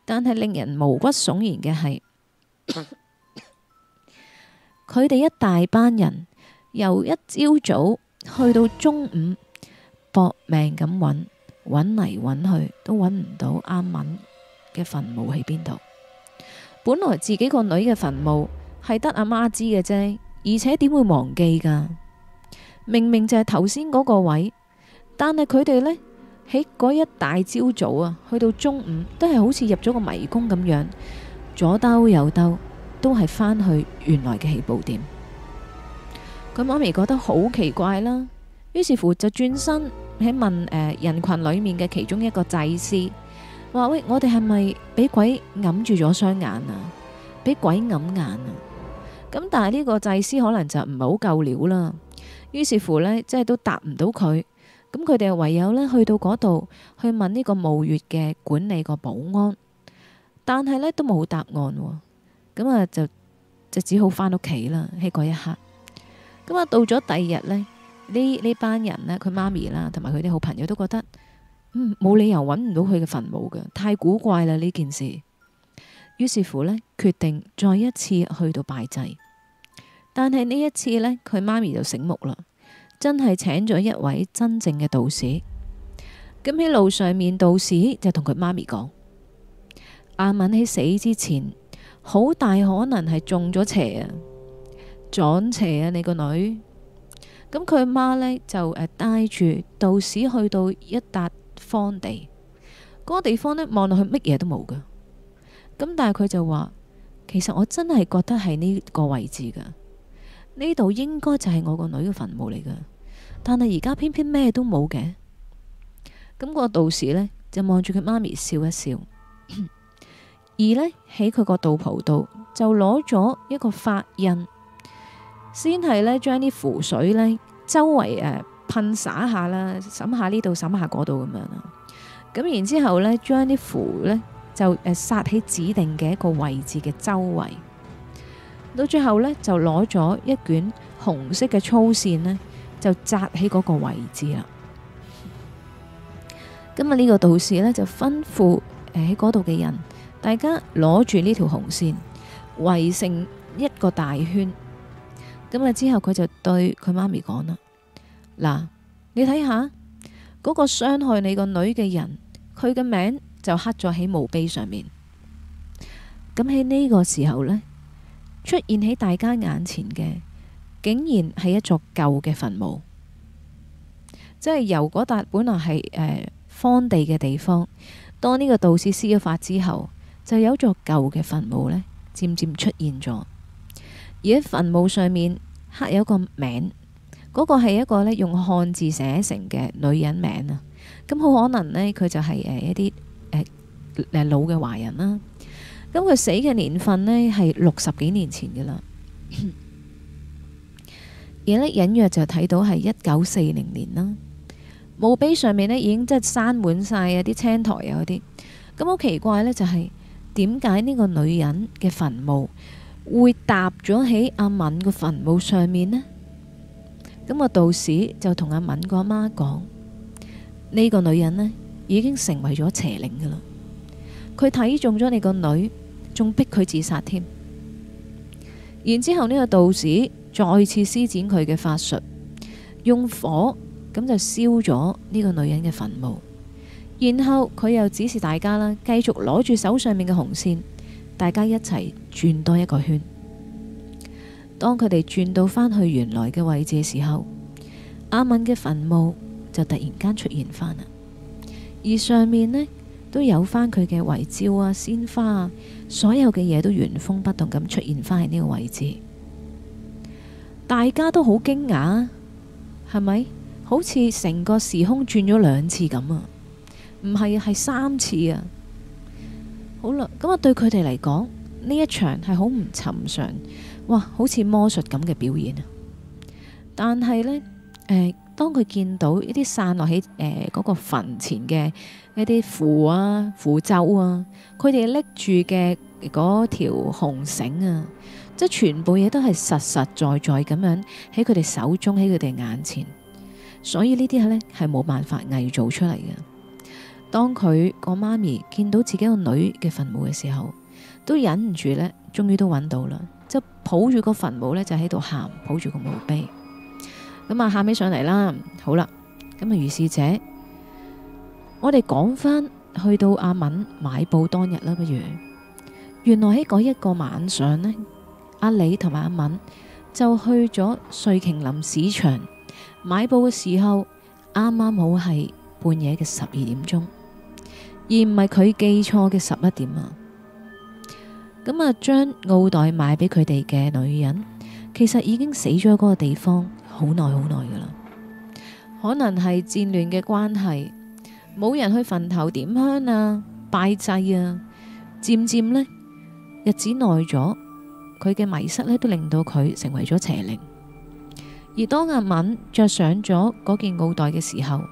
但係令人毛骨悚然嘅係，佢哋 一大班人由一朝早，早去到中午，搏命咁揾揾嚟揾去都揾唔到阿文嘅墳墓喺邊度。本來自己個女嘅墳墓係得阿媽知嘅啫，而且點會忘記噶？明明就係頭先嗰個位，但係佢哋呢。喺嗰一大朝早啊，去到中午都係好似入咗個迷宮咁樣，左兜右兜，都係返去原來嘅起步點。佢媽咪覺得好奇怪啦，於是乎就轉身喺問、呃、人群裏面嘅其中一個祭司，話喂，我哋係咪俾鬼揞住咗雙眼啊？俾鬼揞眼啊？咁但係呢個祭司可能就唔係好夠料啦，於是乎呢，即係都答唔到佢。咁佢哋唯有呢，去到嗰度去問呢個墓穴嘅管理個保安，但係呢都冇答案，哦，咁啊就就只好返屋企啦。喺嗰一刻，咁啊到咗第二日呢，呢呢班人呢，佢媽咪啦同埋佢啲好朋友都覺得，嗯，冇理由搵唔到佢嘅墳墓㗎，太古怪啦呢件事。於是乎呢，決定再一次去到拜祭，但係呢一次呢，佢媽咪就醒目啦。真係請咗一位真正嘅道士。咁喺路上面，道士就同佢媽咪講：阿敏喺死之前，好大可能係中咗邪啊，撞邪啊！你個女。咁佢媽呢，就誒帶住道士去到一笪荒地，嗰個地方呢，望落去乜嘢都冇噶。咁但係佢就話，其實我真係覺得係呢個位置噶。呢度應該就係我個女嘅墳墓嚟噶，但係而家偏偏咩都冇嘅。咁個道士呢，就望住佢媽咪笑一笑，而呢，喺佢個道袍度就攞咗一個法印，先係呢將啲符水呢，周圍誒、呃、噴灑下啦，審下呢度審下嗰度咁樣啦。咁然之後呢，將啲符呢，就誒撒喺、呃、指定嘅一個位置嘅周圍。到最後呢，就攞咗一卷紅色嘅粗線呢，就紮喺嗰個位置啦。咁啊，呢個道士呢就吩咐誒喺嗰度嘅人，大家攞住呢條紅線圍成一個大圈。咁啊，之後佢就對佢媽咪講啦：嗱，你睇下嗰個傷害你個女嘅人，佢嘅名就刻咗喺墓碑上面。咁喺呢個時候呢。出現喺大家眼前嘅，竟然係一座舊嘅墳墓，即係由嗰笪本來係誒荒地嘅地方，當呢個道士施咗法之後，就有座舊嘅墳墓呢漸漸出現咗。而喺墳墓上面刻有一個名，嗰、嗰個係一個呢用漢字寫成嘅女人名啊。咁好可能呢，佢就係誒一啲誒老嘅華人啦。咁佢死嘅年份咧係六十幾年前噶啦，而咧隱約就睇到係一九四零年啦。墓碑上面咧已經即係生滿晒啊啲青苔啊嗰啲，咁好奇怪咧就係點解呢個女人嘅墳墓會搭咗喺阿敏個墳墓上面咧？咁個道士就同阿敏個阿媽講：呢個女人咧已經成為咗邪靈噶啦。佢睇中咗你個女，仲逼佢自殺添。然之後呢個道士再次施展佢嘅法術，用火咁就燒咗呢個女人嘅墳墓。然後佢又指示大家啦，繼續攞住手上面嘅紅線，大家一齊轉多一個圈。當佢哋轉到返去原來嘅位置嘅時候，阿敏嘅墳墓就突然間出現返啦，而上面呢。都有返佢嘅遺照啊，鮮花啊，所有嘅嘢都原封不動咁出現返喺呢個位置，大家都好驚訝，係咪？好似成個時空轉咗兩次咁啊，唔係係三次啊。好啦，咁啊對佢哋嚟講呢一場係好唔尋常，哇，好似魔術咁嘅表演啊。但係呢，誒、欸。當佢見到一啲散落喺誒嗰個墳前嘅一啲符啊、符咒啊，佢哋拎住嘅嗰條紅繩啊，即係全部嘢都係實實在在咁樣喺佢哋手中，喺佢哋眼前，所以這些呢啲係咧，係冇辦法偽造出嚟嘅。當佢個媽咪見到自己個女嘅墳墓嘅時候，都忍唔住咧，終於都揾到啦，即抱住個墳墓咧就喺度喊，抱住個墓碑。咁啊，喊起上嚟啦，好啦，咁啊，如是者，我哋講翻去到阿敏買布當日啦，不如原來喺嗰一個晚上呢，阿李同埋阿敏就去咗瑞瓊林市場買布嘅時候，啱啱好係半夜嘅十二點鐘，而唔係佢記錯嘅十一點啊。咁啊，將奧黛買俾佢哋嘅女人，其實已經死咗喺嗰個地方。好耐好耐噶啦，可能係戰亂嘅關係，冇人去墳頭點香啊、拜祭啊。漸漸呢，日子耐咗，佢嘅迷失咧都令到佢成為咗邪靈。而當阿敏着上咗嗰件奧黛嘅時候，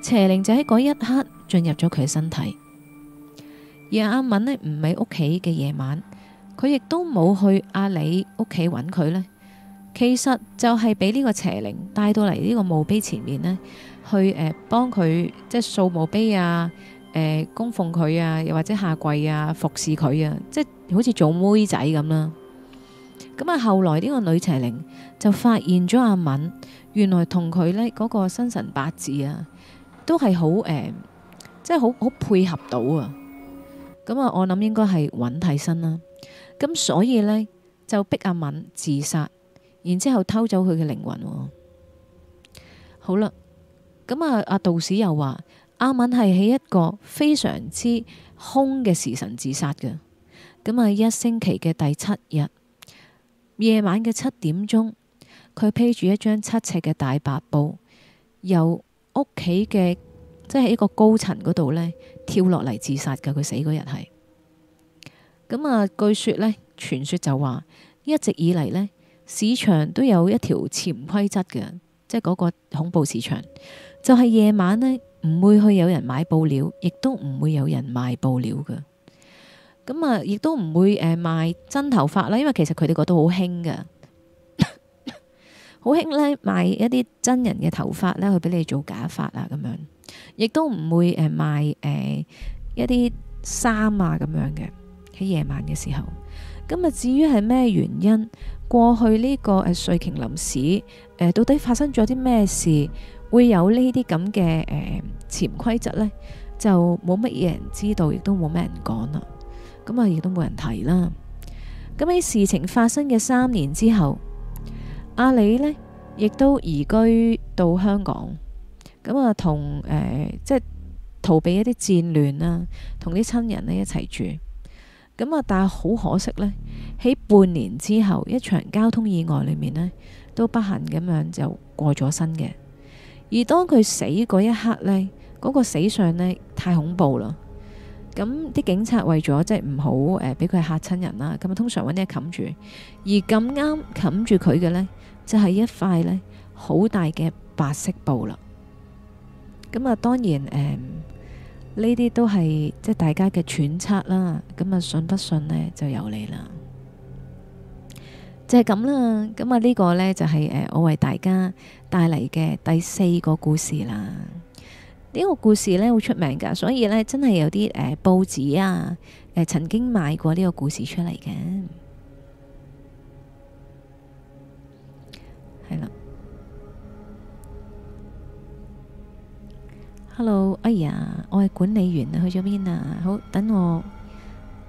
邪靈就喺嗰一刻進入咗佢嘅身體。而阿敏咧唔喺屋企嘅夜晚，佢亦都冇去阿里屋企揾佢呢。其實就係俾呢個邪靈帶到嚟，呢個墓碑前面呢去誒、呃、幫佢即係掃墓碑啊，誒、呃、供奉佢啊，又或者下跪啊，服侍佢啊，即係好似做妹仔咁啦。咁啊，後來呢個女邪靈就發現咗阿敏，原來同佢呢嗰、那個生辰八字啊，都係好誒，即係好好配合到啊。咁啊，我諗應該係搵替身啦。咁所以呢，就逼阿敏自殺。然之後偷走佢嘅靈魂。好啦，咁啊，阿道士又話：阿敏係喺一個非常之凶嘅時辰自殺嘅。咁啊，一星期嘅第七日夜晚嘅七點鐘，佢披住一張七尺嘅大白布，由屋企嘅即係一個高層嗰度呢跳落嚟自殺嘅。佢死嗰日係咁啊，據說呢傳說就話一直以嚟呢。市場都有一條潛規則嘅，即係嗰個恐怖市場就係、是、夜晚呢，唔會去有人買布料，亦都唔會有人賣布料嘅。咁啊，亦都唔會誒、呃、賣真頭髮啦，因為其實佢哋覺得好興嘅，好 興呢，賣一啲真人嘅頭髮呢，去俾你做假髮、呃呃、啊，咁樣亦都唔會誒賣誒一啲衫啊，咁樣嘅喺夜晚嘅時候。咁啊，至於係咩原因？過去呢、這個誒瑞瓊林市誒、呃、到底發生咗啲咩事，會有呢啲咁嘅誒潛規則呢？就冇乜嘢人知道，亦都冇咩人講啦。咁啊，亦都冇人提啦。咁喺事情發生嘅三年之後，阿里呢亦都移居到香港。咁啊，同、呃、誒即係逃避一啲戰亂啦，同啲親人呢一齊住。咁啊，但係好可惜呢，喺半年之後一場交通意外裏面呢，都不幸咁樣就過咗身嘅。而當佢死嗰一刻呢，嗰個死相呢，太恐怖啦。咁啲警察為咗即係唔好誒俾佢嚇親人啦，咁啊通常搵啲嘢冚住。而咁啱冚住佢嘅呢，就係一塊呢，好大嘅白色布啦。咁啊，當然誒。呃呢啲都係即係大家嘅揣測啦，咁啊信不信呢？就有你、就是、啦，就係咁啦。咁啊呢個呢，就係、是、誒、呃、我為大家帶嚟嘅第四個故事啦。呢、這個故事呢，好出名噶，所以呢，真係有啲誒、呃、報紙啊誒、呃、曾經買過呢個故事出嚟嘅，係啦。Hello，哎呀，我係管理員啊，去咗邊啊？好，等我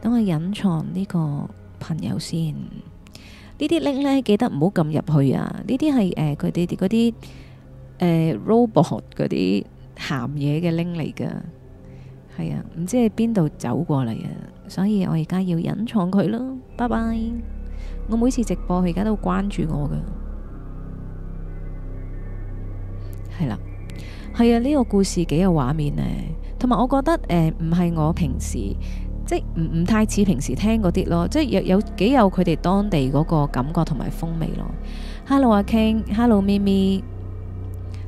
等我隱藏呢個朋友先。呢啲拎呢，記得唔好撳入去啊！呢啲係誒佢哋啲嗰啲 robot 嗰啲鹹嘢嘅拎嚟噶，係啊，唔知係邊度走過嚟啊！所以我而家要隱藏佢咯。拜拜！我每次直播佢而家都關注我噶，係啦、啊。係啊，呢個故事幾有畫面呢。同埋我覺得誒，唔係我平時即係唔唔太似平時聽嗰啲咯，即係有有幾有佢哋當地嗰個感覺同埋風味咯。Hello 阿 King，Hello 咪咪，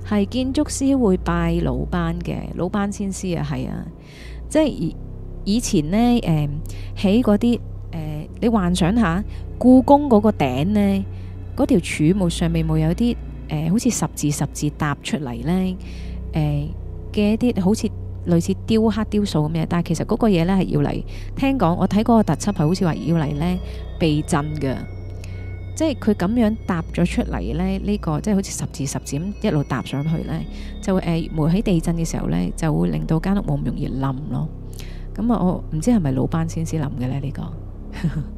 係建築師會拜魯班嘅，魯班先師啊，係啊，即係以以前呢，誒、呃，喺嗰啲誒，你幻想下故宮嗰個頂呢，嗰條柱木上面冇有啲誒、呃，好似十字十字搭出嚟呢。誒、呃、嘅一啲好似類似雕刻雕塑咁嘅，但係其實嗰個嘢呢係要嚟，聽講，我睇嗰個特輯係好似話要嚟呢避震噶即係佢咁樣搭咗出嚟呢。呢、這個即係好似十字十字咁一路搭上去呢，就誒，如果喺地震嘅時候呢，就會令到間屋冇咁容易冧咯。咁、嗯、啊，我唔知係咪老班先至冧嘅呢，呢、這個。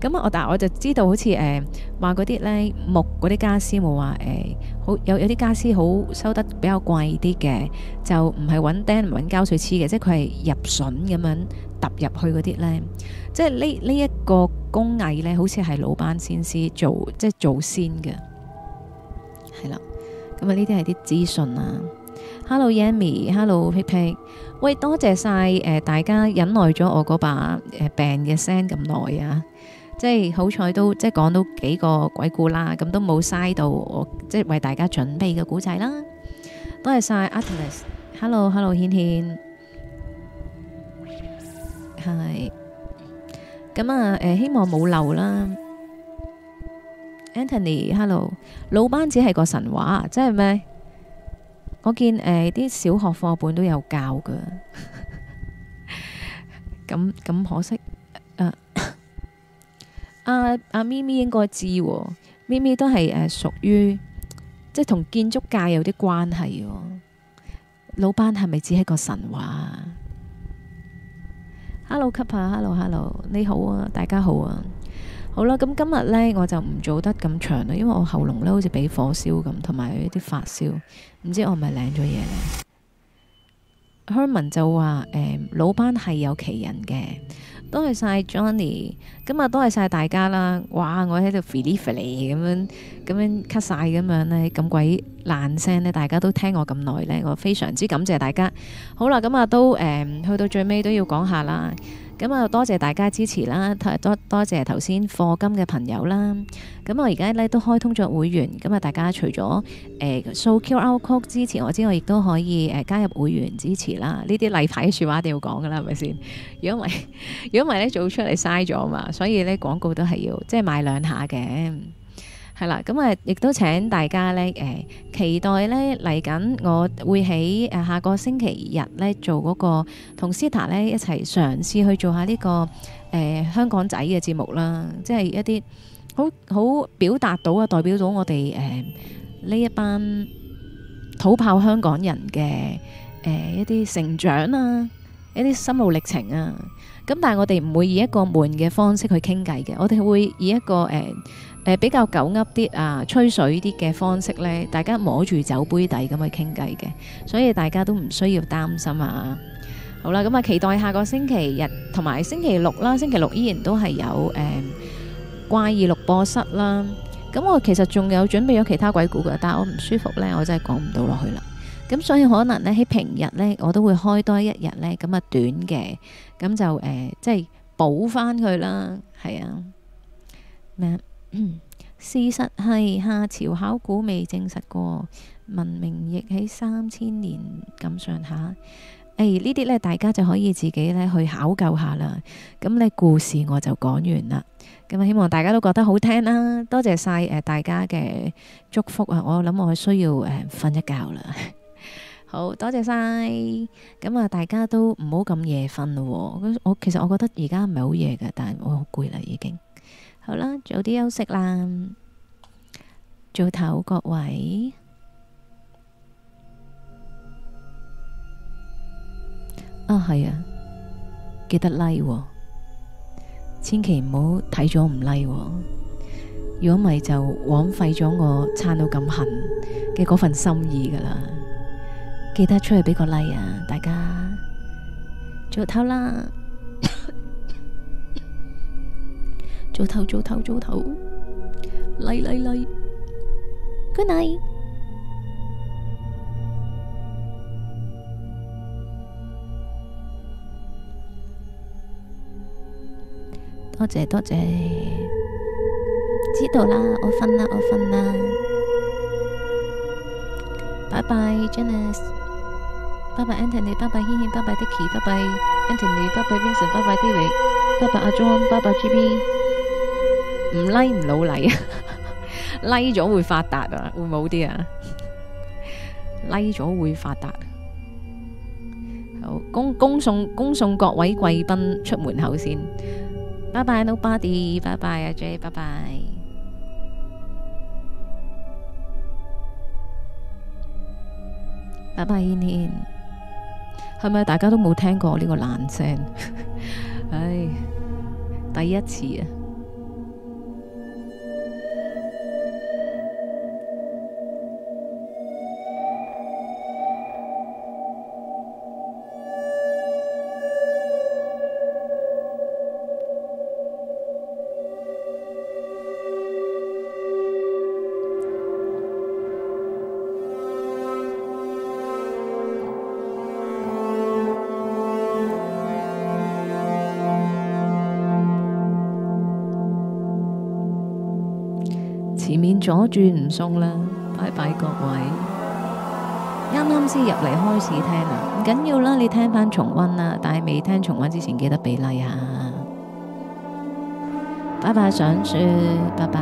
咁、嗯、啊、欸，我但係我就知道，好似誒，話嗰啲咧木嗰啲家私冇話誒，好有有啲家私好收得比較貴啲嘅，就唔係搵釘唔搵膠水黐嘅，即係佢係入榫咁樣揼入去嗰啲咧，即係呢呢一個工藝咧，好似係魯班先師做即係做先嘅，係啦。咁啊，呢啲係啲資訊啊。Hello Yamy，Hello Pipi。喂，多謝晒誒大家忍耐咗我嗰把誒病嘅聲咁耐啊！即係好彩都即係講到幾個鬼故啦，咁都冇嘥到我即係為大家準備嘅古仔啦。多謝晒，Atlas。Hello，Hello，軒軒，係。咁啊誒，希望冇漏啦。Anthony，Hello，老班子係個神話啊，即係咩？我見誒，啲、呃、小學課本都有教噶，咁咁可惜。呃、啊，阿、啊、阿咪咪應該知喎，咪咪都係誒，屬、呃、於即係同建築界有啲關係喎。魯班係咪只係個神話啊？Hello Cup 啊，Hello Hello，你好啊，大家好啊。好啦，咁今日呢，我就唔做得咁長啦，因為我喉嚨咧好似俾火燒咁，同埋一啲發燒，唔知我咪冷咗嘢？呢 Herman 就話，誒、嗯，老班係有其人嘅。多謝晒 Johnny，今日多謝晒大家啦。哇，我喺度 feeling feeling 咁樣，咁樣咳晒咁樣呢，咁鬼爛聲呢，大家都聽我咁耐呢。我非常之感謝大家。好啦，咁啊都誒、嗯，去到最尾都要講下啦。咁啊，多謝大家支持啦！多多多謝頭先課金嘅朋友啦。咁我而家咧都開通咗會員。咁啊，大家除咗誒掃、呃、Q R code 支持我之外，亦都可以誒、呃、加入會員支持啦。呢啲例牌嘅説話一定要講噶啦，係咪先？如果唔係，如果唔係咧，做出嚟嘥咗啊嘛。所以咧，廣告都係要即係買兩下嘅。係啦，咁啊，亦都請大家咧，誒，期待咧嚟緊，我會喺誒下個星期日咧做嗰、那個同 Sita 咧一齊嘗試去做下呢、這個誒、呃、香港仔嘅節目啦，即係一啲好好表達到啊，代表到我哋誒呢一班土炮香港人嘅誒、呃、一啲成長啊，一啲心路歷程啊。咁、嗯、但係我哋唔會以一個悶嘅方式去傾偈嘅，我哋會以一個誒誒、呃呃、比較狗噏啲啊吹水啲嘅方式咧，大家摸住酒杯底咁去傾偈嘅，所以大家都唔需要擔心啊。好啦，咁、嗯、啊，期待下個星期日同埋星期六啦，星期六依然都係有誒、嗯、怪異錄播室啦。咁、嗯、我其實仲有準備咗其他鬼故嘅，但係我唔舒服呢，我真係講唔到落去啦。咁、嗯、所以可能呢，喺平日呢，我都會開多一日呢，咁啊短嘅。咁就、呃、即係補翻佢啦，係啊。咩啊、嗯？事實係夏朝考古未證實過，文明亦喺三千年咁上下。誒、哎、呢啲咧，大家就可以自己咧去考究下啦。咁呢故事我就講完啦。咁啊，希望大家都覺得好聽啦。多謝晒大家嘅祝福啊！我諗我需要誒瞓一覺啦。好多謝晒，咁啊，大家都唔好咁夜瞓咯。我其實我覺得而家唔係好夜㗎，但係我好攰啦已經。好啦，早啲休息啦，早唞各位。啊，係啊，記得 like 喎！千祈唔好睇咗唔 like 喎！如果唔係就枉費咗我撐到咁痕嘅嗰份心意噶啦。記得出去畀個例、like，啊！大家早唞啦，早 唞！早唞！早唞！嚟嚟嚟 good night，多謝多謝，知道啦，我瞓啦，我瞓啦，拜拜，Janice。拜拜 Anthony，拜拜軒軒，拜拜 Dicky，拜拜 Anthony，拜拜 Vincent，拜拜 David，拜拜阿 John，拜拜 GB。唔拉唔老禮啊，拉咗會發達啊，會冇啲啊，拉咗會發達。好，恭恭送恭送各位貴賓出門口先。拜拜 Nobody，拜拜阿 Jay，拜拜。拜拜軒軒。係咪大家都冇聽過呢個爛聲？唉、 哎，第一次啊！轉唔送啦，拜拜各位！啱啱先入嚟，開始聽啊，唔緊要啦，你聽翻重温啦，但係未聽重温之前記得俾 like 啊！拜拜，想說拜拜。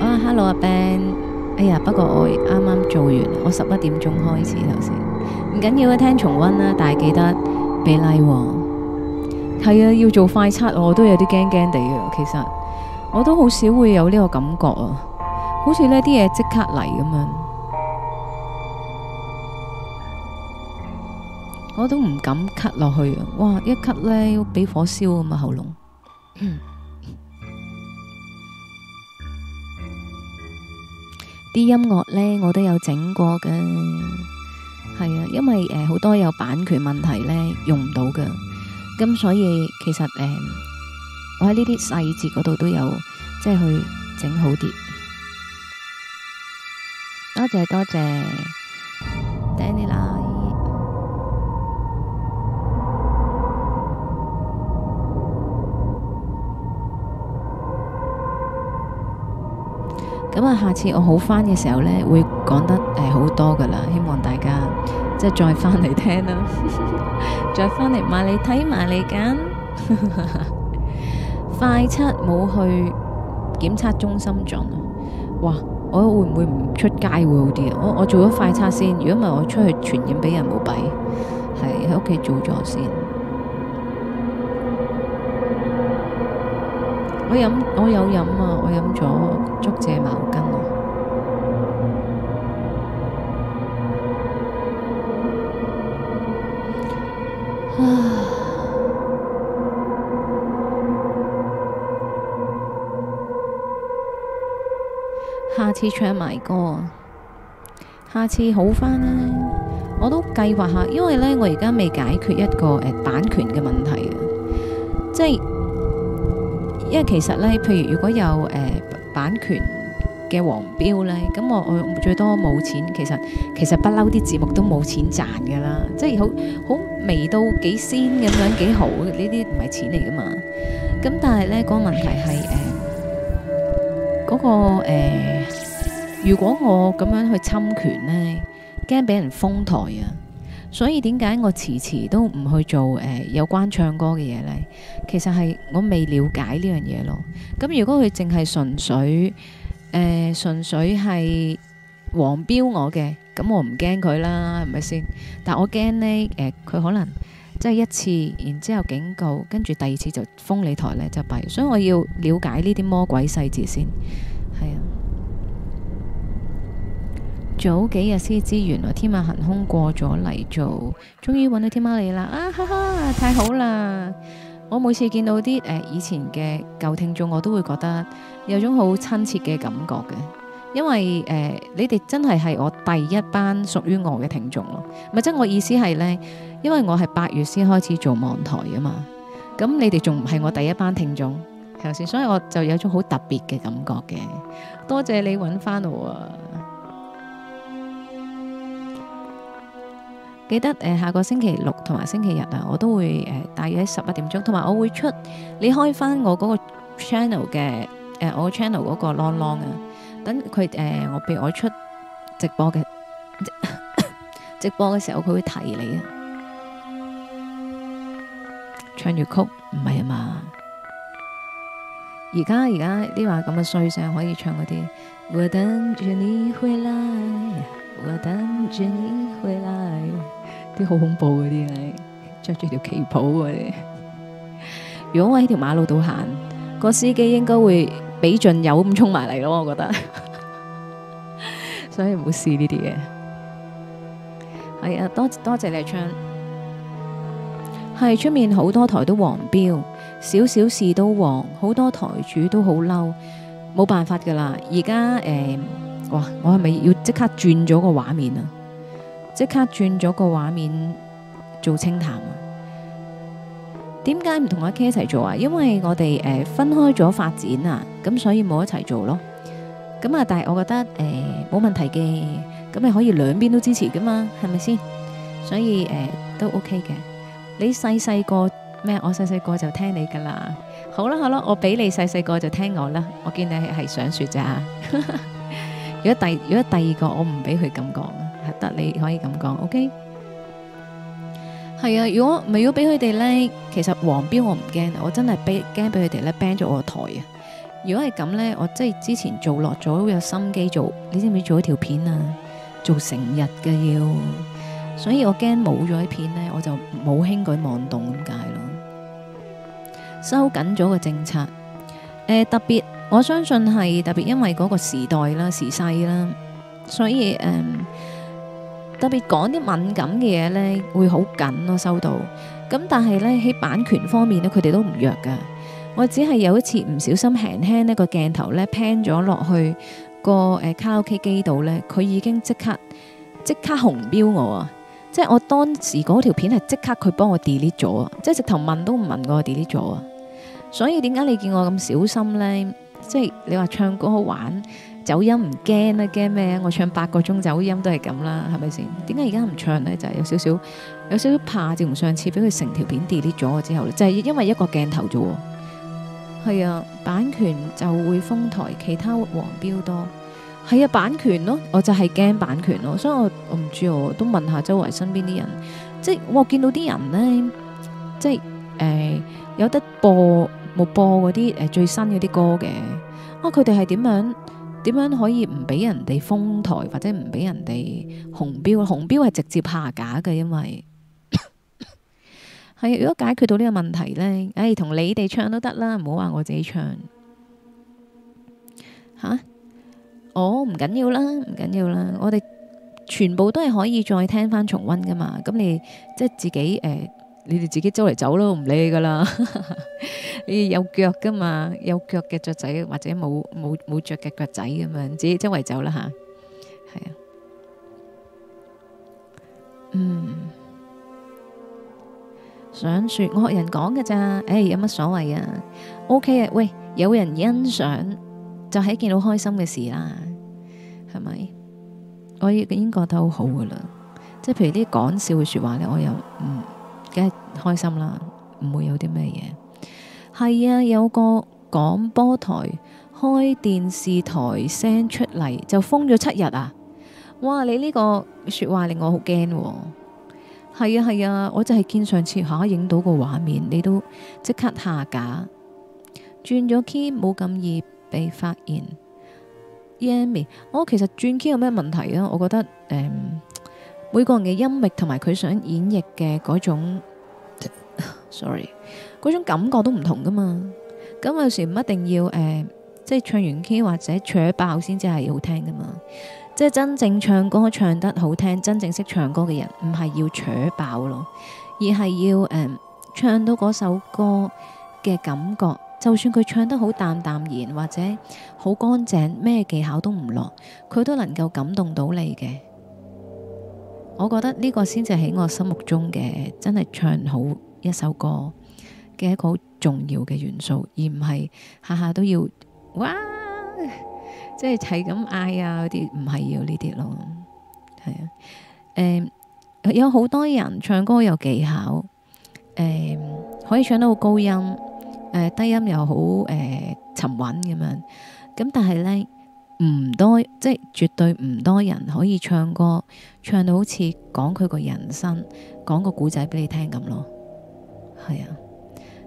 啊，Hello 阿 Ben，哎呀，不過我啱啱做完，我十一點鐘開始頭先，唔緊要啊，聽重温啦、啊，但係記得俾 like 喎。係啊，要做快測、啊，我都有啲驚驚地嘅。其實我都好少會有呢個感覺啊，好似呢啲嘢即刻嚟咁樣。我都唔敢咳落去啊！哇，一咳咧要俾火燒咁啊喉嚨。啲音樂咧我都有整過嘅，係啊，因為誒呃、好多有版權問題咧用唔到嘅，咁所以其實誒、呃，我喺呢啲細節嗰度都有即係去整好啲。多謝多謝。咁啊，下次我好翻嘅時候咧，會講得誒好、呃、多噶啦，希望大家即係再翻嚟聽啦、啊， 再翻嚟買你睇埋你揀，買買 快測冇去檢測中心做，哇！我會唔會唔出街會好啲啊？我我做咗快測先，如果唔係我出去傳染俾人冇弊，係喺屋企做咗先。我飲我有飲啊，我有。咗竹蔗茅根咯，下次唱埋歌，下次好返啦。我都計劃下，因為呢我而家未解決一個誒版權嘅問題啊，即係。因為其實咧，譬如如果有誒、呃、版權嘅黃標咧，咁我我最多冇錢，其實其實不嬲啲節目都冇錢賺噶啦，即係好好味到幾鮮咁樣，幾好呢啲唔係錢嚟噶嘛。咁但係咧、嗰個問題係誒嗰個誒、呃，如果我咁樣去侵權咧，驚俾人封台啊！所以點解我遲遲都唔去做誒、呃、有關唱歌嘅嘢咧？其實係我未了解呢樣嘢咯。咁如果佢淨係純粹誒、呃、純粹係黃標我嘅，咁我唔驚佢啦，係咪先？但我驚呢，佢、呃、可能即係、就是、一次，然之後警告，跟住第二次就封你台咧，就弊。所以我要了解呢啲魔鬼細節先，係啊。早幾日先知，原來天馬行空過咗嚟做，終於揾到天喵你啦！啊哈哈，太好啦！我每次見到啲誒、呃、以前嘅舊聽眾，我都會覺得有種好親切嘅感覺嘅，因為誒、呃、你哋真係係我第一班屬於我嘅聽眾咯。唔即係我意思係呢，因為我係八月先開始做網台啊嘛，咁你哋仲唔係我第一班聽眾？係咪先，所以我就有種好特別嘅感覺嘅。多謝你揾翻我啊。記得誒、呃、下個星期六同埋星期日啊，我都會誒、呃、大約喺十一點鐘，同埋我會出你開返我嗰個 channel 嘅誒、呃，我 channel 嗰個啷啷啊，等佢誒、呃、我譬如我出直播嘅直， 直播嘅時候，佢會提你啊， 唱粵曲唔係啊嘛，而家而家啲話咁嘅衰聲可以唱嗰啲。我等我等住你回來，啲好恐怖嗰啲咧，着住條旗袍嘅。如果我喺條馬路度行，個司機應該會俾盡油咁衝埋嚟咯，我覺得，所以唔好試呢啲嘢。係啊，多多謝你唱，係出面好多台都黃標，少少事都黃，好多台主都好嬲，冇辦法噶啦，而家誒。我係咪要即刻轉咗個畫面啊？即刻轉咗個畫面做清談啊？點解唔同阿 K 一齊做啊？因為我哋誒分開咗發展啊，咁所以冇一齊做咯。咁啊，但係我覺得誒冇、呃、問題嘅，咁你可以兩邊都支持噶嘛，係咪先？所以誒、呃、都 OK 嘅。你細細個咩？我細細個就聽你噶啦。好啦好啦，我俾你細細個就聽我啦。我見你係想說咋？ 如果第如果第二個我唔俾佢咁講，係得你可以咁講，OK？係啊，如果唔係如果俾佢哋咧，其實黃標我唔驚，我真係驚俾佢哋咧 ban 咗我個台啊！如果係咁咧，我即係之前做落咗，有心機做，你知唔知做一條片啊？做成日嘅，要，所以我驚冇咗啲片咧，我就冇輕舉妄動咁解咯。收緊咗個政策，誒，特別。我相信係特別因為嗰個時代啦、時勢啦，所以誒、嗯、特別講啲敏感嘅嘢，咧，會好緊咯收到。咁但係咧喺版權方面咧，佢哋都唔弱噶我只係有一次唔小心輕輕呢個鏡頭咧 pan 咗落去個誒卡拉 OK 機度咧，佢已經即刻即刻紅標我啊！即係我當時嗰條片係即刻佢幫我 delete 咗啊！即係直頭問都唔問我 delete 咗啊！所以點解你見我咁小心咧？即、就、係、是、你話唱歌好玩走音唔驚啊？驚咩，我唱八個鐘走音都係咁啦，係咪先？點解而家唔唱咧？就係、是、有少少有少少怕，就同上次俾佢成條片 delete 咗之後咧，就係、是、因為一個鏡頭啫。係啊，版權就會封台，其他黃標多。係啊，版權咯，我就係驚版權咯，所以我我唔知，我都問一下周圍身邊啲人，即係我、哦、見到啲人咧，即係誒、呃、有得播冇播嗰啲誒最新嗰啲歌嘅。佢哋係點樣點樣可以唔俾人哋封台，或者唔俾人哋紅標？紅標係直接下架嘅，因為係如果解決到呢個問題呢，唉、哎，同你哋唱都得啦，唔好話我自己唱吓。哦，唔緊要啦，唔緊要啦，我哋全部都係可以再聽翻重溫噶嘛。咁你即係自己誒。呃你哋自己周圍走咯，唔理你噶啦。你有腳噶嘛？有腳嘅雀仔，或者冇冇冇腳嘅腳仔咁樣，自己周圍走啦嚇。係啊，啊，嗯，想説我學人講嘅咋？誒、哎、有乜所謂啊？OK 啊？喂，有人欣賞就係一件好開心嘅事啦，係咪？我已經覺得好好噶啦。即係譬如啲講笑嘅説話咧，我又嗯。梗係開心啦，唔會有啲咩嘢。係啊，有個廣播台開電視台聲出嚟就封咗七日啊！哇，你呢個說話令我好驚。係啊係啊，我就係見上次下影、啊、到個畫面，你都即刻下架，轉咗 key 冇咁易被發現。Yami，我、哦、其實轉 key 有咩問題啊？我覺得誒。嗯每個人嘅音域同埋佢想演繹嘅嗰種，sorry，嗰種感覺都唔同噶嘛。咁有時唔一定要誒，即係唱完 K 或者扯爆先至係好聽噶嘛。即係真正唱歌唱得好聽、真正識唱歌嘅人，唔係要扯爆咯，而係要誒唱到嗰首歌嘅感覺。就算佢唱得好淡淡然，或者好乾淨，咩技巧都唔落，佢都能夠感動到你嘅。我覺得呢個先至喺我心目中嘅真係唱好一首歌嘅一個好重要嘅元素，而唔係下下都要哇，即係係咁嗌啊嗰啲，唔係要呢啲咯。係啊，誒、呃、有好多人唱歌有技巧，誒、呃、可以唱得好高音，誒、呃、低音又好，誒、呃、沉穩咁樣。咁但係咧，唔多，即係絕對唔多人可以唱歌。唱到好似講佢個人生，講個故仔俾你聽咁咯，係啊，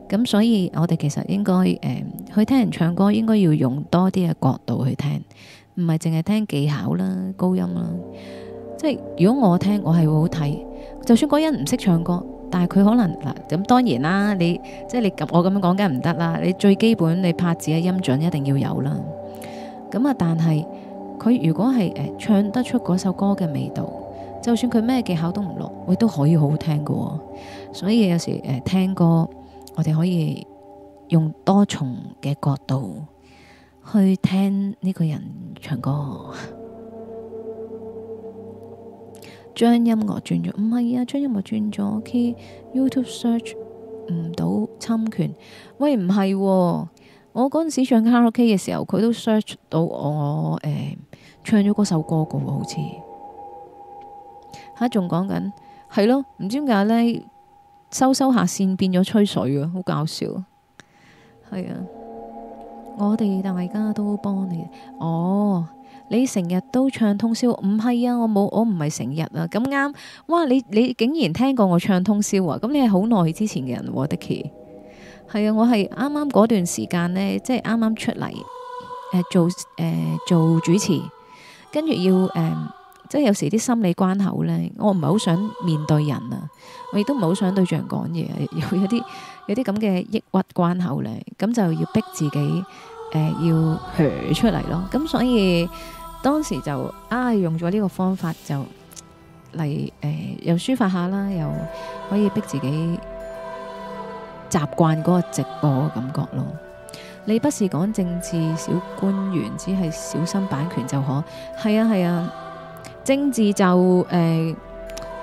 咁所以我哋其實應該誒、呃、去聽人唱歌，應該要用多啲嘅角度去聽，唔係淨係聽技巧啦、高音啦。即係如果我聽，我係會好睇。就算嗰人唔識唱歌，但係佢可能嗱咁，當然啦，你即係你我咁樣講，梗係唔得啦。你最基本你拍子嘅音準一定要有啦。咁啊，但係佢如果係誒、呃、唱得出嗰首歌嘅味道。就算佢咩技巧都唔落，佢都可以好好聽噶、哦。所以有時誒、呃、聽歌，我哋可以用多重嘅角度去聽呢個人唱歌。將 音樂轉咗，唔係啊，將音樂轉咗 key，YouTube search 唔到侵權。喂，唔係、哦，我嗰陣時唱卡拉 OK 嘅時候，佢都 search 到我，誒、欸、唱咗嗰首歌噶，好似。嚇，仲講緊係咯，唔知點解咧，收收下線變咗吹水啊，好搞笑啊！係啊，我哋大家都幫你哦。你成日都唱通宵唔係啊？我冇，我唔係成日啊。咁啱哇！你你竟然聽過我唱通宵啊？咁你係好耐之前嘅人喎，Dicky，係啊。我係啱啱嗰段時間呢，即係啱啱出嚟、呃、做誒、呃、做主持，跟住要誒。呃即係有時啲心理關口呢，我唔係好想面對人啊，我亦都唔係好想對著人講嘢，有啲有啲咁嘅抑鬱關口呢，咁就要逼自己誒、呃、要學出嚟咯。咁所以當時就啊用咗呢個方法就嚟誒、呃、又抒發下啦，又可以逼自己習慣嗰個直播嘅感覺咯。你不是講政治小官員，只係小心版權就可。係啊，係啊。政治就誒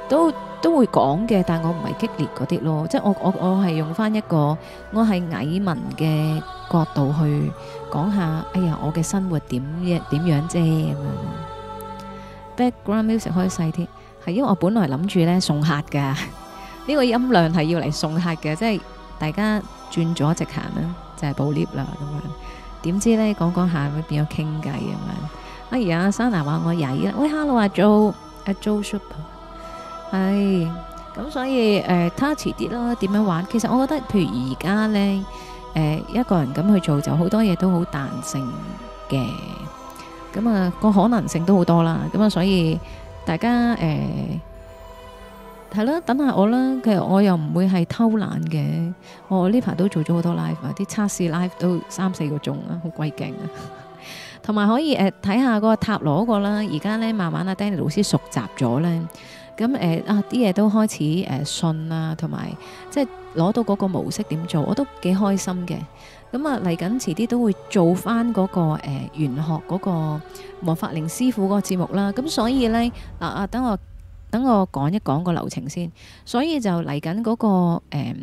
都都會講嘅，但我唔係激烈嗰啲咯，即係我我我係用翻一個我係蟻民嘅角度去講下，哎呀，我嘅生活點點樣啫咁樣。Background music 可以細啲，係因為我本來諗住咧送客㗎，呢個音量係要嚟送客嘅，即係大家轉咗直行啦，就係部 lift 啦咁樣。點知咧講講下，會變咗傾偈咁樣。哎呀，莎娜話我曳啦，喂，Hello 阿 Jo 阿、啊、Jo Super 係咁所以誒，睇遲啲咯，點樣玩？其實我覺得，譬如而家咧，誒、呃，一個人咁去做就好多嘢,都好彈性嘅，咁啊、那個可能性,都好多啦，咁啊所以大家誒係咯，等下我啦，其實我又唔會係偷懶嘅，我呢排都做咗好多 live 啊，啲測試 live 都三四個鐘啊，好鬼勁啊！同埋可以誒睇、呃、下個塔羅嗰個啦，而家咧慢慢阿 Danny 老師熟習咗咧，咁誒、呃、啊啲嘢都開始誒、呃、信啦，同埋即係攞到嗰個模式點做，我都幾開心嘅。咁啊嚟緊遲啲都會做翻嗰、那個玄、呃、學嗰個魔法靈師傅嗰個節目啦。咁所以咧嗱啊，啊，等我等我講一講個流程先。所以就嚟緊嗰個、呃、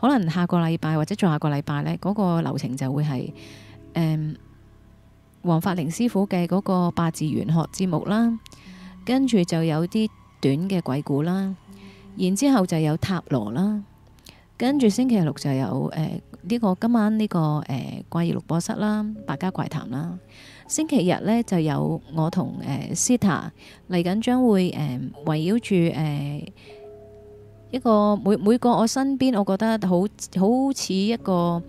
可能下個禮拜或者再下個禮拜咧，嗰、那個流程就會係誒。呃黃法玲師傅嘅嗰個八字玄學節目啦，跟住就有啲短嘅鬼故啦，然之後就有塔羅啦，跟住星期六就有誒呢、呃這個今晚呢、這個誒、呃、怪異錄播室啦，百家怪談啦，星期日呢就有我同誒 Sita 嚟緊將會誒、呃、圍繞住誒、呃、一個每每個我身邊我覺得好好似一個。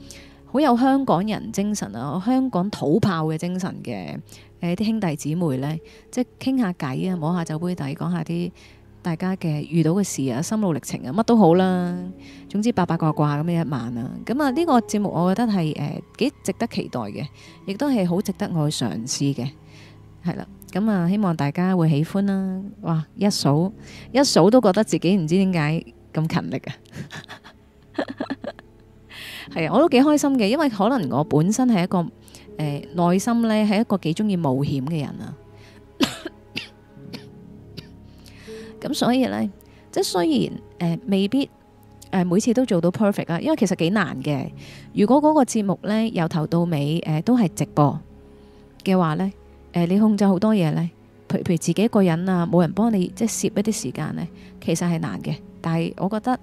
好有香港人精神啊！香港土炮嘅精神嘅，誒啲兄弟姊妹呢，即係傾下偈啊，摸下酒杯底，講下啲大家嘅遇到嘅事啊、心路歷程啊，乜都好啦。總之八八個個八八卦卦咁嘅一晚啊，咁啊呢個節目我覺得係誒幾值得期待嘅，亦都係好值得我去嘗試嘅，係啦。咁啊希望大家會喜歡啦。哇！一數一數都覺得自己唔知點解咁勤力啊！係啊，我都幾開心嘅，因為可能我本身係一個誒內、呃、心呢，係一個幾中意冒險嘅人啊，咁 所以呢，即係雖然、呃、未必誒、呃、每次都做到 perfect 啊，因為其實幾難嘅。如果嗰個節目呢，由頭到尾誒、呃、都係直播嘅話呢，誒、呃、你控制好多嘢呢，譬如，譬如自己一個人啊，冇人幫你即係攝一啲時間呢，其實係難嘅。但係我覺得。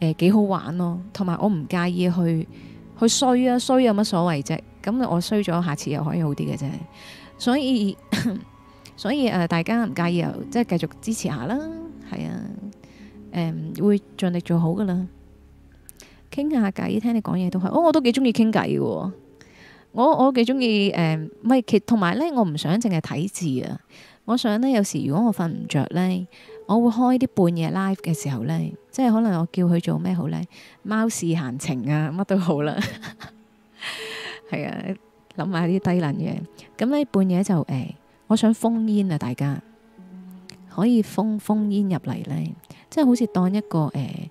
誒，幾好玩咯，同埋我唔介意去去衰啊，衰有乜所謂啫？咁我衰咗，下次又可以好啲嘅啫。所以 所以誒、呃，大家唔介意又即係繼續支持下啦，係啊，誒、呃，會盡力做好噶啦。傾下偈，聽你講嘢都係，哦，我都幾中意傾偈嘅。我我幾中意誒，咪其同埋咧，我唔、呃、想淨係睇字啊，我想咧有時如果我瞓唔着咧。我會開啲半夜 live 嘅時候呢，即係可能我叫佢做咩好呢？貓屎閒情啊，乜都好啦。係 啊，諗埋啲低能嘢。咁呢半夜就誒、哎，我想封煙啊，大家可以封封煙入嚟呢，即係好似當一個誒、哎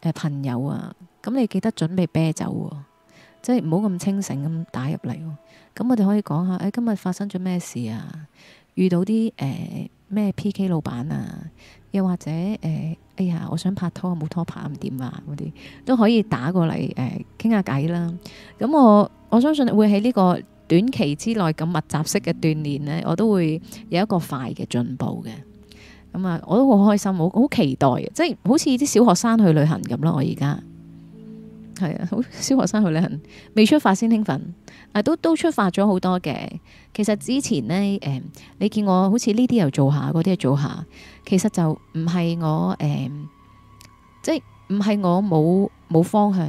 哎、朋友啊。咁你記得準備啤酒、哦，即係唔好咁清醒咁打入嚟、哦。咁我哋可以講下，誒、哎，今日發生咗咩事啊？遇到啲誒。哎咩 P.K. 老闆啊，又或者誒、呃，哎呀，我想拍拖，冇拖拍唔掂啊，嗰啲都可以打過嚟誒，傾下偈啦。咁我我相信會喺呢個短期之內咁密集式嘅鍛煉咧，我都會有一個快嘅進步嘅。咁啊，我都好開心，好好期待，即係好似啲小學生去旅行咁咯。我而家。係啊，好，小學生去旅行未出發先興奮，啊都都出發咗好多嘅。其實之前呢，誒、呃、你見我好似呢啲又做下，嗰啲又做下，其實就唔係我誒、呃，即係唔係我冇冇方向，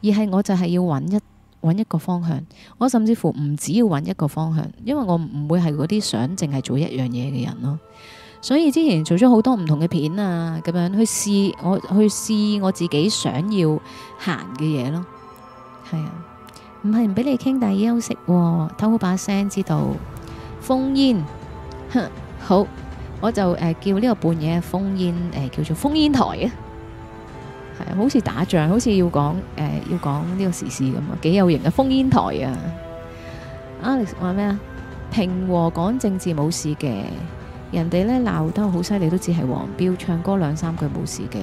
而係我就係要揾一揾一個方向。我甚至乎唔只要揾一個方向，因為我唔會係嗰啲想淨係做一樣嘢嘅人咯。所以之前做咗好多唔同嘅片啊，咁樣去試，我去試我自己想要行嘅嘢咯。係啊，唔係唔俾你傾，但係休息、啊，偷好把聲知道。烽煙，好，我就誒、呃、叫呢個半夜烽煙，誒、呃、叫做烽煙台啊。係、啊，好似打仗，好似要講誒、呃、要講呢個時事咁啊，幾有型嘅烽煙台啊。Alex 話咩啊？平和講政治冇事嘅。人哋咧鬧得好犀利，都只係黃標唱歌兩三句冇事嘅。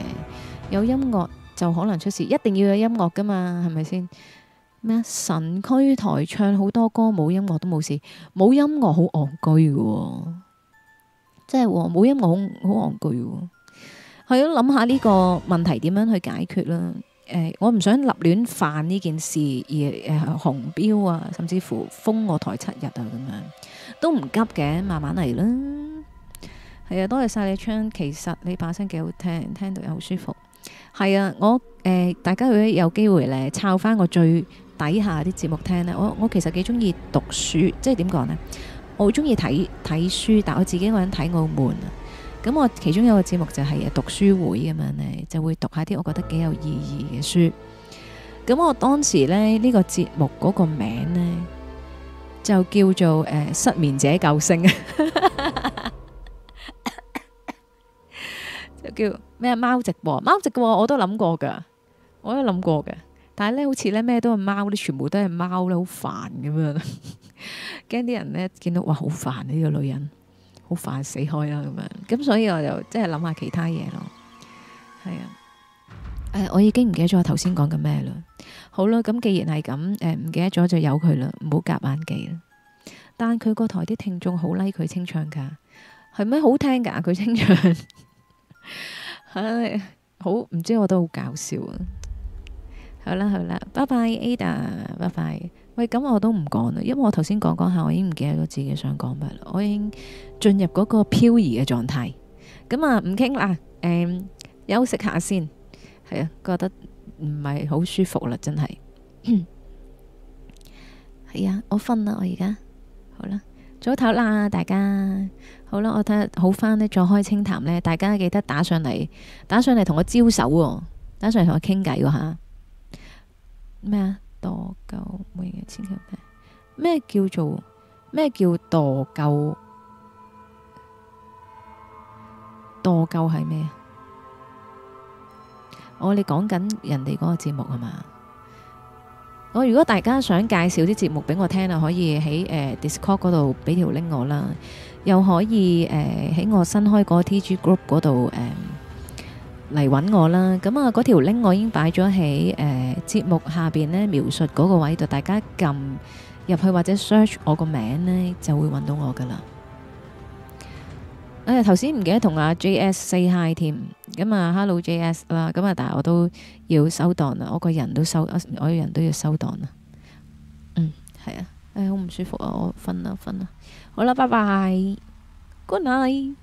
有音樂就可能出事，一定要有音樂㗎嘛，係咪先？咩啊？神區台唱好多歌冇音樂都冇事，冇音樂好戇居嘅喎，即係冇音樂好好戇居喎。係咯，諗下呢個問題點樣去解決啦。誒、欸，我唔想立亂犯呢件事而誒紅標啊，甚至乎封我台七日啊咁樣都唔急嘅，慢慢嚟啦。係啊，多謝晒你唱。其實你把聲幾好聽，聽到又好舒服。係啊，我誒、呃，大家如果有機會咧，抄翻個最底下啲節目聽咧。我我其實幾中意讀書，即係點講咧？我好中意睇睇書，但我自己個人睇我悶啊。咁我其中有個節目就係讀書會咁樣咧，就會讀下啲我覺得幾有意義嘅書。咁我當時咧呢，這個節目嗰個名咧就叫做誒、呃、失眠者救星啊。 叫咩貓直播？貓直播我都諗過噶，我都諗過嘅。但係咧，好似咧咩都係貓，啲全部都係貓咧，好煩咁樣。驚 啲人咧見到哇，好煩呢個女人，好煩死開啦咁樣。咁所以我就即係諗下其他嘢咯。係啊，誒、哎，我已經唔記得咗我頭先講緊咩啦。好啦，咁既然係咁，誒、哎，唔記得咗就由佢啦，唔好夾硬記啦。但佢個台啲聽眾好 like 佢清唱噶，係咪好聽噶？佢清唱。唉，好唔知，我都好搞笑啊！好啦，好啦，拜拜 Ada，拜拜。喂，咁我都唔講啦，因為我頭先講講下，我已經唔記得咗自己想講乜啦，我已經進入嗰個漂移嘅狀態。咁啊，唔傾啦，休息下先。係啊，覺得唔係好舒服啦，真係。係 啊，我瞓啦，我而家好啦。早唞啦，大家好啦，我睇下好翻呢，再開清談呢。大家記得打上嚟，打上嚟同我招手喎，打上嚟同我傾偈喎吓。咩啊？墮救冇嘢，千祈咩叫做咩叫墮救？墮救係咩啊？哦，我哋講緊人哋嗰個節目係嘛？我如果大家想介紹啲節目俾我聽啊，可以喺誒 Discord 嗰度俾條 link 我啦，又可以誒喺我新開個 TG Group 嗰度誒嚟揾我啦。咁啊，嗰條 link 我已經擺咗喺誒節目下邊咧描述嗰個位度，大家撳入去或者 search 我個名咧就會揾到我㗎喇。哎呀，頭先唔記得同阿 JS say hi 添，咁啊，hello JS 啦，咁啊，但係我都要收檔啦，我個人都收，我個人都要收檔啦。嗯，係啊，唉、哎，好唔舒服啊，我瞓啦瞓啦，好啦，拜拜，good night。